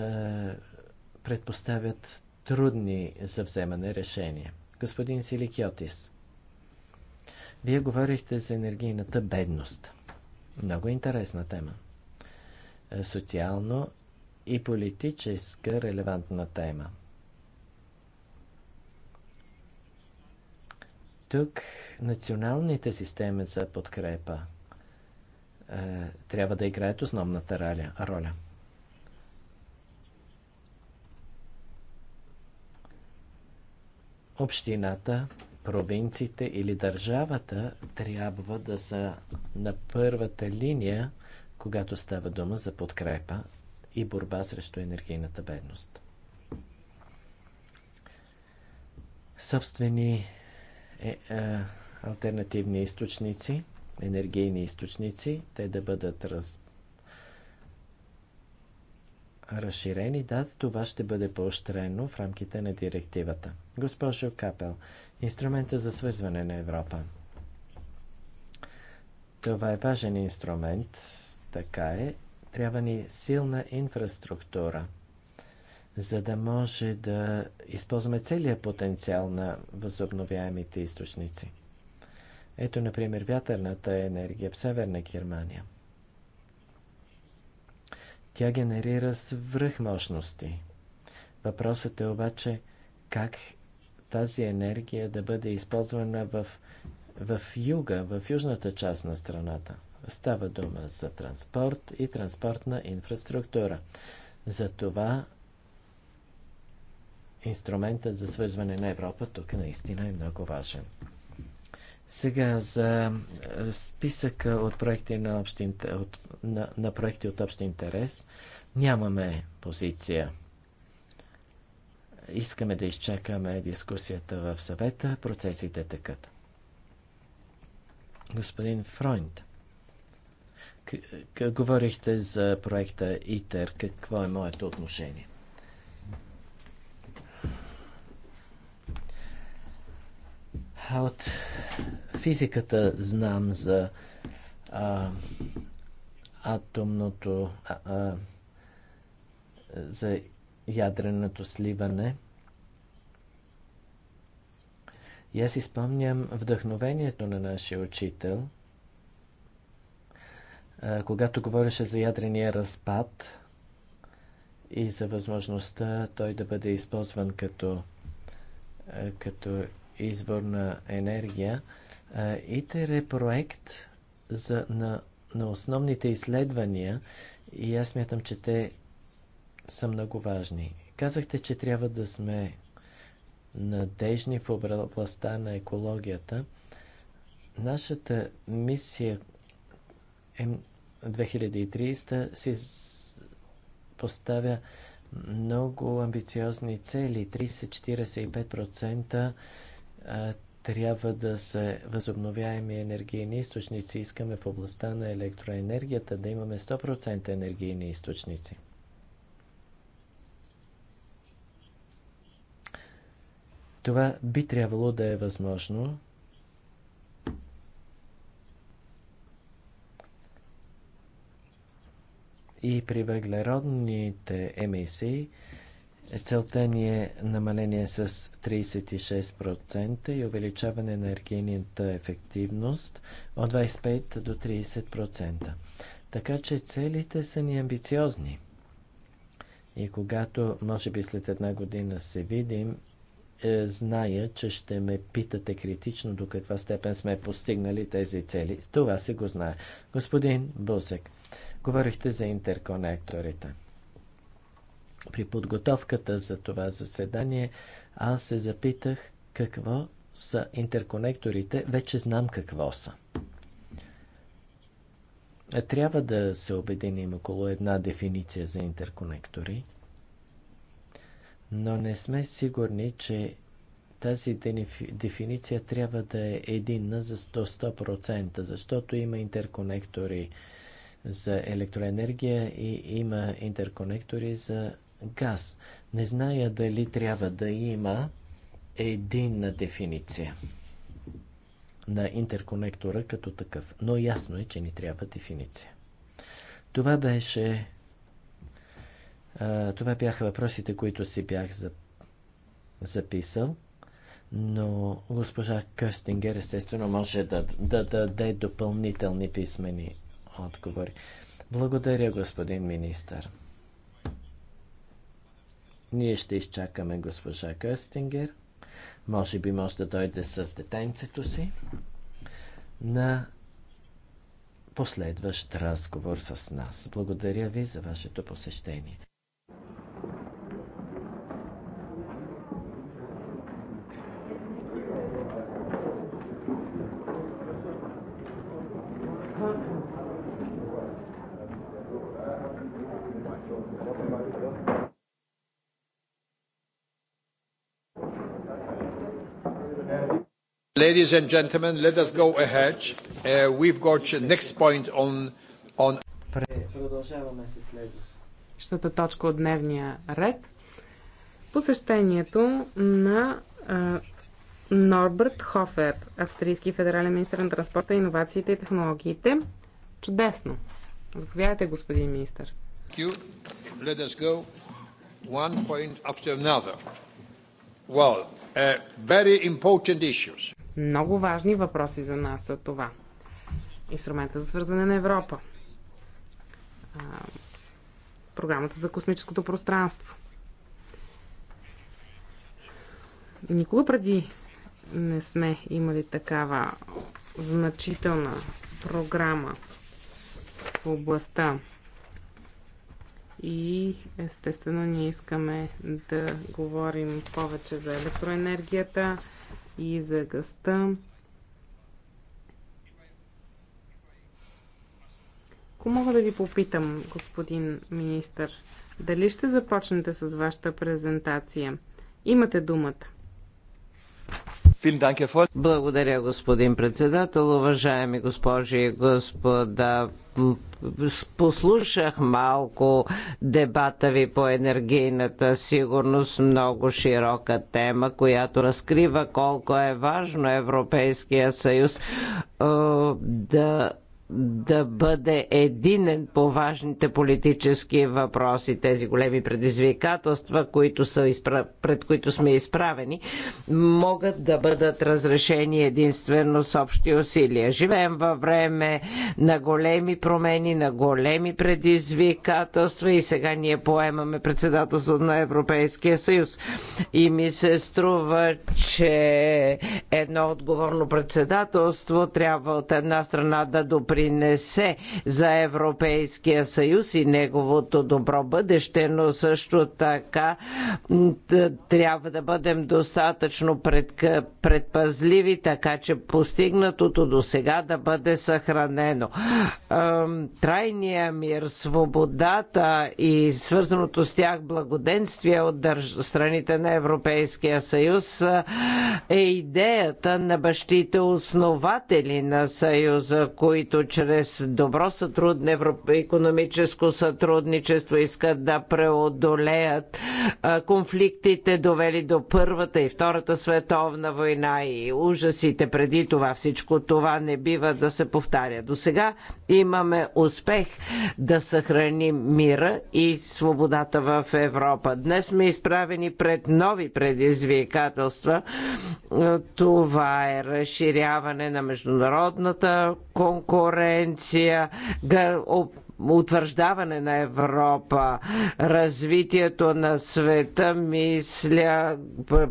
Speaker 2: предпоставят трудни за вземане решения. Господин Силикиотис, вие говорихте за енергийната бедност. Много интересна тема. Е, социално и политическа релевантна тема. Тук националните системи за подкрепа е, трябва да играят основната роля. Общината провинциите или държавата трябва да са на първата линия, когато става дума за подкрепа и борба срещу енергийната бедност. Собствени е, е, альтернативни източници, енергийни източници, те да бъдат раз, разширени, да, това ще бъде поощрено в рамките на директивата. Госпожо Капел, инструмента за свързване на Европа. Това е важен инструмент, така е. Трябва ни силна инфраструктура, за да може да използваме целият потенциал на възобновяемите източници. Ето, например, вятърната енергия в Северна Германия. Тя генерира свръхмощности. Въпросът е обаче как тази енергия да бъде използвана в, в юга, в южната част на страната. Става дума за транспорт и транспортна инфраструктура. Затова инструментът за свързване на Европа тук наистина е много важен. Сега за списъка от проекти на, общи, от, на, на проекти от общ интерес нямаме позиция. Искаме да изчакаме дискусията в съвета, процесите текат. Господин Фройнд, говорихте за проекта ИТЕР. Какво е моето отношение? От физиката знам за а, атомното, а, а, за ядреното сливане. И аз изпомням вдъхновението на нашия учител, а, когато говореше за ядрения разпад и за възможността той да бъде използван като, а, като извор на енергия. ИТЕР е проект за, на, на основните изследвания и аз мятам, че те са много важни. Казахте, че трябва да сме надежни в областта на екологията. Нашата мисия 2030 е си поставя много амбициозни цели. 30-45% трябва да са възобновяеми енергийни източници. Искаме в областта на електроенергията да имаме 100% енергийни източници. Това би трябвало да е възможно. И при въглеродните емисии – е, целта ни е намаление с 36% и увеличаване на енергийната ефективност от 25 до 30%. Така че целите са ни амбициозни. И когато, може би след една година се видим, е, зная, че ще ме питате критично до каква степен сме постигнали тези цели. Това се го знае. Господин Бусек, говорихте за интерконекторите. При подготовката за това заседание аз се запитах какво са интерконекторите. Вече знам какво са. Трябва да се обединим около една дефиниция за интерконектори, но не сме сигурни, че тази дефиниция трябва да е единна за 100%, защото има интерконектори за електроенергия и има интерконектори за газ. Не зная дали трябва да има единна дефиниция на интерконектора като такъв, но ясно е, че ни трябва дефиниция. Това беше. Това бяха въпросите, които си бях записал, но госпожа Къстингер естествено може да, да, да даде допълнителни писмени отговори. Благодаря, господин министър. Ние ще изчакаме госпожа Къстингер. Може би може да дойде с детенцето си на последващ разговор с нас. Благодаря ви за вашето посещение.
Speaker 1: Ladies and gentlemen, let us go ahead. Uh, we've got next point
Speaker 3: on...
Speaker 2: Продължаваме с следващата
Speaker 3: точка от дневния ред. Посещението на Норберт Хофер, австрийски федерален министр на транспорта, иновациите и технологиите. Чудесно! Заповядайте, господин министр.
Speaker 1: Well, uh,
Speaker 3: много важни въпроси за нас са това. Инструмента за свързване на Европа. Програмата за космическото пространство. Никога преди не сме имали такава значителна програма в областта. И естествено ние искаме да говорим повече за електроенергията, и за гъста. Ако мога да ви попитам, господин министър, дали ще започнете с вашата презентация? Имате думата.
Speaker 4: Благодаря, господин председател. Уважаеми госпожи и господа, послушах малко дебата ви по енергийната сигурност, много широка тема, която разкрива колко е важно Европейския съюз да да бъде единен по важните политически въпроси, тези големи предизвикателства, които са изпра... пред които сме изправени, могат да бъдат разрешени единствено с общи усилия. Живеем във време на големи промени, на големи предизвикателства и сега ние поемаме председателство на Европейския съюз. И ми се струва, че едно отговорно председателство трябва от една страна да допринесе допринесе за Европейския съюз и неговото добро бъдеще, но също така трябва да бъдем достатъчно предпазливи, така че постигнатото до сега да бъде съхранено. Трайния мир, свободата и свързаното с тях благоденствие от държ... страните на Европейския съюз е идеята на бащите основатели на Съюза, които чрез добро сътруд... економическо сътрудничество искат да преодолеят конфликтите, довели до Първата и Втората световна война и ужасите преди това. Всичко това не бива да се повтаря. До сега имаме успех да съхраним мира и свободата в Европа. Днес сме изправени пред нови предизвикателства. Това е разширяване на международната конкуренция конкуренция, да утвърждаване на Европа, развитието на света, мисля,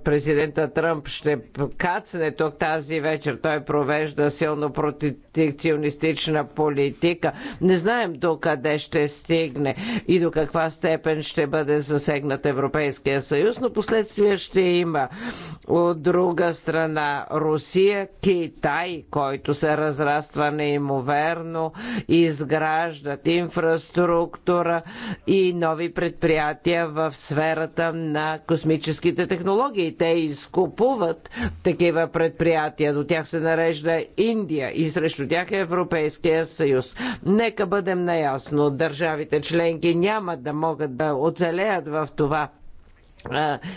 Speaker 4: президента Тръмп ще кацне тук тази вечер. Той провежда силно протекционистична политика. Не знаем до къде ще стигне и до каква степен ще бъде засегнат Европейския съюз, но последствия ще има. От друга страна, Русия, Китай, който се разраства неимоверно, изграждат и инфраструктура и нови предприятия в сферата на космическите технологии. Те изкупуват такива предприятия. До тях се нарежда Индия и срещу тях е Европейския съюз. Нека бъдем наясно. Държавите членки няма да могат да оцелеят в това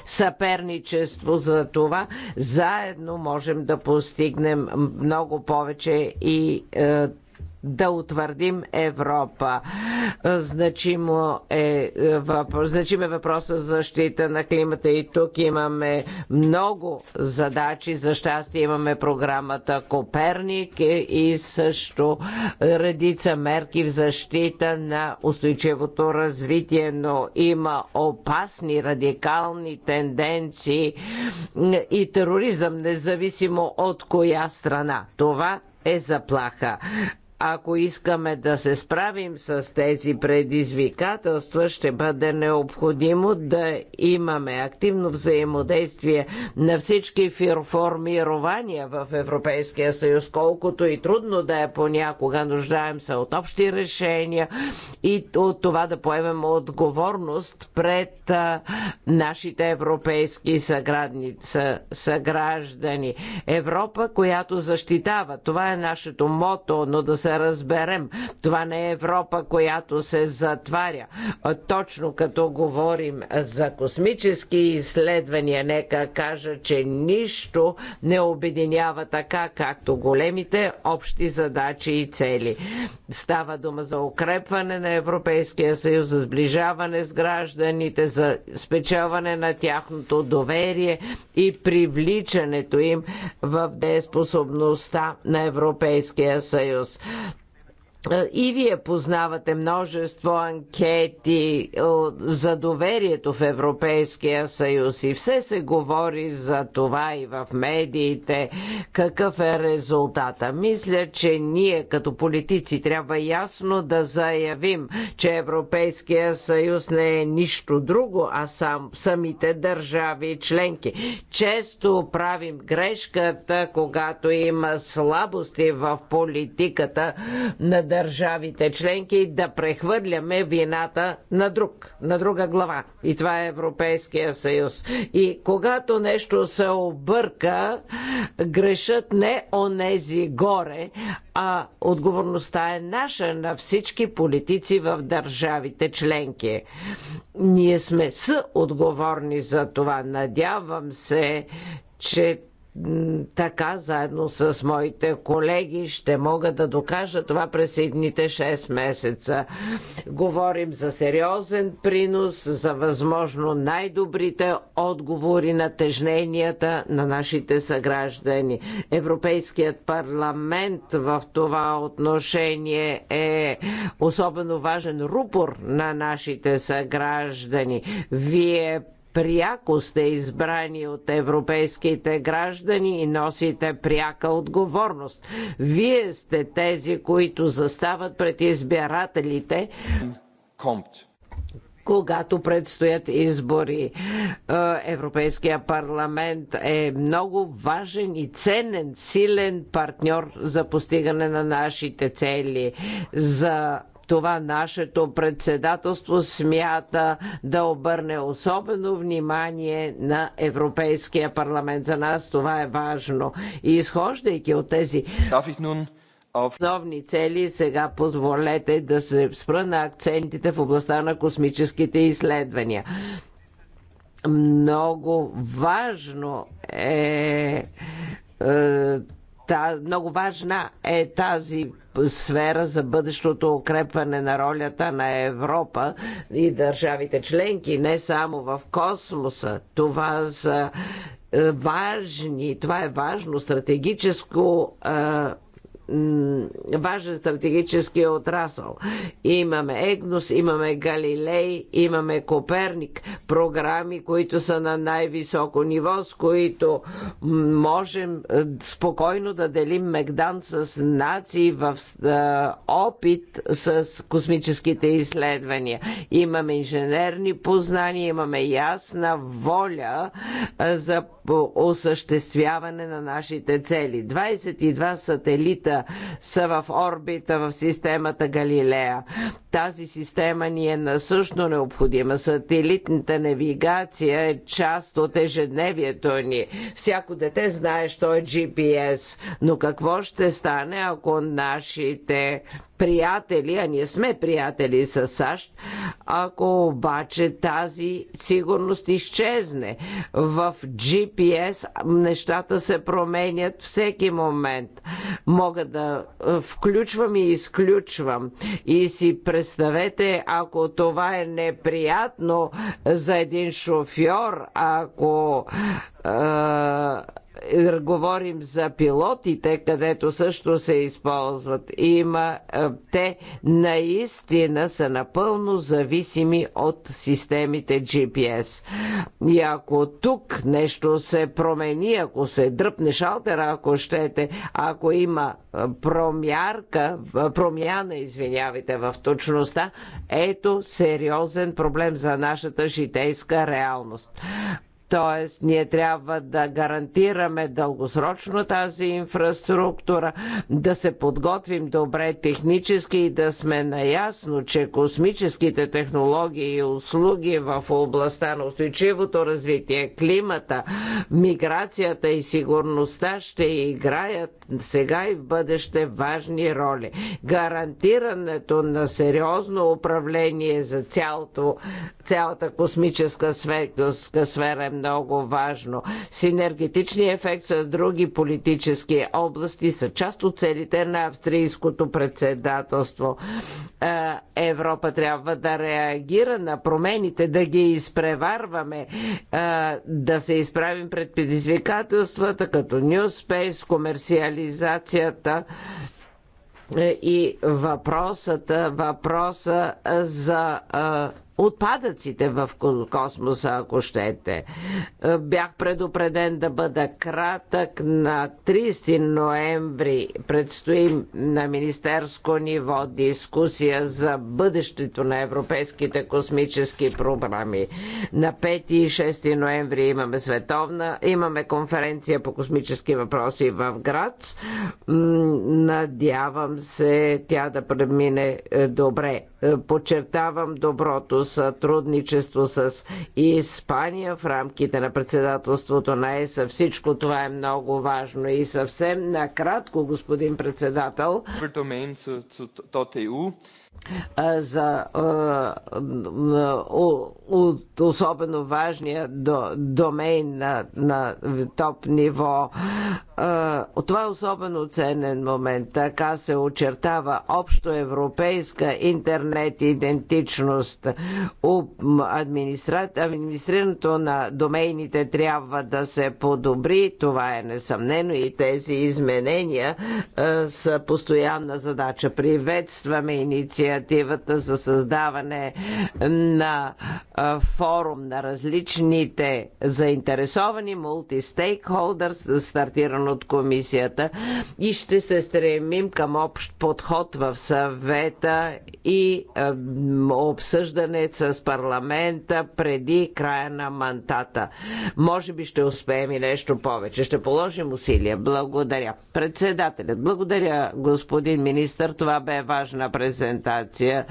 Speaker 4: съперничество за това. Заедно можем да постигнем много повече и е, да утвърдим Европа. Значимо е, въпрос, значим е въпроса за защита на климата и тук имаме много задачи. За щастие имаме програмата Коперник и също редица мерки в защита на устойчивото развитие, но има опасни радикални тенденции и тероризъм, независимо от коя страна. Това е заплаха. Ако искаме да се справим с тези предизвикателства, ще бъде необходимо да имаме активно взаимодействие на всички формирования в Европейския съюз, колкото и трудно да е понякога. Нуждаем се от общи решения и от това да поемем отговорност пред а, нашите европейски съграждани. Европа, която защитава. Това е нашето мото, но да се да разберем. Това не е Европа, която се затваря. Точно като говорим за космически изследвания, нека кажа, че нищо не обединява така, както големите общи задачи и цели. Става дума за укрепване на Европейския съюз, за сближаване с гражданите, за спечелване на тяхното доверие и привличането им в дееспособността на Европейския съюз. Е, и вие познавате множество анкети за доверието в Европейския съюз и все се говори за това и в медиите, какъв е резултата. Мисля, че ние като политици трябва ясно да заявим, че Европейския съюз не е нищо друго, а сам, самите държави и членки. Често правим грешката, когато има слабости в политиката на държавите членки да прехвърляме вината на друг, на друга глава. И това е Европейския съюз. И когато нещо се обърка, грешат не онези горе, а отговорността е наша на всички политици в държавите членки. Ние сме съотговорни за това. Надявам се, че така, заедно с моите колеги, ще мога да докажа това през едните 6 месеца. Говорим за сериозен принос, за възможно най-добрите отговори на тежненията на нашите съграждани. Европейският парламент в това отношение е особено важен рупор на нашите съграждани. Вие пряко сте избрани от европейските граждани и носите пряка отговорност. Вие сте тези, които застават пред избирателите. Компт когато предстоят избори. Е, Европейския парламент е много важен и ценен, силен партньор за постигане на нашите цели, за това нашето председателство смята да обърне особено внимание на Европейския парламент. За нас това е важно. И изхождайки от тези основни цели, сега позволете да се спра на акцентите в областта на космическите изследвания много важно е, е та, много важна е тази сфера за бъдещото укрепване на ролята на Европа и държавите членки, не само в космоса. Това са е, важни, това е важно стратегическо е, важен стратегически отрасъл. Имаме Егнос, имаме Галилей, имаме Коперник, програми, които са на най-високо ниво, с които можем е, спокойно да делим Мегдан с нации в е, опит с космическите изследвания. Имаме инженерни познания, имаме ясна воля е, за осъществяване на нашите цели. 22 сателита са в орбита в системата Галилея. Тази система ни е насъщно необходима. Сателитната навигация е част от ежедневието ни. Всяко дете знае, що е GPS. Но какво ще стане, ако нашите приятели, а ние сме приятели с САЩ, ако обаче тази сигурност изчезне. В GPS нещата се променят всеки момент. Могат мога да е, включвам и изключвам. И си представете, ако това е неприятно за един шофьор, ако а, е, е, говорим за пилотите, където също се използват. Има, е, те наистина са напълно зависими от системите GPS. И ако тук нещо се промени, ако се дръпне шалтера, ако щете, ако има е, промярка, промяна, извинявайте, в точността, ето сериозен проблем за нашата житейска реалност. Тоест, ние трябва да гарантираме дългосрочно тази инфраструктура, да се подготвим добре технически и да сме наясно, че космическите технологии и услуги в областта на устойчивото развитие, климата, миграцията и сигурността ще играят сега и в бъдеще важни роли. Гарантирането на сериозно управление за цялото, цялата космическа сфера е много важно. Синергетичният ефект с други политически области са част от целите на австрийското председателство. Европа трябва да реагира на промените, да ги изпреварваме, да се изправим пред предизвикателствата, като New Space, комерциализацията е, и въпросата, въпроса за отпадъците в космоса, ако щете. Е, бях предупреден да бъда кратък. На 30 ноември предстои на министерско ниво дискусия за бъдещето на европейските космически програми. На 5 и 6 ноември имаме световна, имаме конференция по космически въпроси в град. Надявам се тя да премине е, добре. Подчертавам доброто сътрудничество с Испания в рамките на председателството на ЕСА. Всичко това е много важно и съвсем накратко, господин председател за особено важния домейн на, на топ ниво. Това е особено ценен момент. Така се очертава общо европейска интернет идентичност. Администрирането на домейните трябва да се подобри. Това е несъмнено и тези изменения са постоянна задача. Приветстваме инициативата инициативата за създаване на форум на различните заинтересовани мултистейкхолдърс, стартиран от комисията и ще се стремим към общ подход в съвета и обсъждане с парламента преди края на мантата. Може би ще успеем и нещо повече. Ще положим усилия. Благодаря. Председателят, благодаря господин министр. Това бе важна презентация комуникация,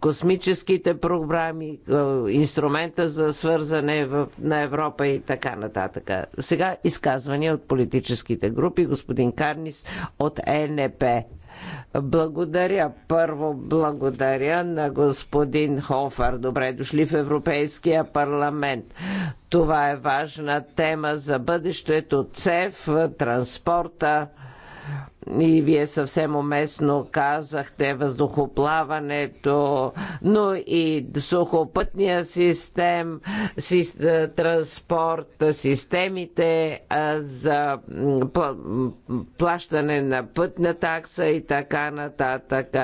Speaker 4: космическите програми, инструмента за свързане на Европа и така нататък. Сега изказвания от политическите групи. Господин Карнис от ЕНП. Благодаря. Първо благодаря на господин Хофър. Добре дошли в Европейския парламент. Това е важна тема за бъдещето, ЦЕФ, транспорта и вие съвсем уместно казахте въздухоплаването, но и сухопътния систем, е, транспорт, системите за плащане на пътна такса и така нататък.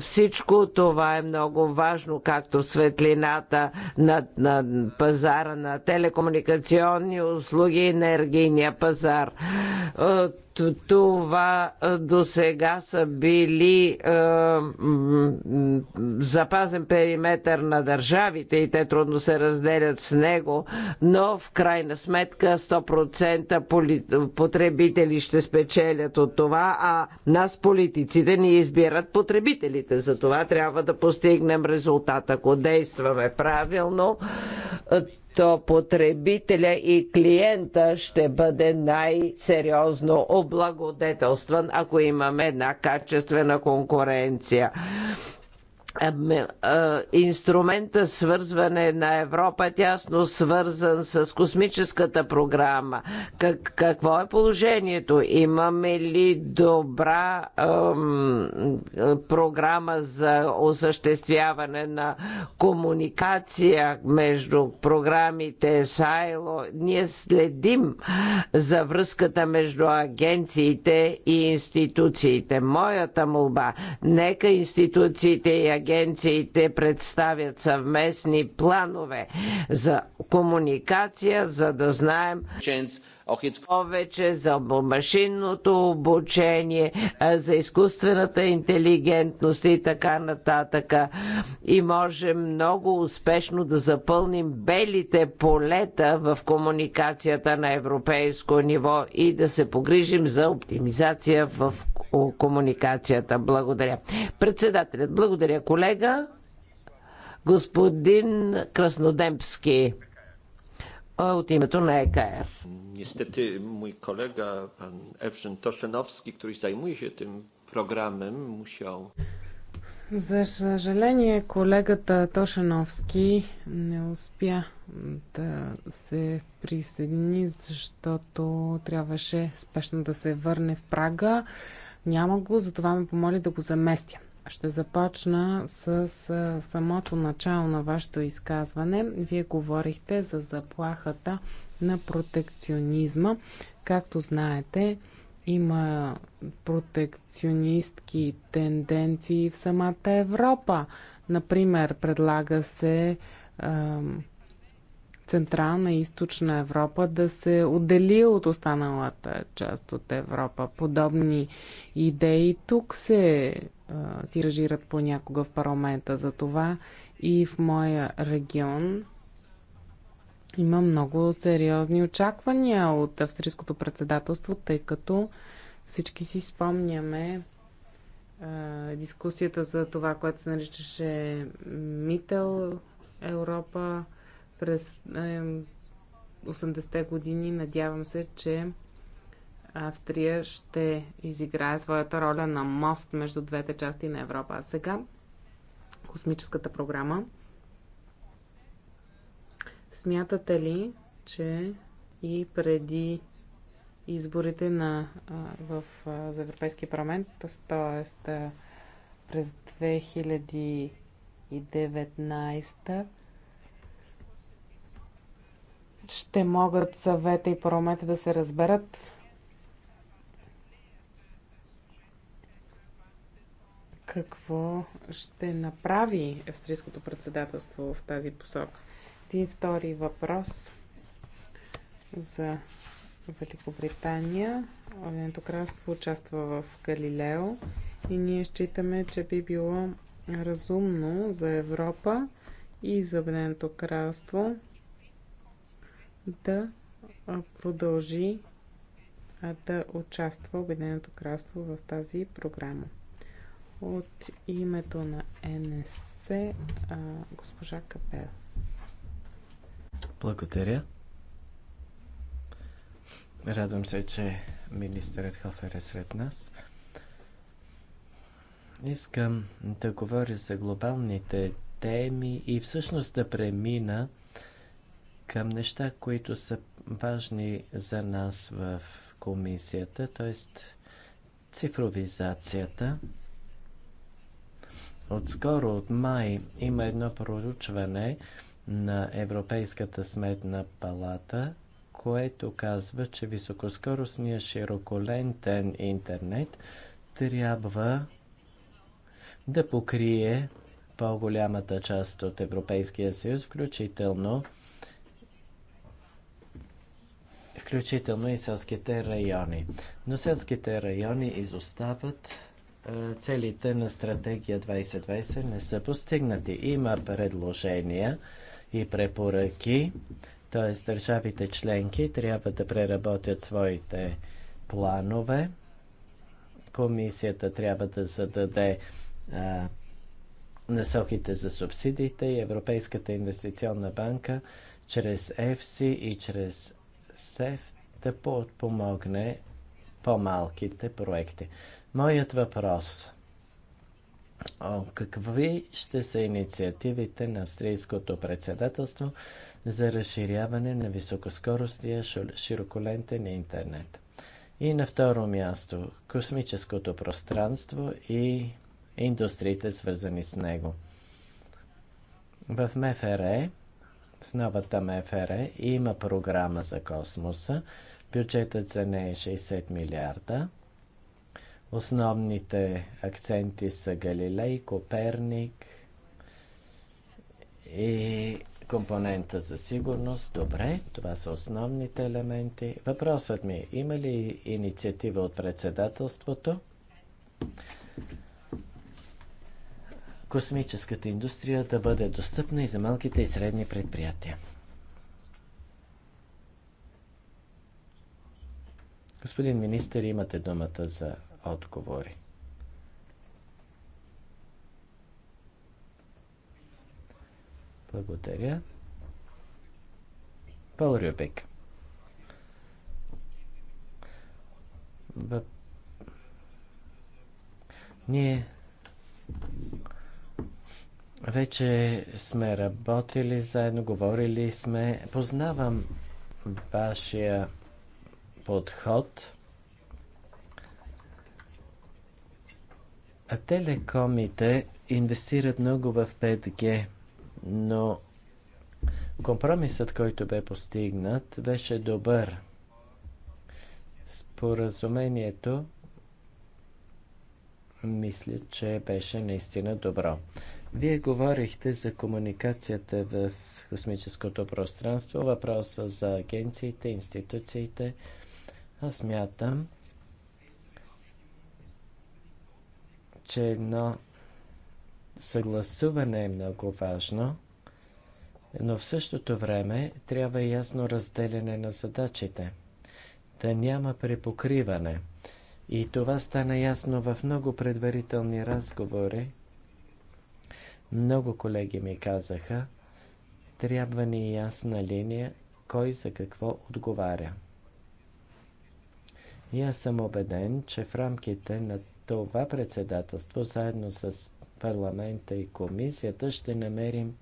Speaker 4: Всичко това е много важно, както светлината на, на пазара на телекомуникационни услуги енергийния пазар това до сега са били е, запазен периметър на държавите и те трудно се разделят с него, но в крайна сметка 100% потребители ще спечелят от това, а нас политиците ни избират потребителите. За това трябва да постигнем резултат. Ако действаме правилно, то потребителя и клиента ще бъде най-сериозно облагодетелстван, ако имаме една качествена конкуренция. Ами, инструмента свързване на Европа, е тясно свързан с космическата програма. Как, какво е положението? Имаме ли добра ем, програма за осъществяване на комуникация между програмите Сайло? Ние следим за връзката между агенциите и институциите. Моята молба, нека институциите и агенциите агенциите представят съвместни планове за комуникация, за да знаем повече за машинното обучение, за изкуствената интелигентност и така нататък. И можем много успешно да запълним белите полета в комуникацията на европейско ниво и да се погрижим за оптимизация в комуникацията. Благодаря. Председателят, благодаря колега. Господин Краснодемски от името на ЕКР. Niestety mój
Speaker 1: kolega, pan Ewrzyn Toszenowski, który zajmuje się tym programem, musiał.
Speaker 3: За съжаление, колегата Тошановски не успя да се присъедини, защото трябваше спешно да се върне в Прага. Няма го, затова ме помоли да го заместя. Ще започна с самото начало на вашето изказване. Вие говорихте за заплахата на протекционизма. Както знаете, има протекционистки тенденции в самата Европа. Например, предлага се Централна и Източна Европа да се отдели от останалата част от Европа. Подобни идеи тук се е, тиражират понякога в парламента. За това и в моя регион има много сериозни очаквания от австрийското председателство, тъй като всички си спомняме е, дискусията за това, което се наричаше Мител Европа през е, 80-те години. Надявам се, че Австрия ще изиграе своята роля на мост между двете части на Европа. А сега космическата програма Смятате ли, че и преди изборите на, в, за Европейския парламент, т.е. през 2019 ще могат съвета и парламента да се разберат? Какво ще направи австрийското председателство в тази посока? втори въпрос за Великобритания. Обединеното кралство участва в Галилео и ние считаме, че би било разумно за Европа и за Обединеното кралство да продължи да участва Обединеното кралство в тази програма. От името на НС госпожа Капел.
Speaker 2: Благодаря. Радвам се, че министърът Хофер е сред нас. Искам да говоря за глобалните теми и всъщност да премина към неща, които са важни за нас в комисията, т.е. цифровизацията. Отскоро от май има едно проучване, на Европейската сметна палата, което казва, че високоскоростния широколентен интернет трябва да покрие по-голямата част от Европейския съюз, включително включително и селските райони. Но селските райони изостават. Целите на стратегия 2020 не са постигнати. Има предложения и препоръки, т.е. държавите членки трябва да преработят своите планове. Комисията трябва да зададе а, насоките за субсидиите и Европейската инвестиционна банка чрез ЕФСИ и чрез СЕФ да подпомогне по-малките проекти. Моят въпрос – Какви ще са инициативите на австрийското председателство за разширяване на високоскоростния широколентен интернет? И на второ място космическото пространство и индустриите, свързани с него. В МФР, в новата МФР, има програма за космоса. Бюджетът за нея е 60 милиарда. Основните акценти са Галилей, Коперник и компонента за сигурност. Добре, това са основните елементи. Въпросът ми е, има ли инициатива от председателството? Космическата индустрия да бъде достъпна и за малките и средни предприятия. Господин министър, имате думата за отговори. Благодаря. Пол Въп... Ние вече сме работили заедно, говорили сме. Познавам вашия подход. А телекомите инвестират много в 5G, но компромисът, който бе постигнат, беше добър. Споразумението мисля, че беше наистина добро. Вие говорихте за комуникацията в космическото пространство, въпроса за агенциите, институциите. Аз мятам, че едно съгласуване е много важно, но в същото време трябва ясно разделяне на задачите, да няма препокриване. И това стана ясно в много предварителни разговори. Много колеги ми казаха, трябва ни ясна линия, кой за какво отговаря. И аз съм убеден, че в рамките на това председателство, заедно с парламента и комисията, ще намерим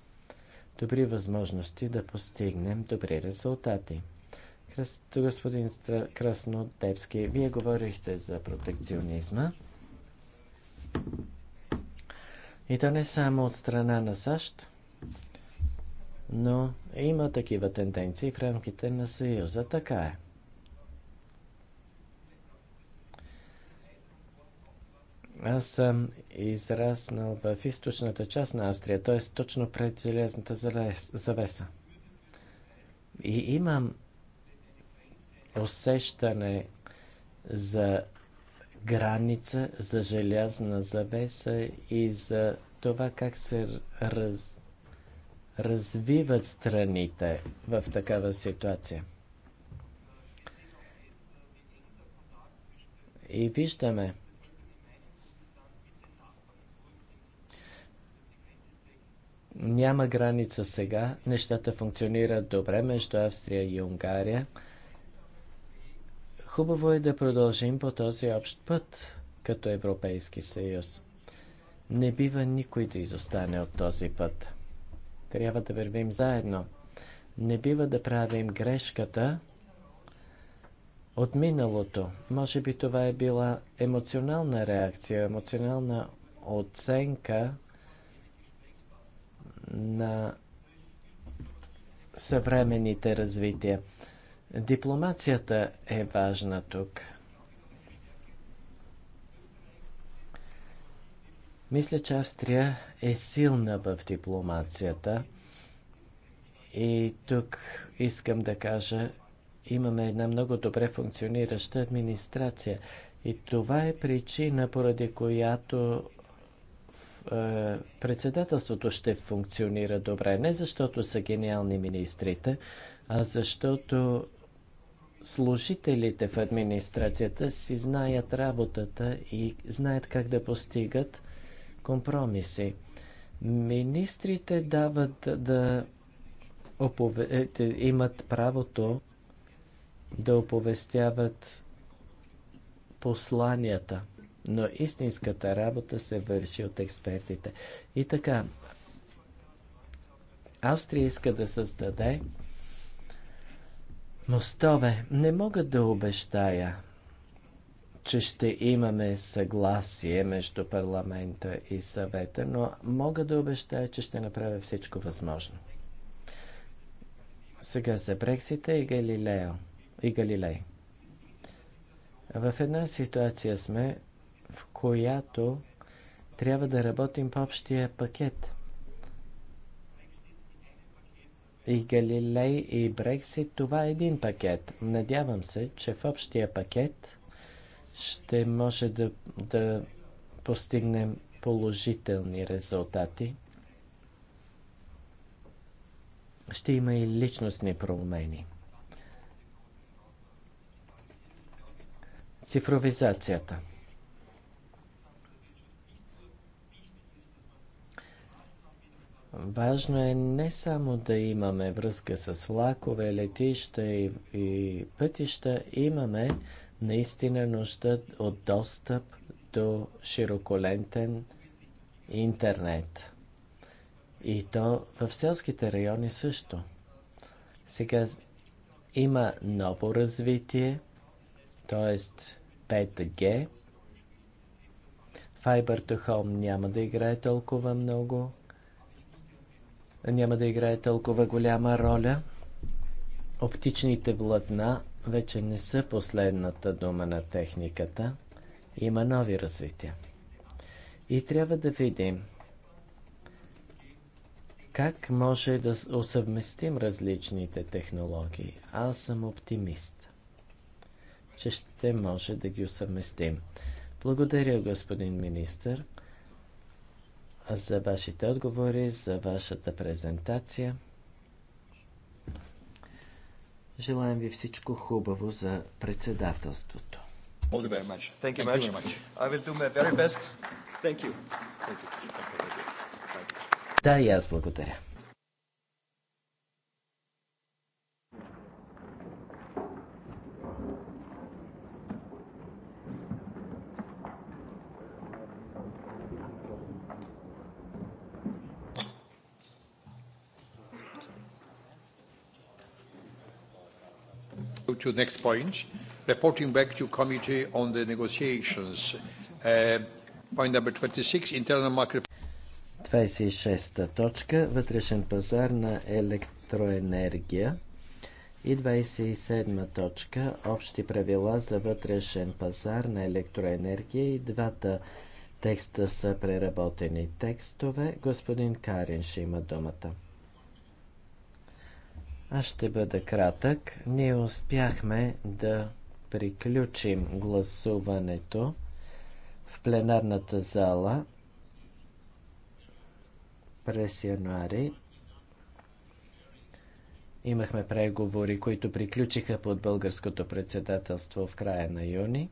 Speaker 2: добри възможности да постигнем добри резултати. Господин Краснотепски, вие говорихте за протекционизма. И то не само от страна на САЩ, но има такива тенденции в рамките на Съюза. Така е. Аз съм израснал в източната част на Австрия, т.е. точно пред железната завеса. И имам усещане за граница, за желязна завеса и за това как се раз, развиват страните в такава ситуация. И виждаме, Няма граница сега. Нещата функционират добре между Австрия и Унгария. Хубаво е да продължим по този общ път като Европейски съюз. Не бива никой да изостане от този път. Трябва да вървим заедно. Не бива да правим грешката от миналото. Може би това е била емоционална реакция, емоционална оценка на съвременните развития. Дипломацията е важна тук. Мисля, че Австрия е силна в дипломацията. И тук искам да кажа, имаме една много добре функционираща администрация. И това е причина, поради която е, председателството ще функционира добре. Не защото са гениални министрите, а защото служителите в администрацията си знаят работата и знаят как да постигат компромиси. Министрите дават да опове... Е, имат правото да оповестяват посланията но истинската работа се върши от експертите. И така, Австрия иска да създаде мостове. Не мога да обещая, че ще имаме съгласие между парламента и съвета, но мога да обещая, че ще направя всичко възможно. Сега за Брексита и Галилео. И Галилей. В една ситуация сме, която трябва да работим по общия пакет. И Галилей и Брексит, това е един пакет. Надявам се, че в общия пакет ще може да, да постигнем положителни резултати. Ще има и личностни промени. Цифровизацията. Важно е не само да имаме връзка с влакове, летища и, и пътища, имаме наистина нужда от достъп до широколентен интернет. И то в селските райони също. Сега има ново развитие, т.е. 5G. Fiber to Home няма да играе толкова много няма да играе толкова голяма роля. Оптичните влатна вече не са последната дума на техниката. Има нови развития. И трябва да видим как може да усъвместим различните технологии. Аз съм оптимист, че ще може да ги усъвместим. Благодаря, господин министър за вашите отговори, за вашата презентация. Желаем ви всичко хубаво за председателството. Да, и аз благодаря.
Speaker 1: move to the next point, reporting back to committee on the negotiations. Uh, point number 26, internal
Speaker 2: market. 26-та точка – вътрешен пазар на електроенергия. И 27-та точка – общи правила за вътрешен пазар на електроенергия. И двата текста са преработени текстове. Господин Карин ще има думата. Аз ще бъда кратък. Ние успяхме да приключим гласуването в пленарната зала през януари. Имахме преговори, които приключиха под българското председателство в края на юни.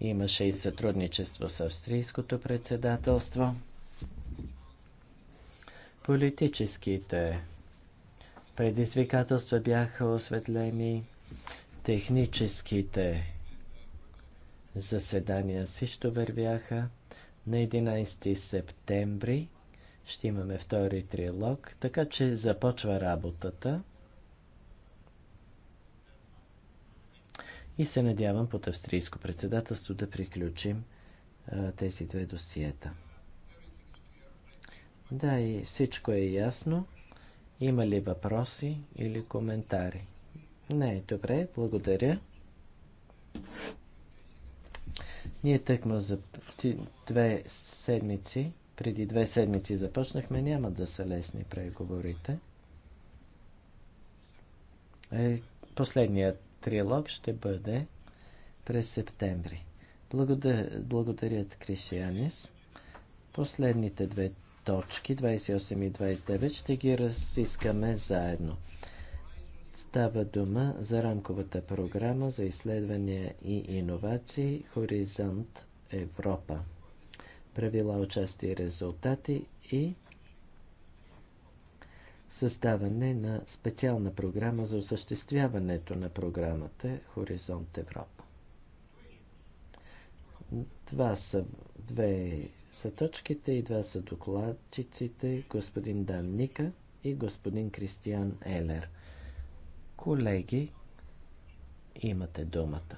Speaker 2: Имаше и сътрудничество с австрийското председателство. Политическите предизвикателства бяха осветлени, техническите заседания също вървяха. На 11 септември ще имаме втори трилог, така че започва работата. И се надявам под австрийско председателство да приключим а, тези две досиета. Да, и всичко е ясно. Има ли въпроси или коментари? Не, добре, благодаря. Ние тъкмо за две седмици, преди две седмици започнахме, няма да са лесни преговорите. Е, последният трилог ще бъде през септември. Благодаря, благодаря Кришианис. Последните две точки 28 и 29 ще ги разискаме заедно. Става дума за рамковата програма за изследвания и иновации Хоризонт Европа. Правила, участие и резултати и създаване на специална програма за осъществяването на програмата Хоризонт Европа. Това са две са точките и два са докладчиците, господин Дан Ника и господин Кристиан Елер. Колеги, имате думата.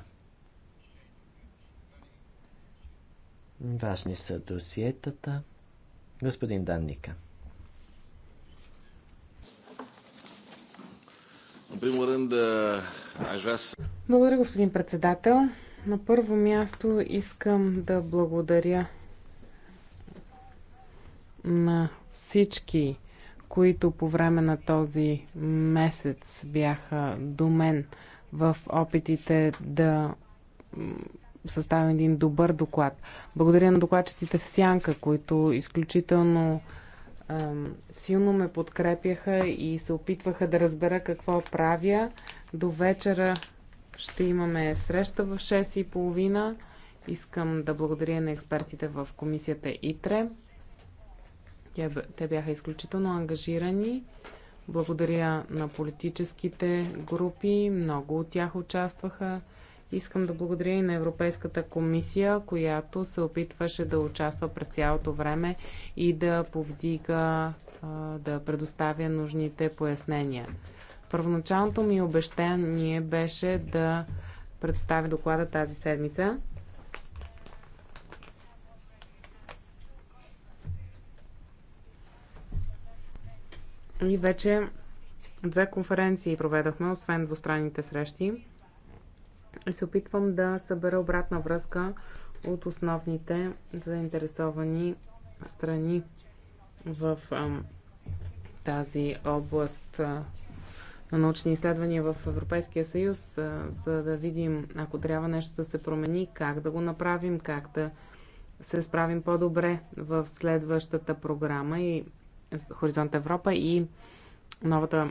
Speaker 2: Важни са досиетата. Господин Дан Ника.
Speaker 3: Благодаря, господин председател. На първо място искам да благодаря на всички, които по време на този месец бяха до мен в опитите да съставим един добър доклад. Благодаря на докладчиците в Сянка, които изключително ем, силно ме подкрепяха и се опитваха да разбера какво правя. До вечера ще имаме среща в 6.30. Искам да благодаря на експертите в комисията ИТРЕ. Те бяха изключително ангажирани. Благодаря на политическите групи. Много от тях участваха. Искам да благодаря и на Европейската комисия, която се опитваше да участва през цялото време и да повдига, да предоставя нужните пояснения. Първоначалното ми обещание беше да представя доклада тази седмица. И вече две конференции проведохме, освен двустранните срещи. И се опитвам да събера обратна връзка от основните заинтересовани страни в а, тази област а, на научни изследвания в Европейския съюз, а, за да видим, ако трябва нещо да се промени, как да го направим, как да се справим по-добре в следващата програма и Хоризонт Европа и новата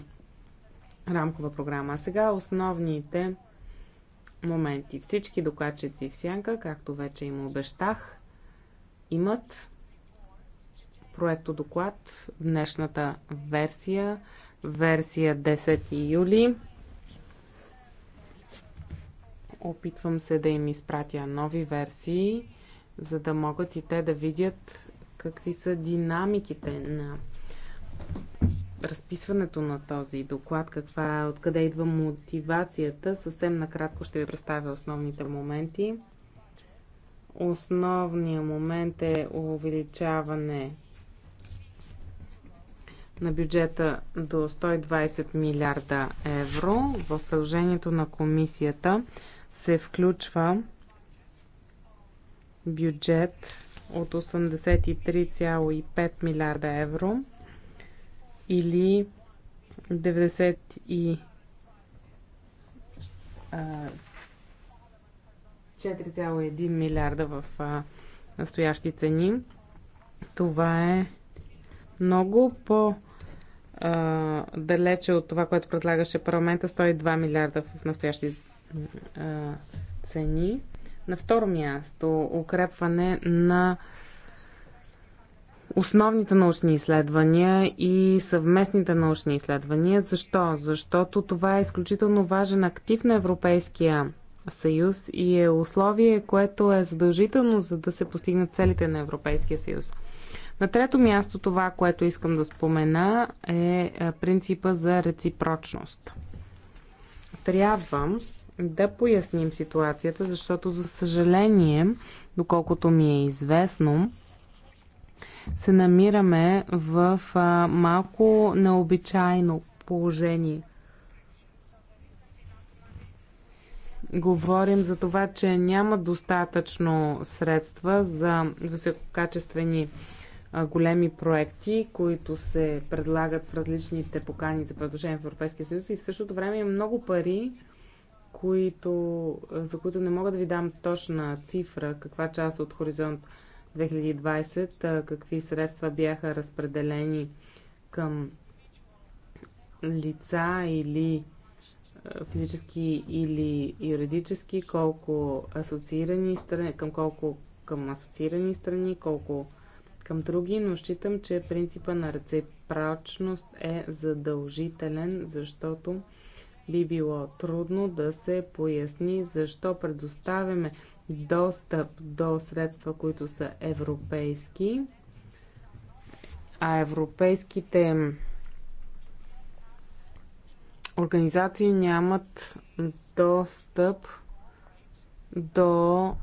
Speaker 3: рамкова програма. А сега основните моменти. Всички докладчици в сянка, както вече им обещах, имат проекто доклад, днешната версия, версия 10 юли. Опитвам се да им изпратя нови версии, за да могат и те да видят какви са динамиките на разписването на този доклад, каква е, откъде идва мотивацията. Съвсем накратко ще ви представя основните моменти. Основният момент е увеличаване на бюджета до 120 милиарда евро. В приложението на комисията се включва бюджет от 83,5 милиарда евро или 94,1 милиарда в настоящи цени. Това е много по- далече от това, което предлагаше парламента 102 милиарда в настоящи цени. На второ място, укрепване на основните научни изследвания и съвместните научни изследвания. Защо? Защото това е изключително важен актив на Европейския съюз и е условие, което е задължително, за да се постигнат целите на Европейския съюз. На трето място това, което искам да спомена е, е принципа за реципрочност. Трябва да поясним ситуацията, защото за съжаление, доколкото ми е известно, се намираме в а, малко необичайно положение. Говорим за това, че няма достатъчно средства за висококачествени а, големи проекти, които се предлагат в различните покани за предложения в Европейския съюз и в същото време има много пари, които, е, за които не мога да ви дам точна цифра, каква част от Хоризонт 2020, какви средства бяха разпределени към лица или е, физически или юридически, колко асоциирани страни, към колко към асоциирани страни, колко към други, но считам, че принципа на рецепрочност е задължителен, защото би било трудно да се поясни защо предоставяме достъп до средства, които са европейски, а европейските организации нямат достъп до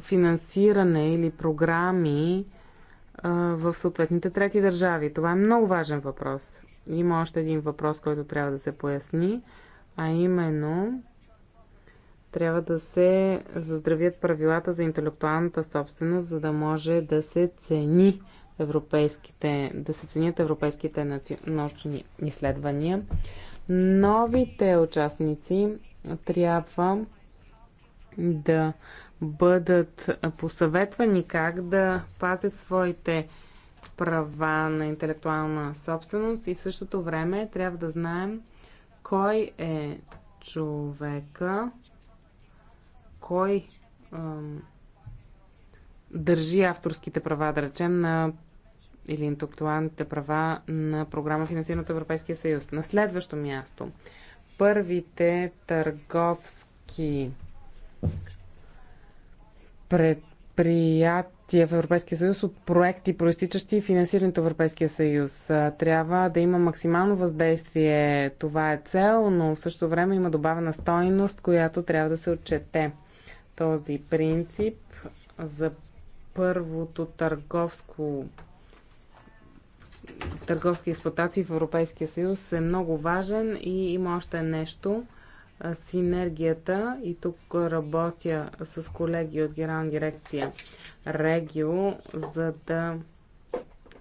Speaker 3: финансиране или програми в съответните трети държави. Това е много важен въпрос има още един въпрос, който трябва да се поясни, а именно трябва да се заздравят правилата за интелектуалната собственост, за да може да се цени европейските, да се ценят европейските научни изследвания. Новите участници трябва да бъдат посъветвани как да пазят своите права на интелектуална собственост и в същото време трябва да знаем кой е човека, кой ам, държи авторските права, да речем, на или интелектуалните права на програма финансирана от Европейския съюз. На следващо място, първите търговски предприятия участие в Европейския съюз от проекти, проистичащи и финансирането в Европейския съюз. Трябва да има максимално въздействие. Това е цел, но в същото време има добавена стойност, която трябва да се отчете. Този принцип за първото търговско търговски експлуатации в Европейския съюз е много важен и има още нещо – синергията и тук работя с колеги от Генерална дирекция Регио, за да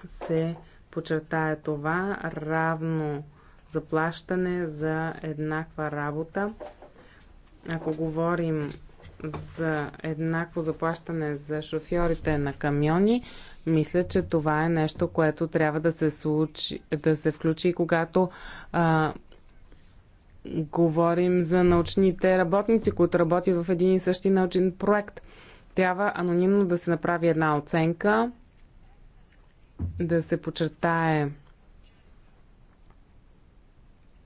Speaker 3: се подчертая това равно заплащане за еднаква работа. Ако говорим за еднакво заплащане за шофьорите на камиони, мисля, че това е нещо, което трябва да се, случи, да се включи, когато а, Говорим за научните работници, които работят в един и същи научен проект. Трябва анонимно да се направи една оценка, да се почертае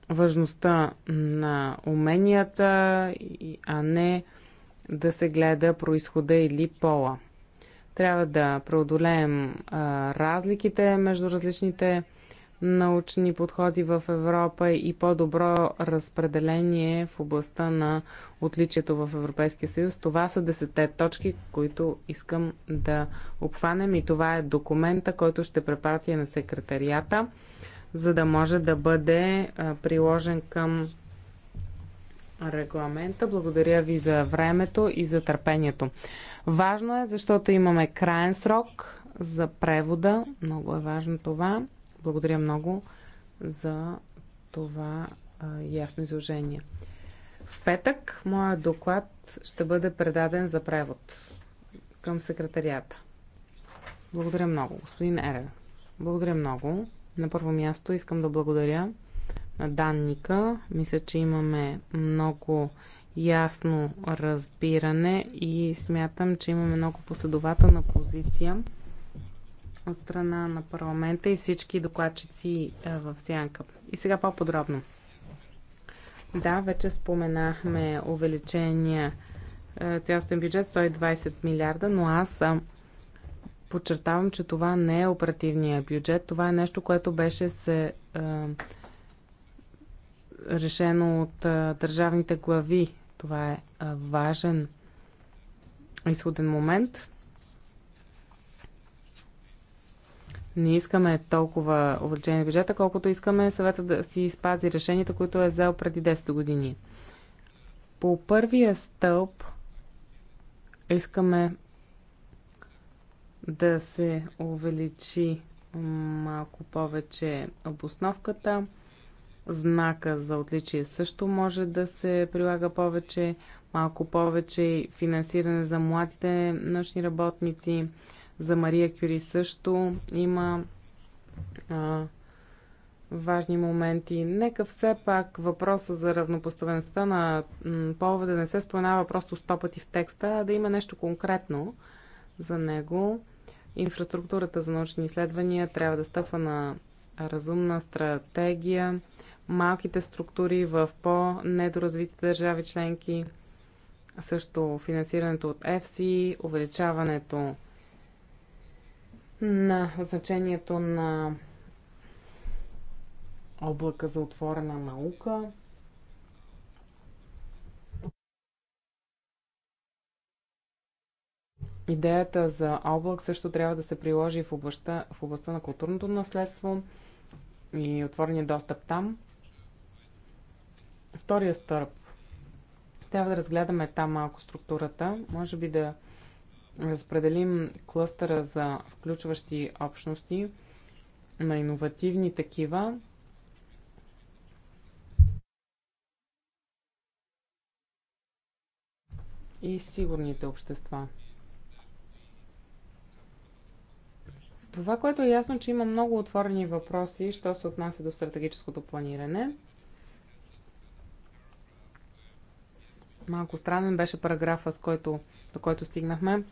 Speaker 3: важността на уменията, а не да се гледа происхода или пола. Трябва да преодолеем а, разликите между различните научни подходи в Европа и по-добро разпределение в областта на отличието в Европейския съюз. Това са десетте точки, които искам да обхванем и това е документа, който ще препратя на секретарията, за да може да бъде приложен към регламента. Благодаря ви за времето и за търпението. Важно е, защото имаме крайен срок за превода. Много е важно това. Благодаря много за това а, ясно изложение. В петък моят доклад ще бъде предаден за превод към секретарията. Благодаря много, господин Ере. Благодаря много. На първо място искам да благодаря на данника. Мисля, че имаме много ясно разбиране и смятам, че имаме много последователна позиция от страна на парламента и всички докладчици е, в Сянка. И сега по-подробно. Да, вече споменахме увеличения е, цялостен бюджет 120 милиарда, но аз съм подчертавам, че това не е оперативния бюджет. Това е нещо, което беше се е, решено от е, държавните глави. Това е, е важен изходен момент. не искаме толкова увеличение на бюджета, колкото искаме съвета да си спази решенията, които е взел преди 10 години. По първия стълб искаме да се увеличи малко повече обосновката. Знака за отличие също може да се прилага повече, малко повече финансиране за младите научни работници за Мария Кюри също има а, важни моменти. Нека все пак въпроса за равнопоставеността на повода да не се споменава просто сто пъти в текста, а да има нещо конкретно за него. Инфраструктурата за научни изследвания трябва да стъпва на разумна стратегия, малките структури в по-недоразвитите държави членки, също финансирането от EFSI, увеличаването на значението на облака за отворена наука. Идеята за облак също трябва да се приложи в областта, в областта на културното наследство и отворения достъп там. Втория стърп. Трябва да разгледаме там малко структурата. Може би да разпределим клъстъра за включващи общности на иновативни такива, и сигурните общества. Това, което е ясно, че има много отворени въпроси, що се отнася до стратегическото планиране. Малко странен беше параграфа, с който, до който стигнахме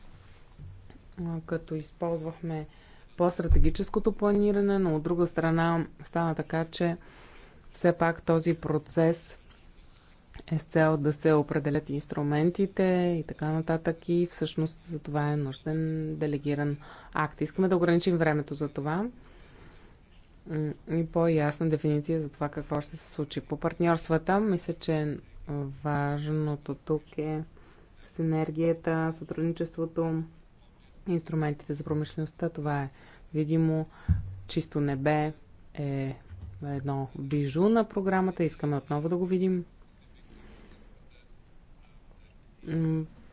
Speaker 3: като използвахме по-стратегическото планиране, но от друга страна стана така, че все пак този процес е с цел да се определят инструментите и така нататък и всъщност за това е нужден делегиран акт. Искаме да ограничим времето за това и по-ясна дефиниция за това какво ще се случи. По партньорствата, мисля, че важното тук е синергията, сътрудничеството, инструментите за промишлеността. Това е видимо. Чисто небе е едно бижу на програмата. Искаме отново да го видим.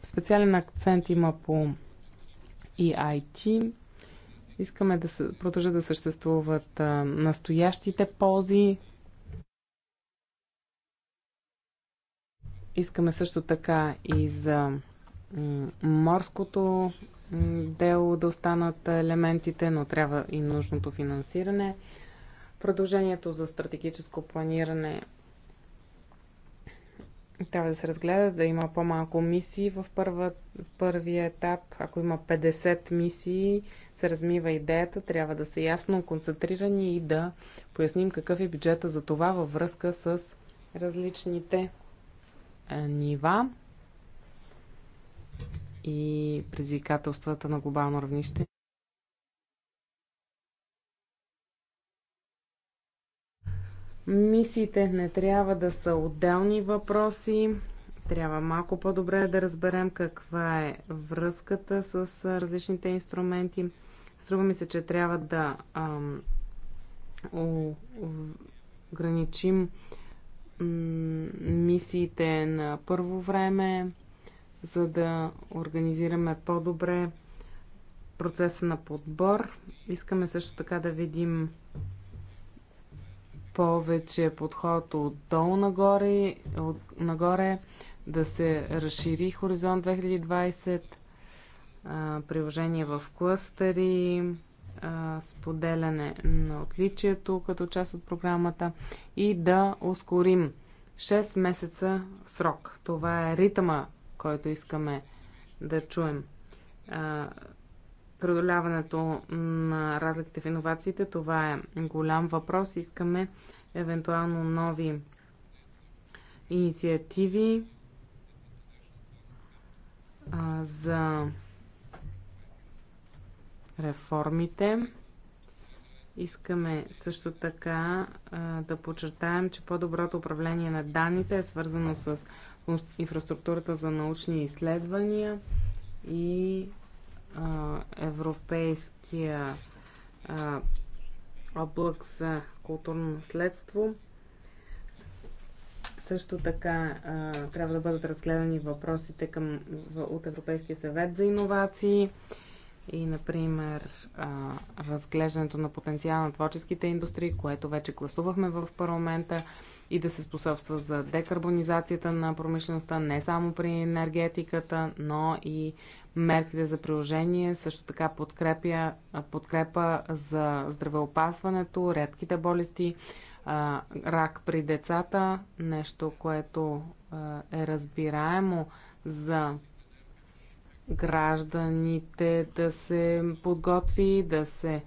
Speaker 3: Специален акцент има по EIT. Искаме да продължат да съществуват настоящите ползи. Искаме също така и за морското дело да останат елементите, но трябва и нужното финансиране. Продължението за стратегическо планиране трябва да се разгледа, да има по-малко мисии в първа, първия етап. Ако има 50 мисии, се размива идеята, трябва да са ясно концентрирани и да поясним какъв е бюджета за това във връзка с различните нива и предизвикателствата на глобално равнище. Мисиите не трябва да са отделни въпроси. Трябва малко по-добре да разберем каква е връзката с различните инструменти. Струва ми се, че трябва да ам, ограничим мисиите на първо време, за да организираме по-добре процеса на подбор. Искаме също така да видим повече подход от долу нагоре, от, нагоре да се разшири Хоризонт 2020, приложение в клъстери, споделяне на отличието като част от програмата и да ускорим 6 месеца срок. Това е ритъма, който искаме да чуем. Преодоляването на разликите в иновациите, това е голям въпрос. Искаме евентуално нови инициативи за реформите. Искаме също така а, да подчертаем, че по-доброто управление на данните е свързано с инфраструктурата за научни изследвания и а, европейския а, облак за културно наследство. Също така а, трябва да бъдат разгледани въпросите към, в, от Европейския съвет за иновации и, например, разглеждането на потенциал на творческите индустрии, което вече гласувахме в парламента и да се способства за декарбонизацията на промишлеността, не само при енергетиката, но и мерките за приложение. Също така подкрепя, подкрепа за здравеопасването, редките болести, рак при децата, нещо, което е разбираемо за гражданите да се подготви, да се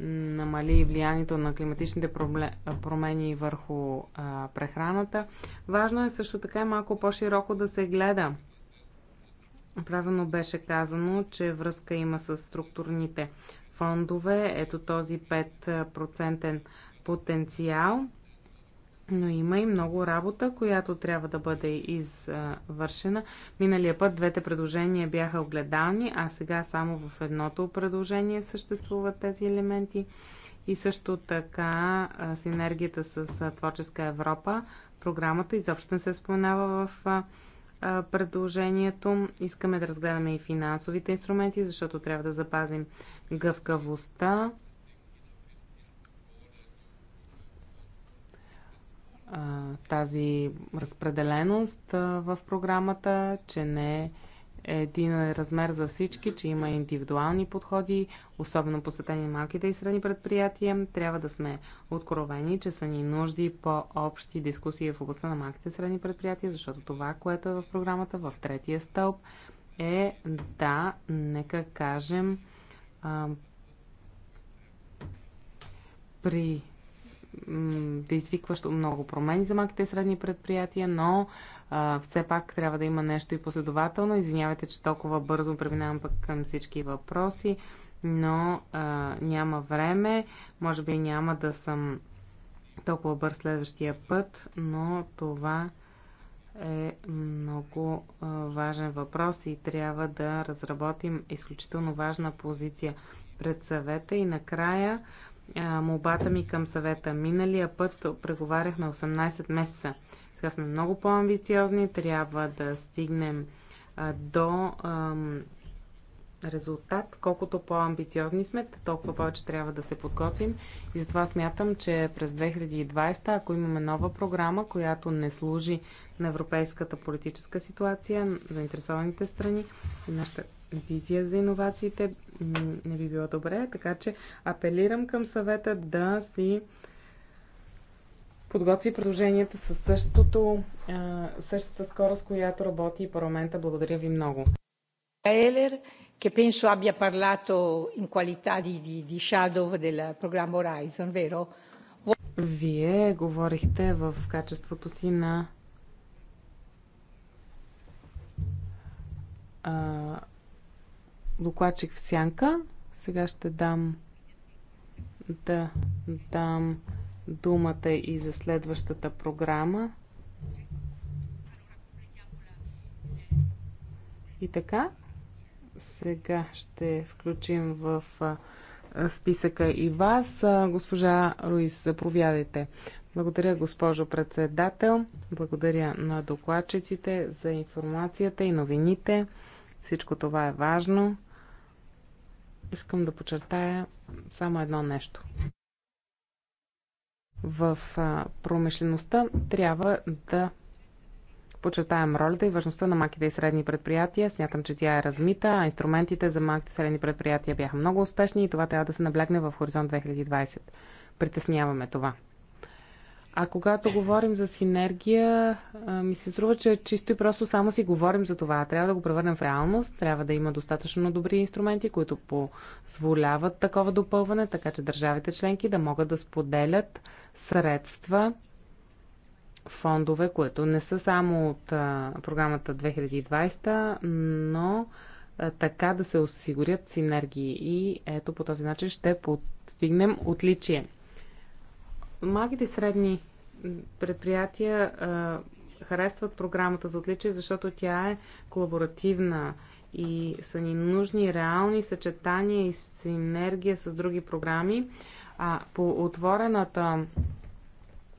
Speaker 3: намали влиянието на климатичните промени върху а, прехраната. Важно е също така малко по-широко да се гледа. Правилно беше казано, че връзка има с структурните фондове. Ето този 5% потенциал но има и много работа, която трябва да бъде извършена. Миналия път двете предложения бяха огледални, а сега само в едното предложение съществуват тези елементи. И също така синергията с Творческа Европа, програмата изобщо не се споменава в предложението. Искаме да разгледаме и финансовите инструменти, защото трябва да запазим гъвкавостта тази разпределеност в програмата, че не е един размер за всички, че има индивидуални подходи, особено посветени малките и средни предприятия. Трябва да сме откровени, че са ни нужди по-общи дискусии в областта на малките и средни предприятия, защото това, което е в програмата в третия стълб, е да, нека кажем, а, при да извикваш много промени за малките и средни предприятия, но а, все пак трябва да има нещо и последователно. Извинявайте, че толкова бързо преминавам пък към всички въпроси, но а, няма време. Може би няма да съм толкова бърз следващия път, но това е много а, важен въпрос и трябва да разработим изключително важна позиция пред съвета и накрая молбата ми към съвета. Миналия път преговаряхме 18 месеца. Сега сме много по-амбициозни. Трябва да стигнем до резултат. Колкото по-амбициозни сме, толкова повече трябва да се подготвим. И затова смятам, че през 2020, ако имаме нова програма, която не служи на европейската политическа ситуация, на заинтересованите страни и нашата визия за иновациите не би било добре, така че апелирам към съвета да си подготви предложенията със същото, същата скорост, която работи и парламента. Благодаря ви много.
Speaker 4: Елер, che penso abbia parlato in qualità
Speaker 3: di, di, di shadow del programma Horizon, vero? Вие говорихте в качеството си на докладчик в сянка. Сега ще дам да дам думата и за следващата програма. И така, сега ще включим в списъка и вас. Госпожа Руис, заповядайте. Благодаря, госпожо председател. Благодаря на докладчиците за информацията и новините. Всичко това е важно искам да подчертая само едно нещо. В промишлеността трябва да Почетаем ролята и важността на малките и средни предприятия. Смятам, че тя е размита, а инструментите за малките и средни предприятия бяха много успешни и това трябва да се наблегне в Хоризонт 2020. Притесняваме това. А когато говорим за синергия, ми се струва, че чисто и просто само си говорим за това. Трябва да го превърнем в реалност, трябва да има достатъчно добри инструменти, които позволяват такова допълване, така че държавите членки да могат да споделят средства, фондове, които не са само от програмата 2020, но така да се осигурят синергии. И ето по този начин ще постигнем отличие малките и средни предприятия а, харесват програмата за отличие, защото тя е колаборативна и са ни нужни реални съчетания и синергия с други програми. А по отворената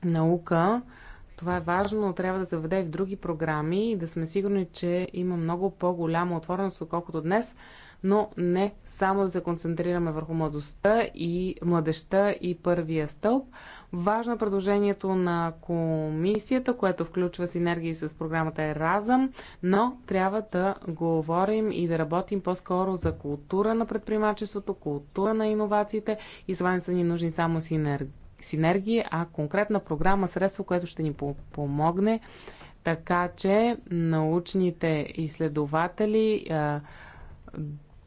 Speaker 3: наука, това е важно, трябва да се въде и в други програми и да сме сигурни, че има много по-голяма отвореност, отколкото днес, но не само да се концентрираме върху младостта и младеща и първия стълб. Важно е предложението на комисията, което включва синергии с програмата Еразъм, но трябва да говорим и да работим по-скоро за култура на предприемачеството, култура на иновациите и това не са ни нужни само синергии синергии, а конкретна програма, средство, което ще ни помогне така че научните изследователи,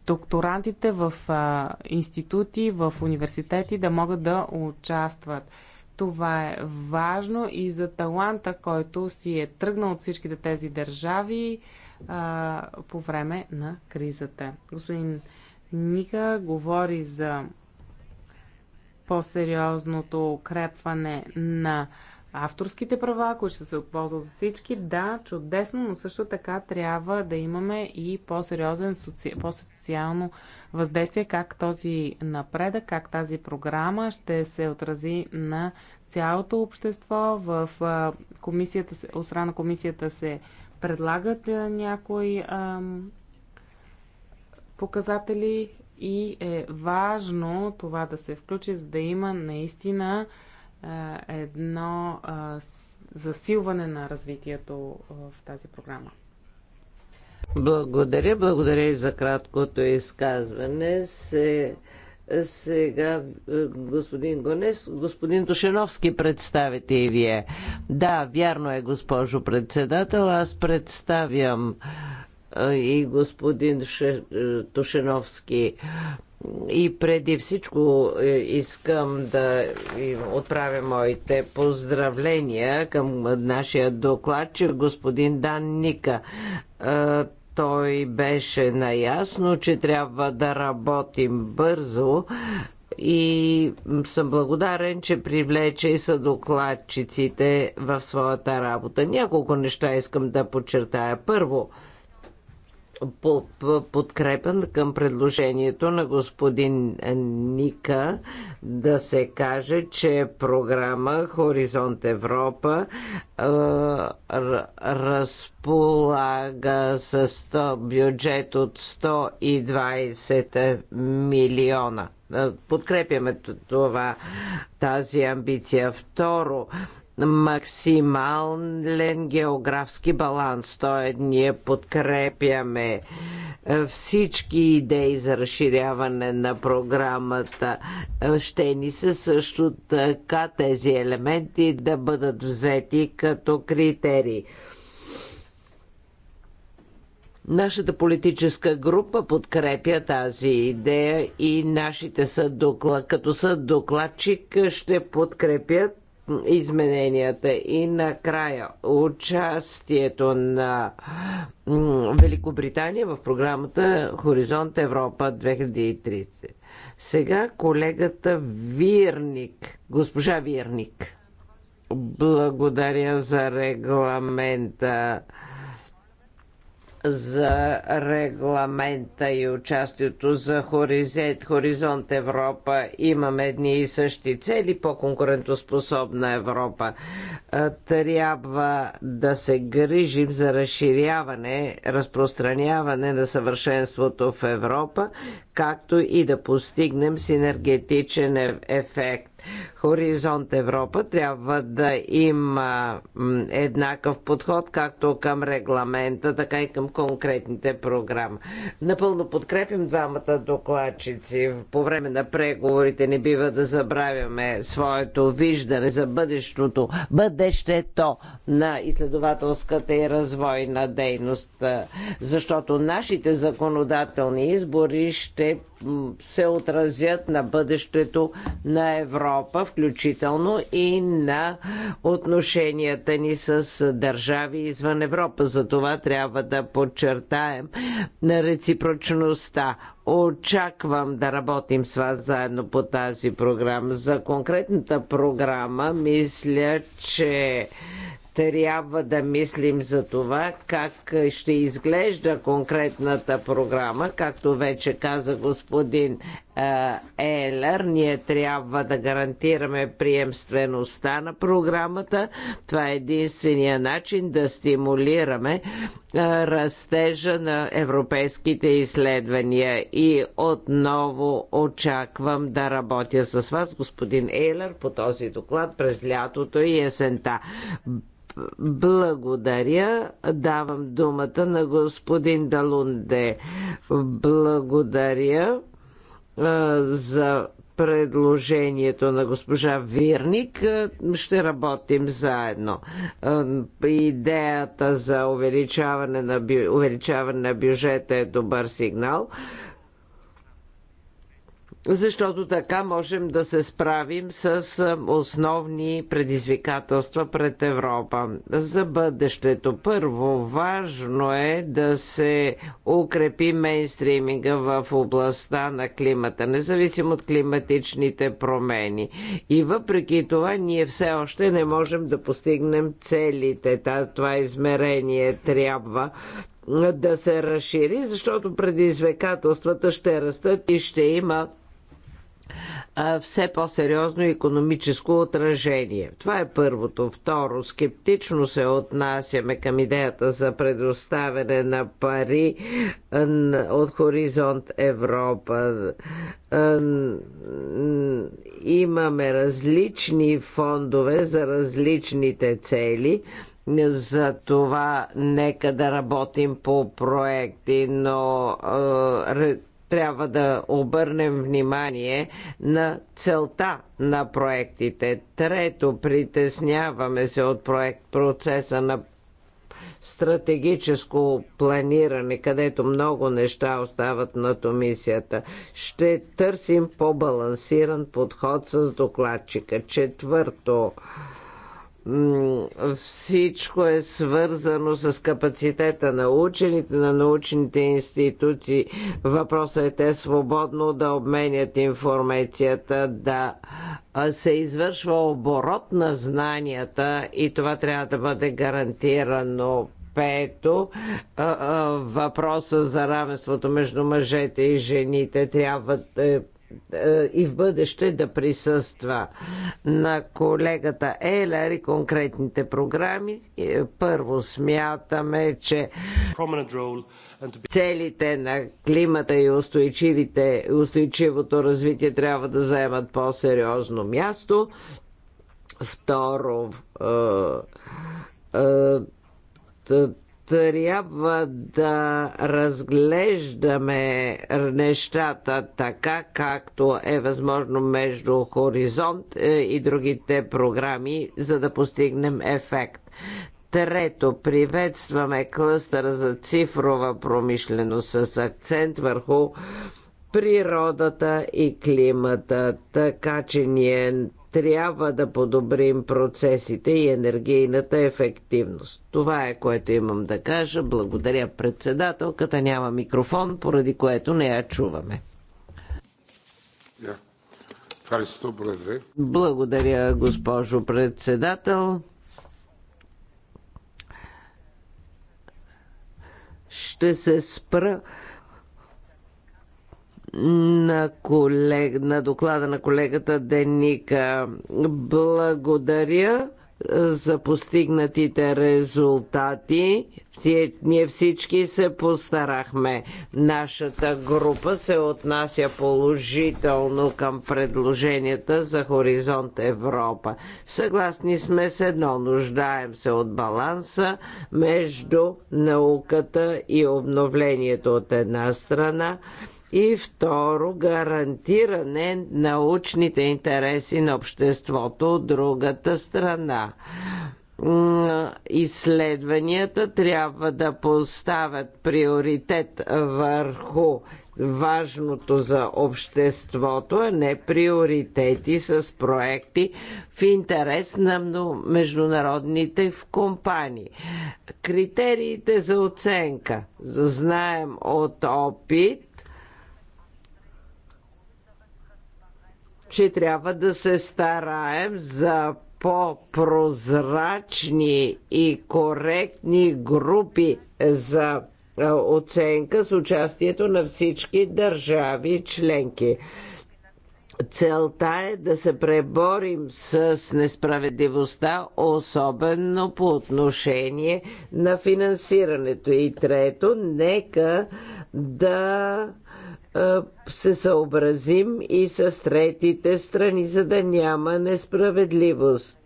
Speaker 3: докторантите в а, институти, в университети да могат да участват. Това е важно и за таланта, който си е тръгнал от всичките тези държави а, по време на кризата. Господин Ника говори за по-сериозното укрепване на авторските права, които ще се ползват за всички. Да, чудесно, но също така трябва да имаме и по-сериозен, соци... по-социално въздействие, как този напредък, как тази програма ще се отрази на цялото общество. В комисията, от страна на комисията се предлагат някои показатели и е важно това да се включи, за да има наистина едно засилване на развитието в тази програма.
Speaker 4: Благодаря, благодаря и за краткото изказване. Се, сега господин Гонес, господин Тушеновски представите и вие. Да, вярно е, госпожо председател, аз представям и господин Тушеновски. И преди всичко е, искам да отправя моите поздравления към нашия докладчик господин Дан Ника е, той беше наясно, че трябва да работим бързо и съм благодарен, че привлече и са докладчиците в своята работа. Няколко неща искам да подчертая. Първо, подкрепен към предложението на господин Ника да се каже, че програма Хоризонт Европа разполага с 100, бюджет от 120 милиона подкрепяме това, тази амбиция. Второ, максимален географски баланс. Т.е. ние подкрепяме е, всички идеи за разширяване на програмата. Е, ще ни се също така тези елементи да бъдат взети като критерии. Нашата политическа група подкрепя тази идея и нашите съдокла, като съдокладчик ще подкрепят измененията и накрая участието на Великобритания в програмата Хоризонт Европа 2030. Сега колегата Вирник, госпожа Вирник. Благодаря за регламента за регламента и участието за Хоризонт, Хоризонт Европа. Имаме едни и същи цели, по-конкурентоспособна Европа. Трябва да се грижим за разширяване, разпространяване на съвършенството в Европа, както и да постигнем синергетичен ефект Хоризонт Европа трябва да има еднакъв подход както към регламента, така и към конкретните програми. Напълно подкрепим двамата докладчици. По време на преговорите не бива да забравяме своето виждане за бъдещето, бъдещето на изследователската и развойна дейност, защото нашите законодателни избори ще се отразят на бъдещето на Европа, включително и на отношенията ни с държави извън Европа. За това трябва да подчертаем на реципрочността. Очаквам да работим с вас заедно по тази програма. За конкретната програма мисля, че трябва да мислим за това как ще изглежда конкретната програма, както вече каза господин е, ЕЛР. Ние трябва да гарантираме приемствеността на програмата. Това е единствения начин да стимулираме е, растежа на европейските изследвания. И отново очаквам да работя с вас, господин Ейлер, по този доклад през лятото и есента. Благодаря. Давам думата на господин Далунде. Благодаря за предложението на госпожа Вирник. Ще работим заедно. Идеята за увеличаване на, бю... увеличаване на бюджета е добър сигнал защото така можем да се справим с основни предизвикателства пред Европа. За бъдещето първо важно е да се укрепи мейнстриминга в областта на климата, независимо от климатичните промени. И въпреки това ние все още не можем да постигнем целите. Това измерение трябва да се разшири, защото предизвикателствата ще растат и ще има все по-сериозно економическо отражение. Това е първото. Второ, скептично се отнасяме към идеята за предоставяне на пари от Хоризонт Европа. Имаме различни фондове за различните цели. За това нека да работим по проекти, но трябва да обърнем внимание на целта на проектите. Трето, притесняваме се от проект, процеса на стратегическо планиране, където много неща остават на комисията. Ще търсим по-балансиран подход с докладчика. Четвърто, всичко е свързано с капацитета на учените, на научните институции. Въпросът е те свободно да обменят информацията, да се извършва оборот на знанията и това трябва да бъде гарантирано пето, въпроса за равенството между мъжете и жените трябва да. Е, е, и в бъдеще да присъства на колегата Елер и конкретните програми. Е, първо смятаме, че целите на климата и устойчивото развитие трябва да заемат по-сериозно място. Второ, е, трябва да разглеждаме нещата така, както е възможно между Хоризонт е, и другите програми, за да постигнем ефект. Трето, приветстваме клъстъра за цифрова промишленост с акцент върху природата и климата, така че ние трябва да подобрим процесите и енергийната ефективност. Това е което имам да кажа. Благодаря председателката. Няма микрофон, поради което не я чуваме. Благодаря, госпожо председател. Ще се спра на, колег, на доклада на колегата Деника. Благодаря е, за постигнатите резултати. Ние всички се постарахме. Нашата група се отнася положително към предложенията за Хоризонт Европа. Съгласни сме с едно. Нуждаем се от баланса между науката и обновлението от една страна и второ гарантиране научните интереси на обществото от другата страна изследванията трябва да поставят приоритет върху важното за обществото, а не приоритети с проекти в интерес на международните в компании. Критериите за оценка. Знаем от опит, че трябва да се стараем за по-прозрачни и коректни групи за е, оценка с участието на всички държави членки. Целта е да се преборим с несправедливостта, особено по отношение на финансирането. И трето, нека да се съобразим и с третите страни, за да няма несправедливост.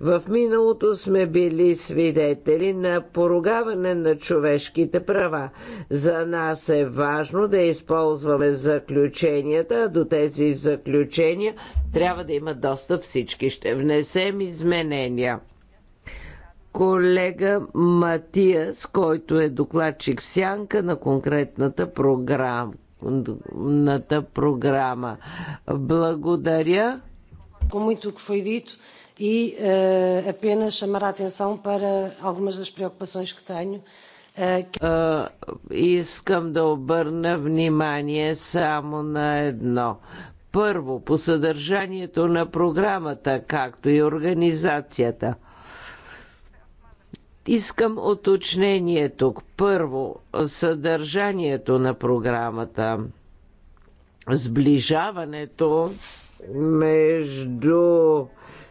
Speaker 4: В миналото сме били свидетели на поругаване на човешките права. За нас е важно да използваме заключенията, а до тези заключения трябва да има достъп всички. Ще внесем изменения колега Матиас, който е докладчик в сянка на конкретната програма програма. Благодаря. Комуито que foi dito e uh, apenas chamar a atenção para algumas das preocupações que tenho. Uh, искам да обърна внимание само на едно. Първо, по съдържанието на програмата, както и организацията – Искам уточнение тук. Първо, съдържанието на програмата. Сближаването между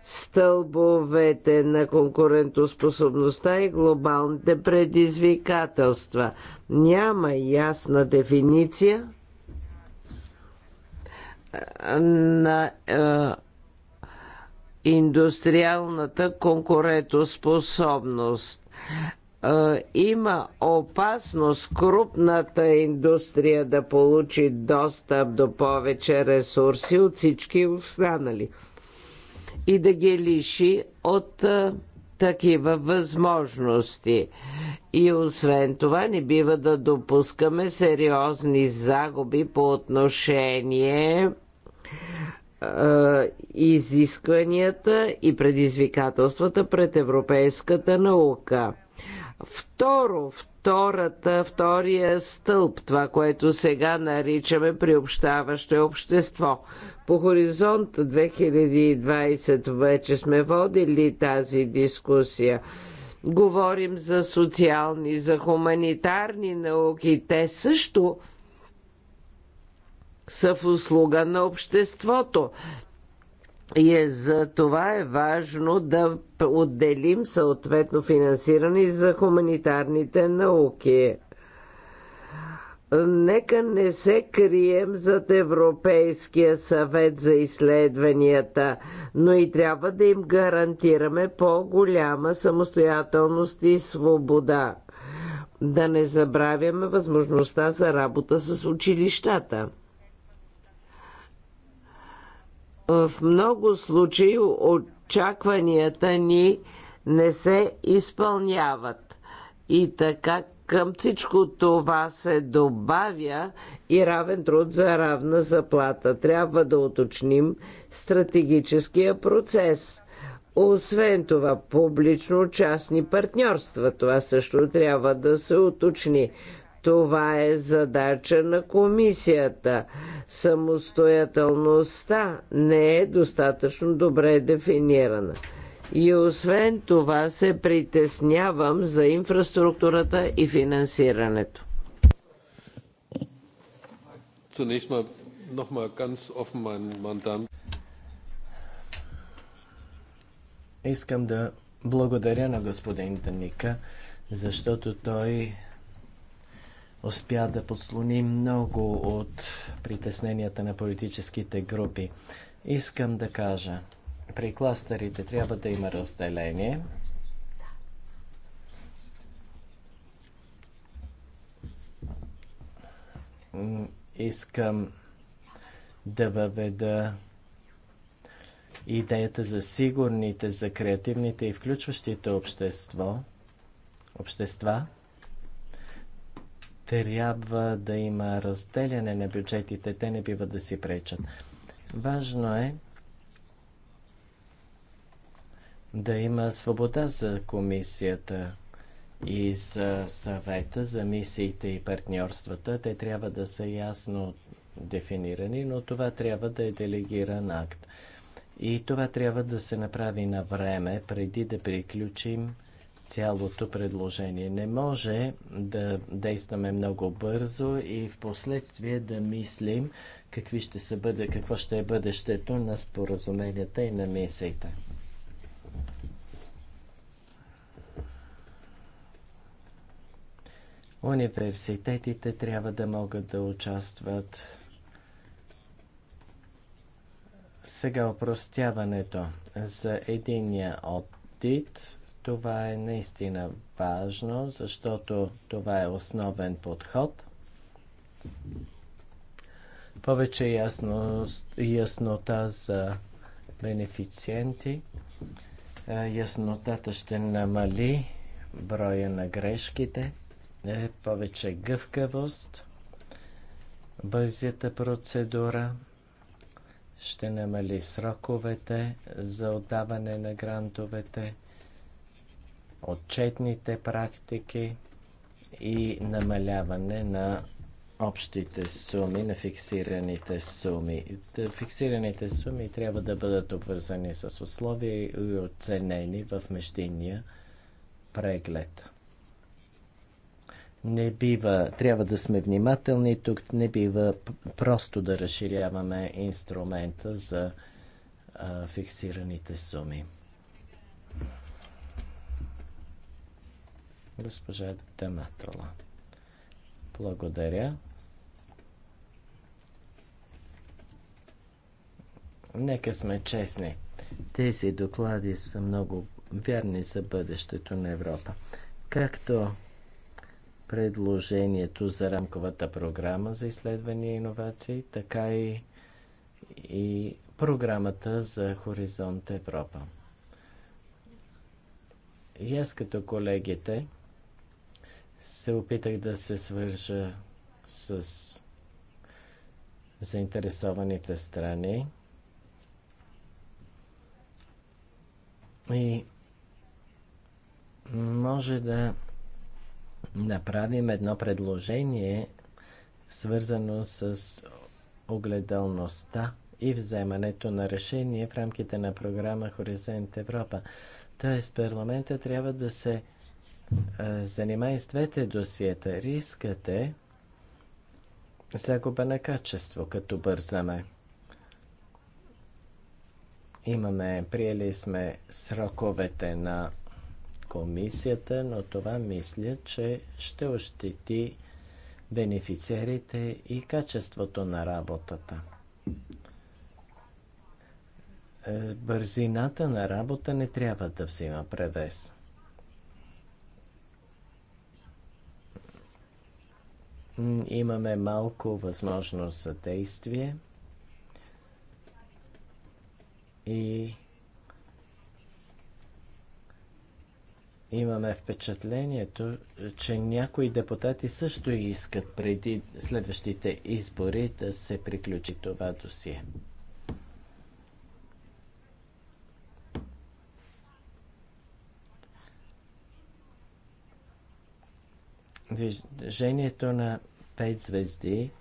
Speaker 4: стълбовете на конкурентоспособността и глобалните предизвикателства. Няма ясна дефиниция на е, индустриалната конкурентоспособност е, има опасност крупната индустрия да получи достъп до повече ресурси от всички останали и да ги лиши от а, е, такива възможности. И освен това не бива да допускаме сериозни загуби по отношение изискванията и предизвикателствата пред европейската наука. Второ, втората, втория стълб, това, което сега наричаме приобщаващо общество. По хоризонт 2020 вече сме водили тази дискусия. Говорим за социални, за хуманитарни науки. Те също са в услуга на обществото. И е, за това е важно да отделим съответно финансиране за хуманитарните науки. Нека не се крием зад Европейския съвет за изследванията, но и трябва да им гарантираме по-голяма самостоятелност и свобода. Да не забравяме възможността за работа с училищата. В много случаи очакванията ни не се изпълняват. И така към всичко това се добавя и равен труд за равна заплата. Трябва да уточним стратегическия процес. Освен това, публично-частни партньорства, това също трябва да се уточни. Това е задача на комисията. Самостоятелността не е достатъчно добре дефинирана. И освен това се притеснявам за инфраструктурата и финансирането.
Speaker 1: Zunächst mal ganz offen
Speaker 2: Искам да благодаря на господин Таника, защото той успя да подслони много от притесненията на политическите групи. Искам да кажа, при кластерите трябва да има разделение. Искам да въведа идеята за сигурните, за креативните и включващите общество, общества – трябва да има разделяне на бюджетите. Те не бива да си пречат. Важно е да има свобода за комисията и за съвета, за мисиите и партньорствата. Те трябва да са ясно дефинирани, но това трябва да е делегиран акт. И това трябва да се направи на време, преди да приключим цялото предложение. Не може да действаме много бързо и в последствие да мислим какви ще се бъде, какво ще е бъдещето на споразуменията и на мисиите. Университетите трябва да могат да участват. Сега опростяването за единия одит – това е наистина важно, защото това е основен подход. Повече ясно, яснота за бенефициенти. Е, яснотата ще намали броя на грешките, е, повече гъвкавост, бързата процедура ще намали сроковете за отдаване на грантовете отчетните практики и намаляване на общите суми, на фиксираните суми. Фиксираните суми трябва да бъдат обвързани с условия и оценени в междинния преглед. Не бива, трябва да сме внимателни тук, не бива просто да разширяваме инструмента за а, фиксираните суми. госпожа Даматола. Благодаря. Нека сме честни. Тези доклади са много вярни за бъдещето на Европа. Както предложението за рамковата програма за изследвания и иновации, така и, и програмата за Хоризонт Европа. И аз като колегите се опитах да се свържа с заинтересованите страни. И може да направим едно предложение, свързано с огледалността и вземането на решение в рамките на програма Хоризонт Европа. Тоест, парламента трябва да се Занимай с двете досиета. Рискът е загуба на качество, като бързаме. Имаме, приели сме сроковете на комисията, но това мисля, че ще ощети бенефициерите и качеството на работата. Е, бързината на работа не трябва да взима превес. Имаме малко възможност за действие и имаме впечатлението, че някои депутати също искат преди следващите избори да се приключи това досие. Движението на пет звезди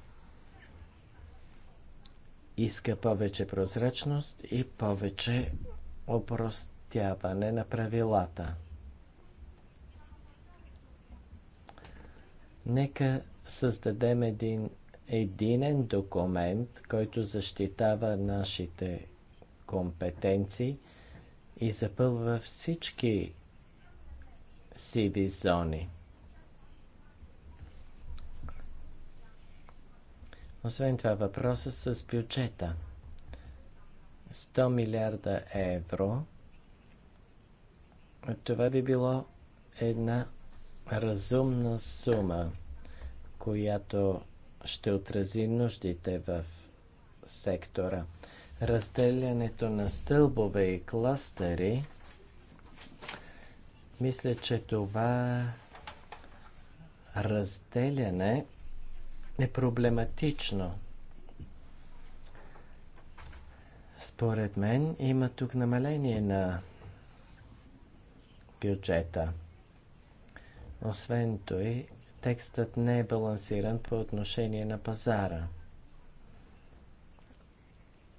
Speaker 2: иска повече прозрачност и повече опростяване на правилата. Нека създадем един единен документ, който защитава нашите компетенции и запълва всички сиви зони. Освен това, въпроса с бюджета. 100 милиарда евро. Това би било една разумна сума, която ще отрази нуждите в сектора. Разделянето на стълбове и кластери, мисля, че това разделяне е проблематично. Според мен има тук намаление на бюджета. Освен той, текстът не е балансиран по отношение на пазара.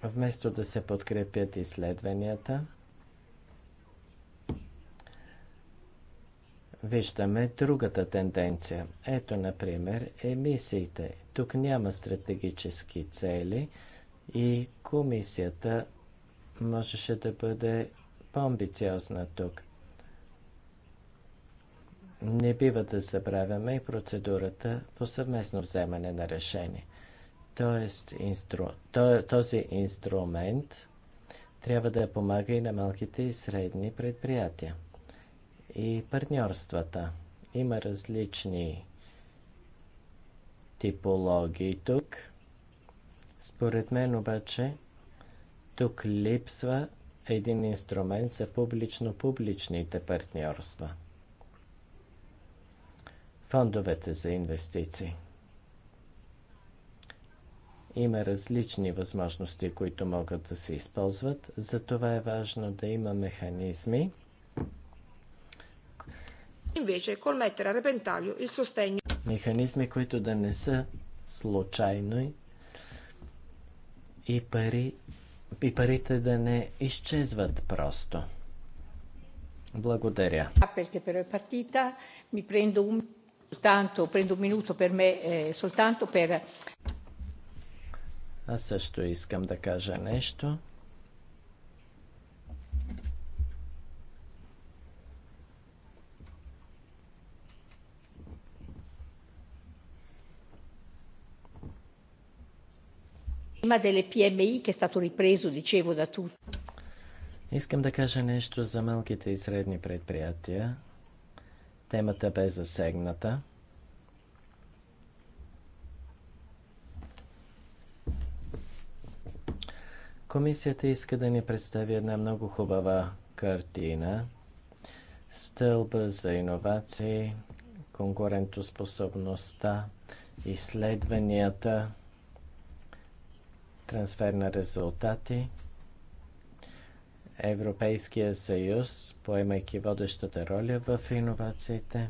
Speaker 2: Вместо да се подкрепят изследванията, виждаме другата тенденция. Ето, например, емисиите. Тук няма стратегически цели и комисията можеше да бъде по-амбициозна тук. Не бива да забравяме и процедурата по съвместно вземане на решение. Тоест, инстру... този инструмент трябва да помага и на малките и средни предприятия и партньорствата. Има различни типологии тук. Според мен обаче тук липсва един инструмент за публично-публичните партньорства. Фондовете за инвестиции. Има различни възможности, които могат да се използват, затова е важно да има механизми,
Speaker 3: invece col mettere a repentaglio il sostegno.
Speaker 2: Механизми, които да не са случайни и, пари, и парите да не изчезват просто. Благодаря.
Speaker 4: Perché però è partita, mi prendo un, tanto, prendo un minuto per me eh,
Speaker 3: soltanto per...
Speaker 2: Аз също искам да кажа нещо. Искам да кажа нещо за малките и средни предприятия. Темата бе засегната. Комисията иска да ни представи една много хубава картина. Стълба за иновации, конкурентоспособността, изследванията – трансфер на резултати. Европейския съюз, поемайки водещата роля в иновациите.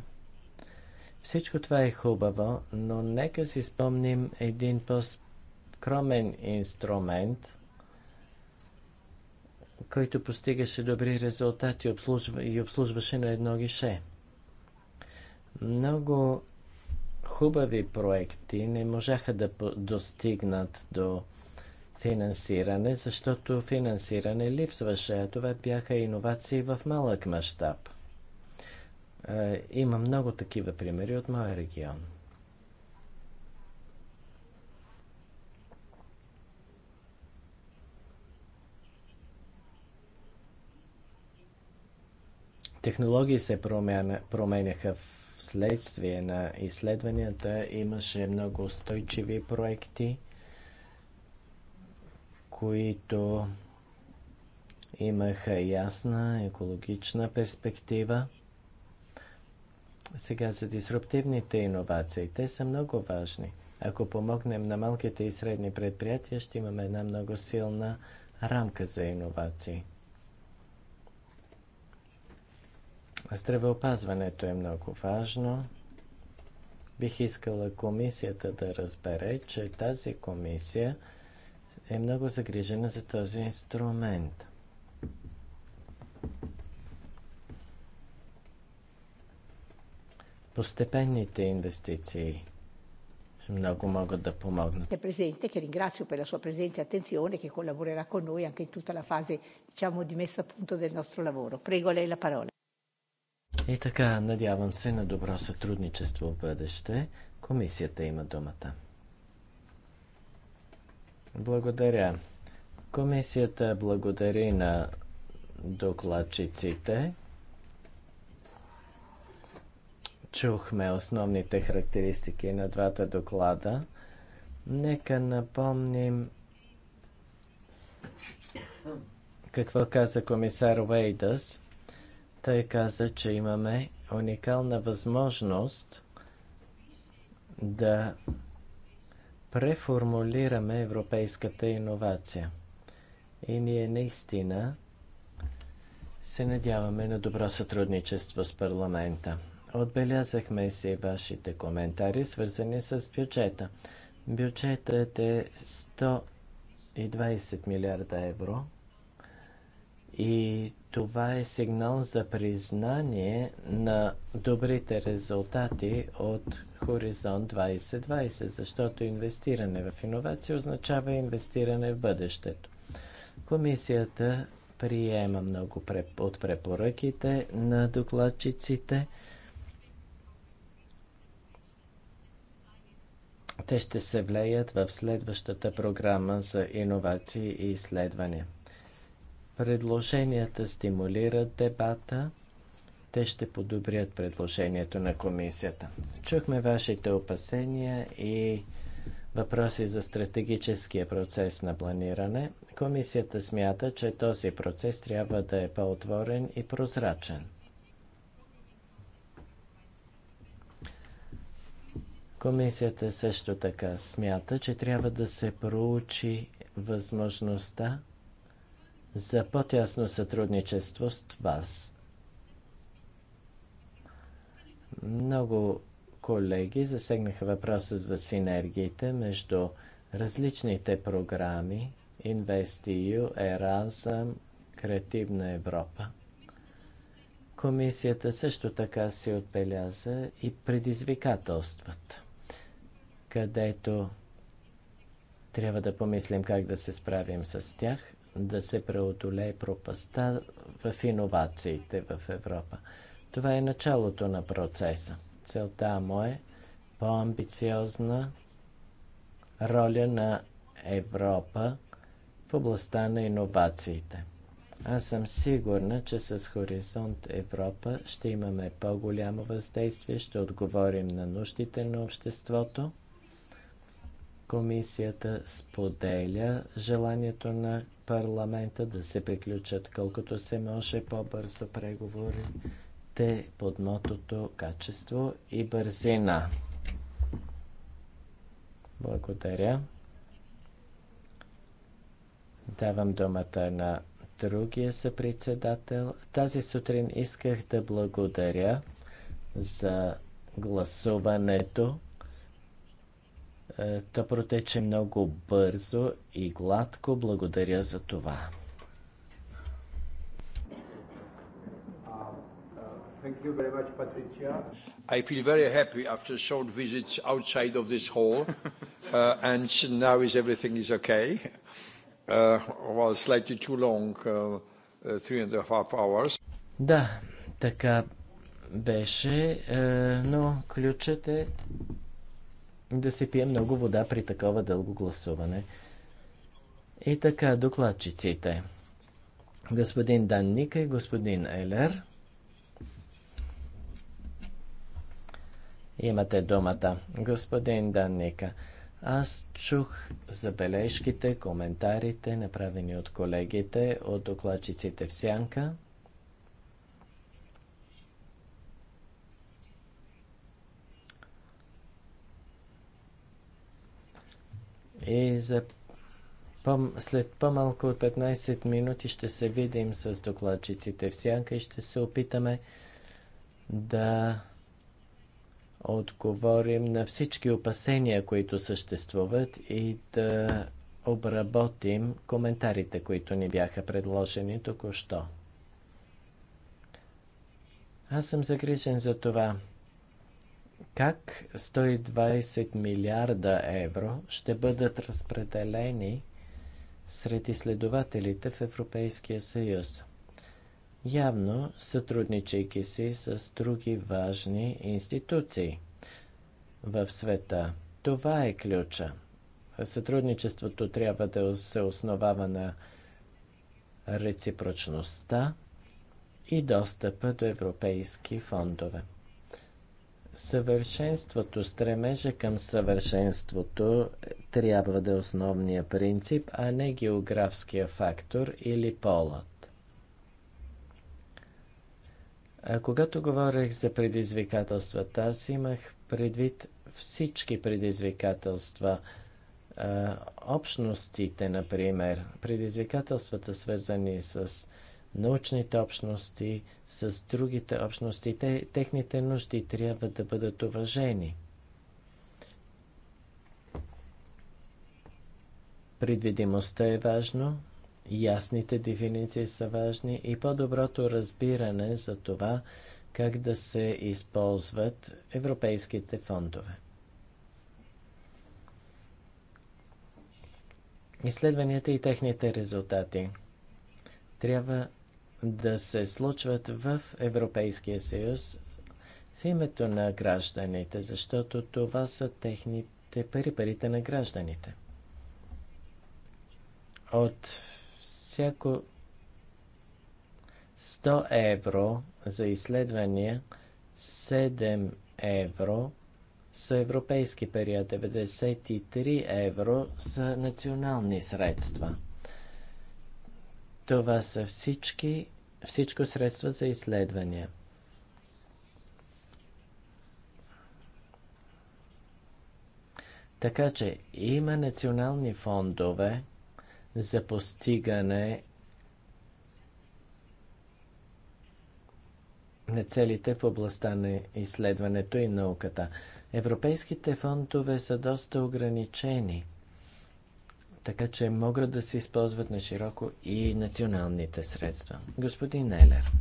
Speaker 2: Всичко това е хубаво, но нека си спомним един по-скромен инструмент, който постигаше добри резултати и обслужваше на едно гише. Много хубави проекти не можаха да достигнат до финансиране, защото финансиране липсваше, а това бяха иновации в малък мащаб. Е, има много такива примери от моя регион. Технологии се промяна, променяха вследствие на изследванията. Имаше много устойчиви проекти – които имаха ясна екологична перспектива. Сега за дисруптивните иновации. Те са много важни. Ако помогнем на малките и средни предприятия, ще имаме една много силна рамка за иновации. Здравеопазването е много важно. Бих искала комисията да разбере, че тази комисия – е много загрижена за този инструмент. Постепенните инвестиции много могат да помогнат.
Speaker 4: È presente, che ringrazio per la sua presenza e attenzione, che collaborerà con noi anche in tutta la fase, diciamo, di messa a punto del nostro lavoro. Prego lei la parola.
Speaker 2: И така, надявам се на добро сътрудничество в бъдеще. Комисията има думата. Благодаря. Комисията благодари на докладчиците. Чухме основните характеристики на двата доклада. Нека напомним какво каза комисар Вейдас. Той каза, че имаме уникална възможност да преформулираме европейската иновация. И ние наистина се надяваме на добро сътрудничество с парламента. Отбелязахме си вашите коментари, свързани с бюджета. Бюджетът е 120 милиарда евро и това е сигнал за признание на добрите резултати от Хоризонт 2020, защото инвестиране в иновации означава инвестиране в бъдещето. Комисията приема много от препоръките на докладчиците. Те ще се влеят в следващата програма за иновации и изследвания. Предложенията стимулират дебата. Те ще подобрят предложението на комисията. Чухме вашите опасения и въпроси за стратегическия процес на планиране. Комисията смята, че този процес трябва да е по-отворен и прозрачен. Комисията също така смята, че трябва да се проучи възможността за по-тясно сътрудничество с вас. Много колеги засегнаха въпроса за синергиите между различните програми InvestEU, Erasm, Креативна Европа. Комисията също така си отбеляза и предизвикателствата, където трябва да помислим как да се справим с тях да се преодолее пропаста в иновациите в Европа. Това е началото на процеса. Целта му е по-амбициозна роля на Европа в областта на иновациите. Аз съм сигурна, че с Хоризонт Европа ще имаме по-голямо въздействие, ще отговорим на нуждите на обществото – Комисията споделя желанието на парламента да се приключат колкото се може по-бързо преговорите под мотото качество и бързина. Благодаря. Давам думата на другия съпредседател. Тази сутрин исках да благодаря за гласуването. То протече много бързо и гладко. Благодаря за това.
Speaker 1: I feel very happy after a short visit outside of this hall, uh, and now is everything is okay. Uh, well, slightly too long, uh, uh, three and a half hours.
Speaker 2: Да, така беше, но ключът е да се пие много вода при такова дълго гласуване. И така, докладчиците. Господин Данника и господин Елер. Имате думата. Господин Данника, аз чух забележките, коментарите, направени от колегите, от докладчиците в Сянка – И за по- след по-малко от 15 минути ще се видим с докладчиците в сянка и ще се опитаме да отговорим на всички опасения, които съществуват и да обработим коментарите, които ни бяха предложени току-що. Аз съм загрижен за това, как 120 милиарда евро ще бъдат разпределени сред изследователите в Европейския съюз? Явно, сътрудничайки си с други важни институции в света. Това е ключа. Сътрудничеството трябва да се основава на реципрочността и достъпа до европейски фондове. Съвършенството, стремежа към съвършенството трябва да е основния принцип, а не географския фактор или полът. А когато говорех за предизвикателствата, аз имах предвид всички предизвикателства, общностите, например, предизвикателствата свързани с научните общности, с другите общности. Те, техните нужди трябва да бъдат уважени. Предвидимостта е важно, ясните дефиниции са важни и по-доброто разбиране за това как да се използват европейските фондове. Изследванията и техните резултати трябва да се случват в Европейския съюз в името на гражданите, защото това са техните пари, парите на гражданите. От всяко 100 евро за изследвания, 7 евро са европейски пари, а 93 евро са национални средства – това са всички, всичко средства за изследвания. Така че има национални фондове за постигане на целите в областта на изследването и науката. Европейските фондове са доста ограничени така че могат да се използват на широко и националните средства. Господин Елер.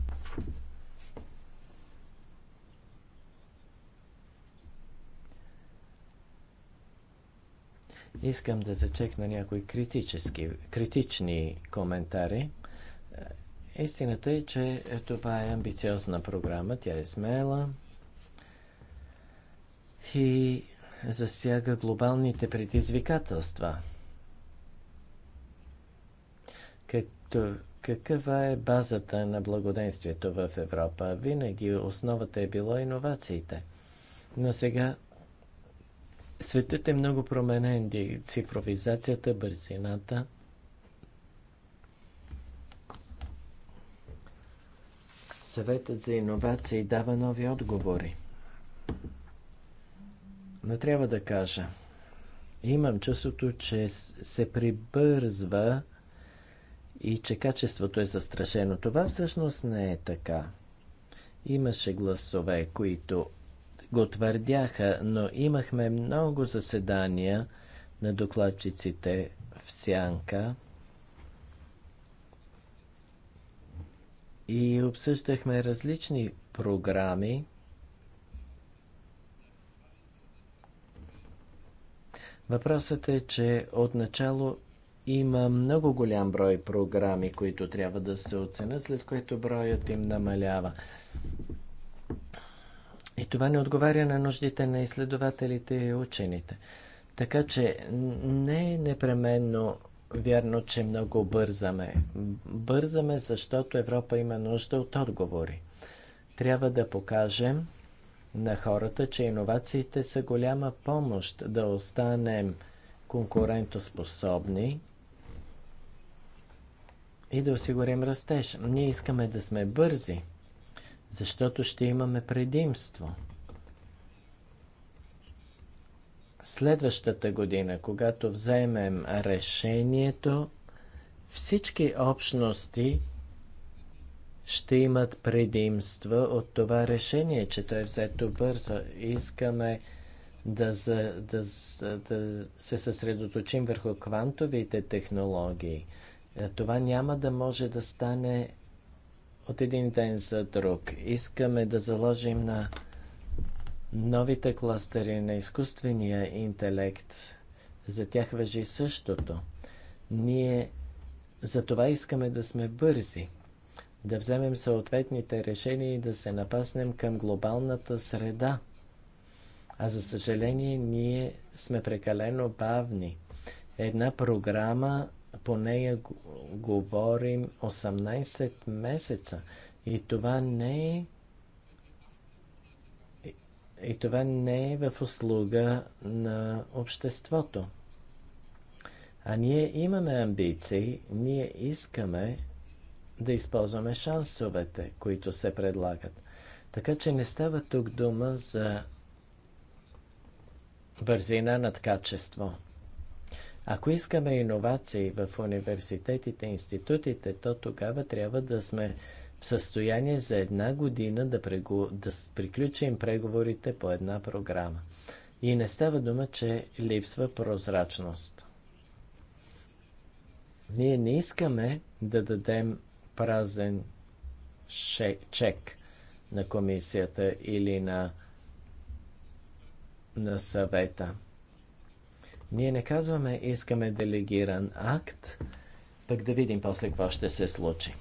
Speaker 2: Искам да зачекна някои критически, критични коментари. Истината е, че това е амбициозна програма, тя е смела и засяга глобалните предизвикателства – тук каква е базата на благоденствието в Европа? Винаги основата е било иновациите. Но сега светът е много променен. Цифровизацията, бързината. Съветът за иновации дава нови отговори. Но трябва да кажа, имам чувството, че се прибързва и че качеството е застрашено. Това всъщност не е така. Имаше гласове, които го твърдяха, но имахме много заседания на докладчиците в Сянка и обсъждахме различни програми. Въпросът е, че отначало има много голям брой програми, които трябва да се оценят, след което броят им намалява. И това не отговаря на нуждите на изследователите и учените. Така че не е непременно вярно, че много бързаме. Бързаме, защото Европа има нужда от отговори. Трябва да покажем на хората, че иновациите са голяма помощ да останем конкурентоспособни и да осигурим растеж. Ние искаме да сме бързи, защото ще имаме предимство. Следващата година, когато вземем решението, всички общности ще имат предимства от това решение, че то е взето бързо. Искаме да, за, да, да се съсредоточим върху квантовите технологии – е, това няма да може да стане от един ден за друг. Искаме да заложим на новите кластери на изкуствения интелект. За тях въжи същото. Ние за това искаме да сме бързи, да вземем съответните решения и да се напаснем към глобалната среда. А за съжаление, ние сме прекалено бавни. Една програма по нея говорим 18 месеца. И това не е и това не е в услуга на обществото. А ние имаме амбиции, ние искаме да използваме шансовете, които се предлагат. Така че не става тук дума за бързина над качество. Ако искаме иновации в университетите, институтите, то тогава трябва да сме в състояние за една година да, прегу... да приключим преговорите по една програма. И не става дума, че липсва прозрачност. Ние не искаме да дадем празен шек, чек на комисията или на, на съвета. Ние не казваме искаме делегиран акт, пък да видим после какво ще се случи.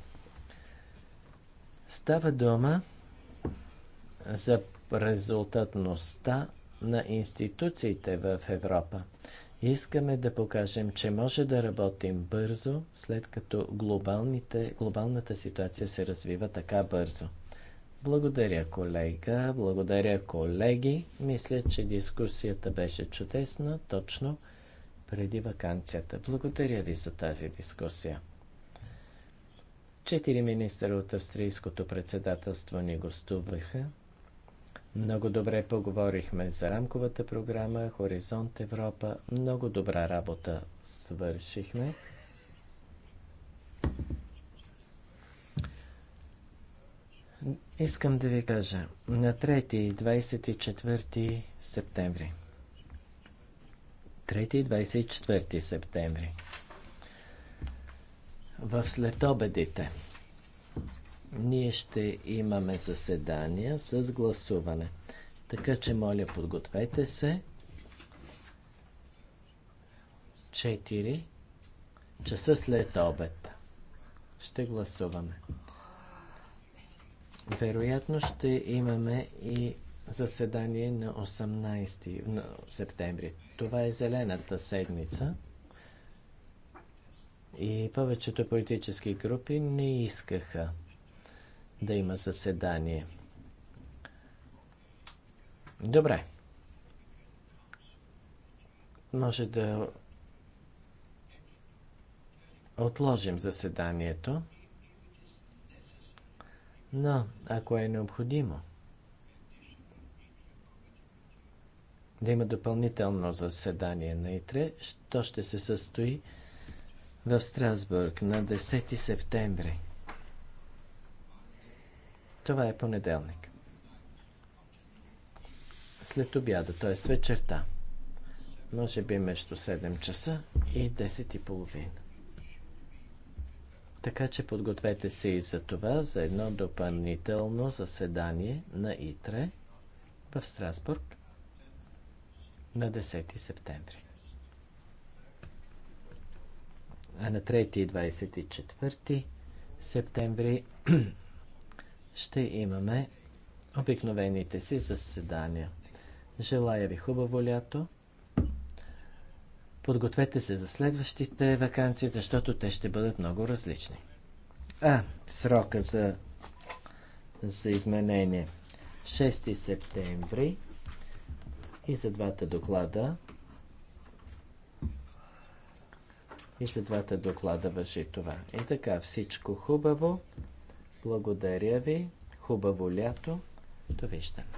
Speaker 2: Става дума за резултатността на институциите в Европа. Искаме да покажем, че може да работим бързо, след като глобалната ситуация се развива така бързо. Благодаря, колега. Благодаря, колеги. Мисля, че дискусията беше чудесна, точно преди вакансията. Благодаря ви за тази дискусия. Четири министра от австрийското председателство ни гостуваха. Много добре поговорихме за рамковата програма Хоризонт Европа. Много добра работа свършихме. Искам да ви кажа, на 3 и 24 септември. 3 и 24 септември. В следобедите ние ще имаме заседания с гласуване. Така че, моля, подгответе се. 4 часа след обед. Ще гласуваме. Вероятно ще имаме и заседание на 18 септември. Това е зелената седмица. И повечето политически групи не искаха да има заседание. Добре. Може да отложим заседанието. Но, ако е необходимо, да има допълнително заседание на ИТРЕ, то ще се състои в Страсбург на 10 септември. Това е понеделник. След обяда, т.е. вечерта. Може би между 7 часа и 10 и половина. Така че подгответе се и за това, за едно допълнително заседание на ИТРЕ в Страсбург на 10 септември. А на 3 и 24 септември [CLEARS THROAT] ще имаме обикновените си заседания. Желая ви хубаво лято! Подгответе се за следващите вакансии, защото те ще бъдат много различни. А, срока за, за изменение 6 септември и за двата доклада и за двата доклада въжи това. И така, всичко хубаво. Благодаря ви. Хубаво лято. Довиждане.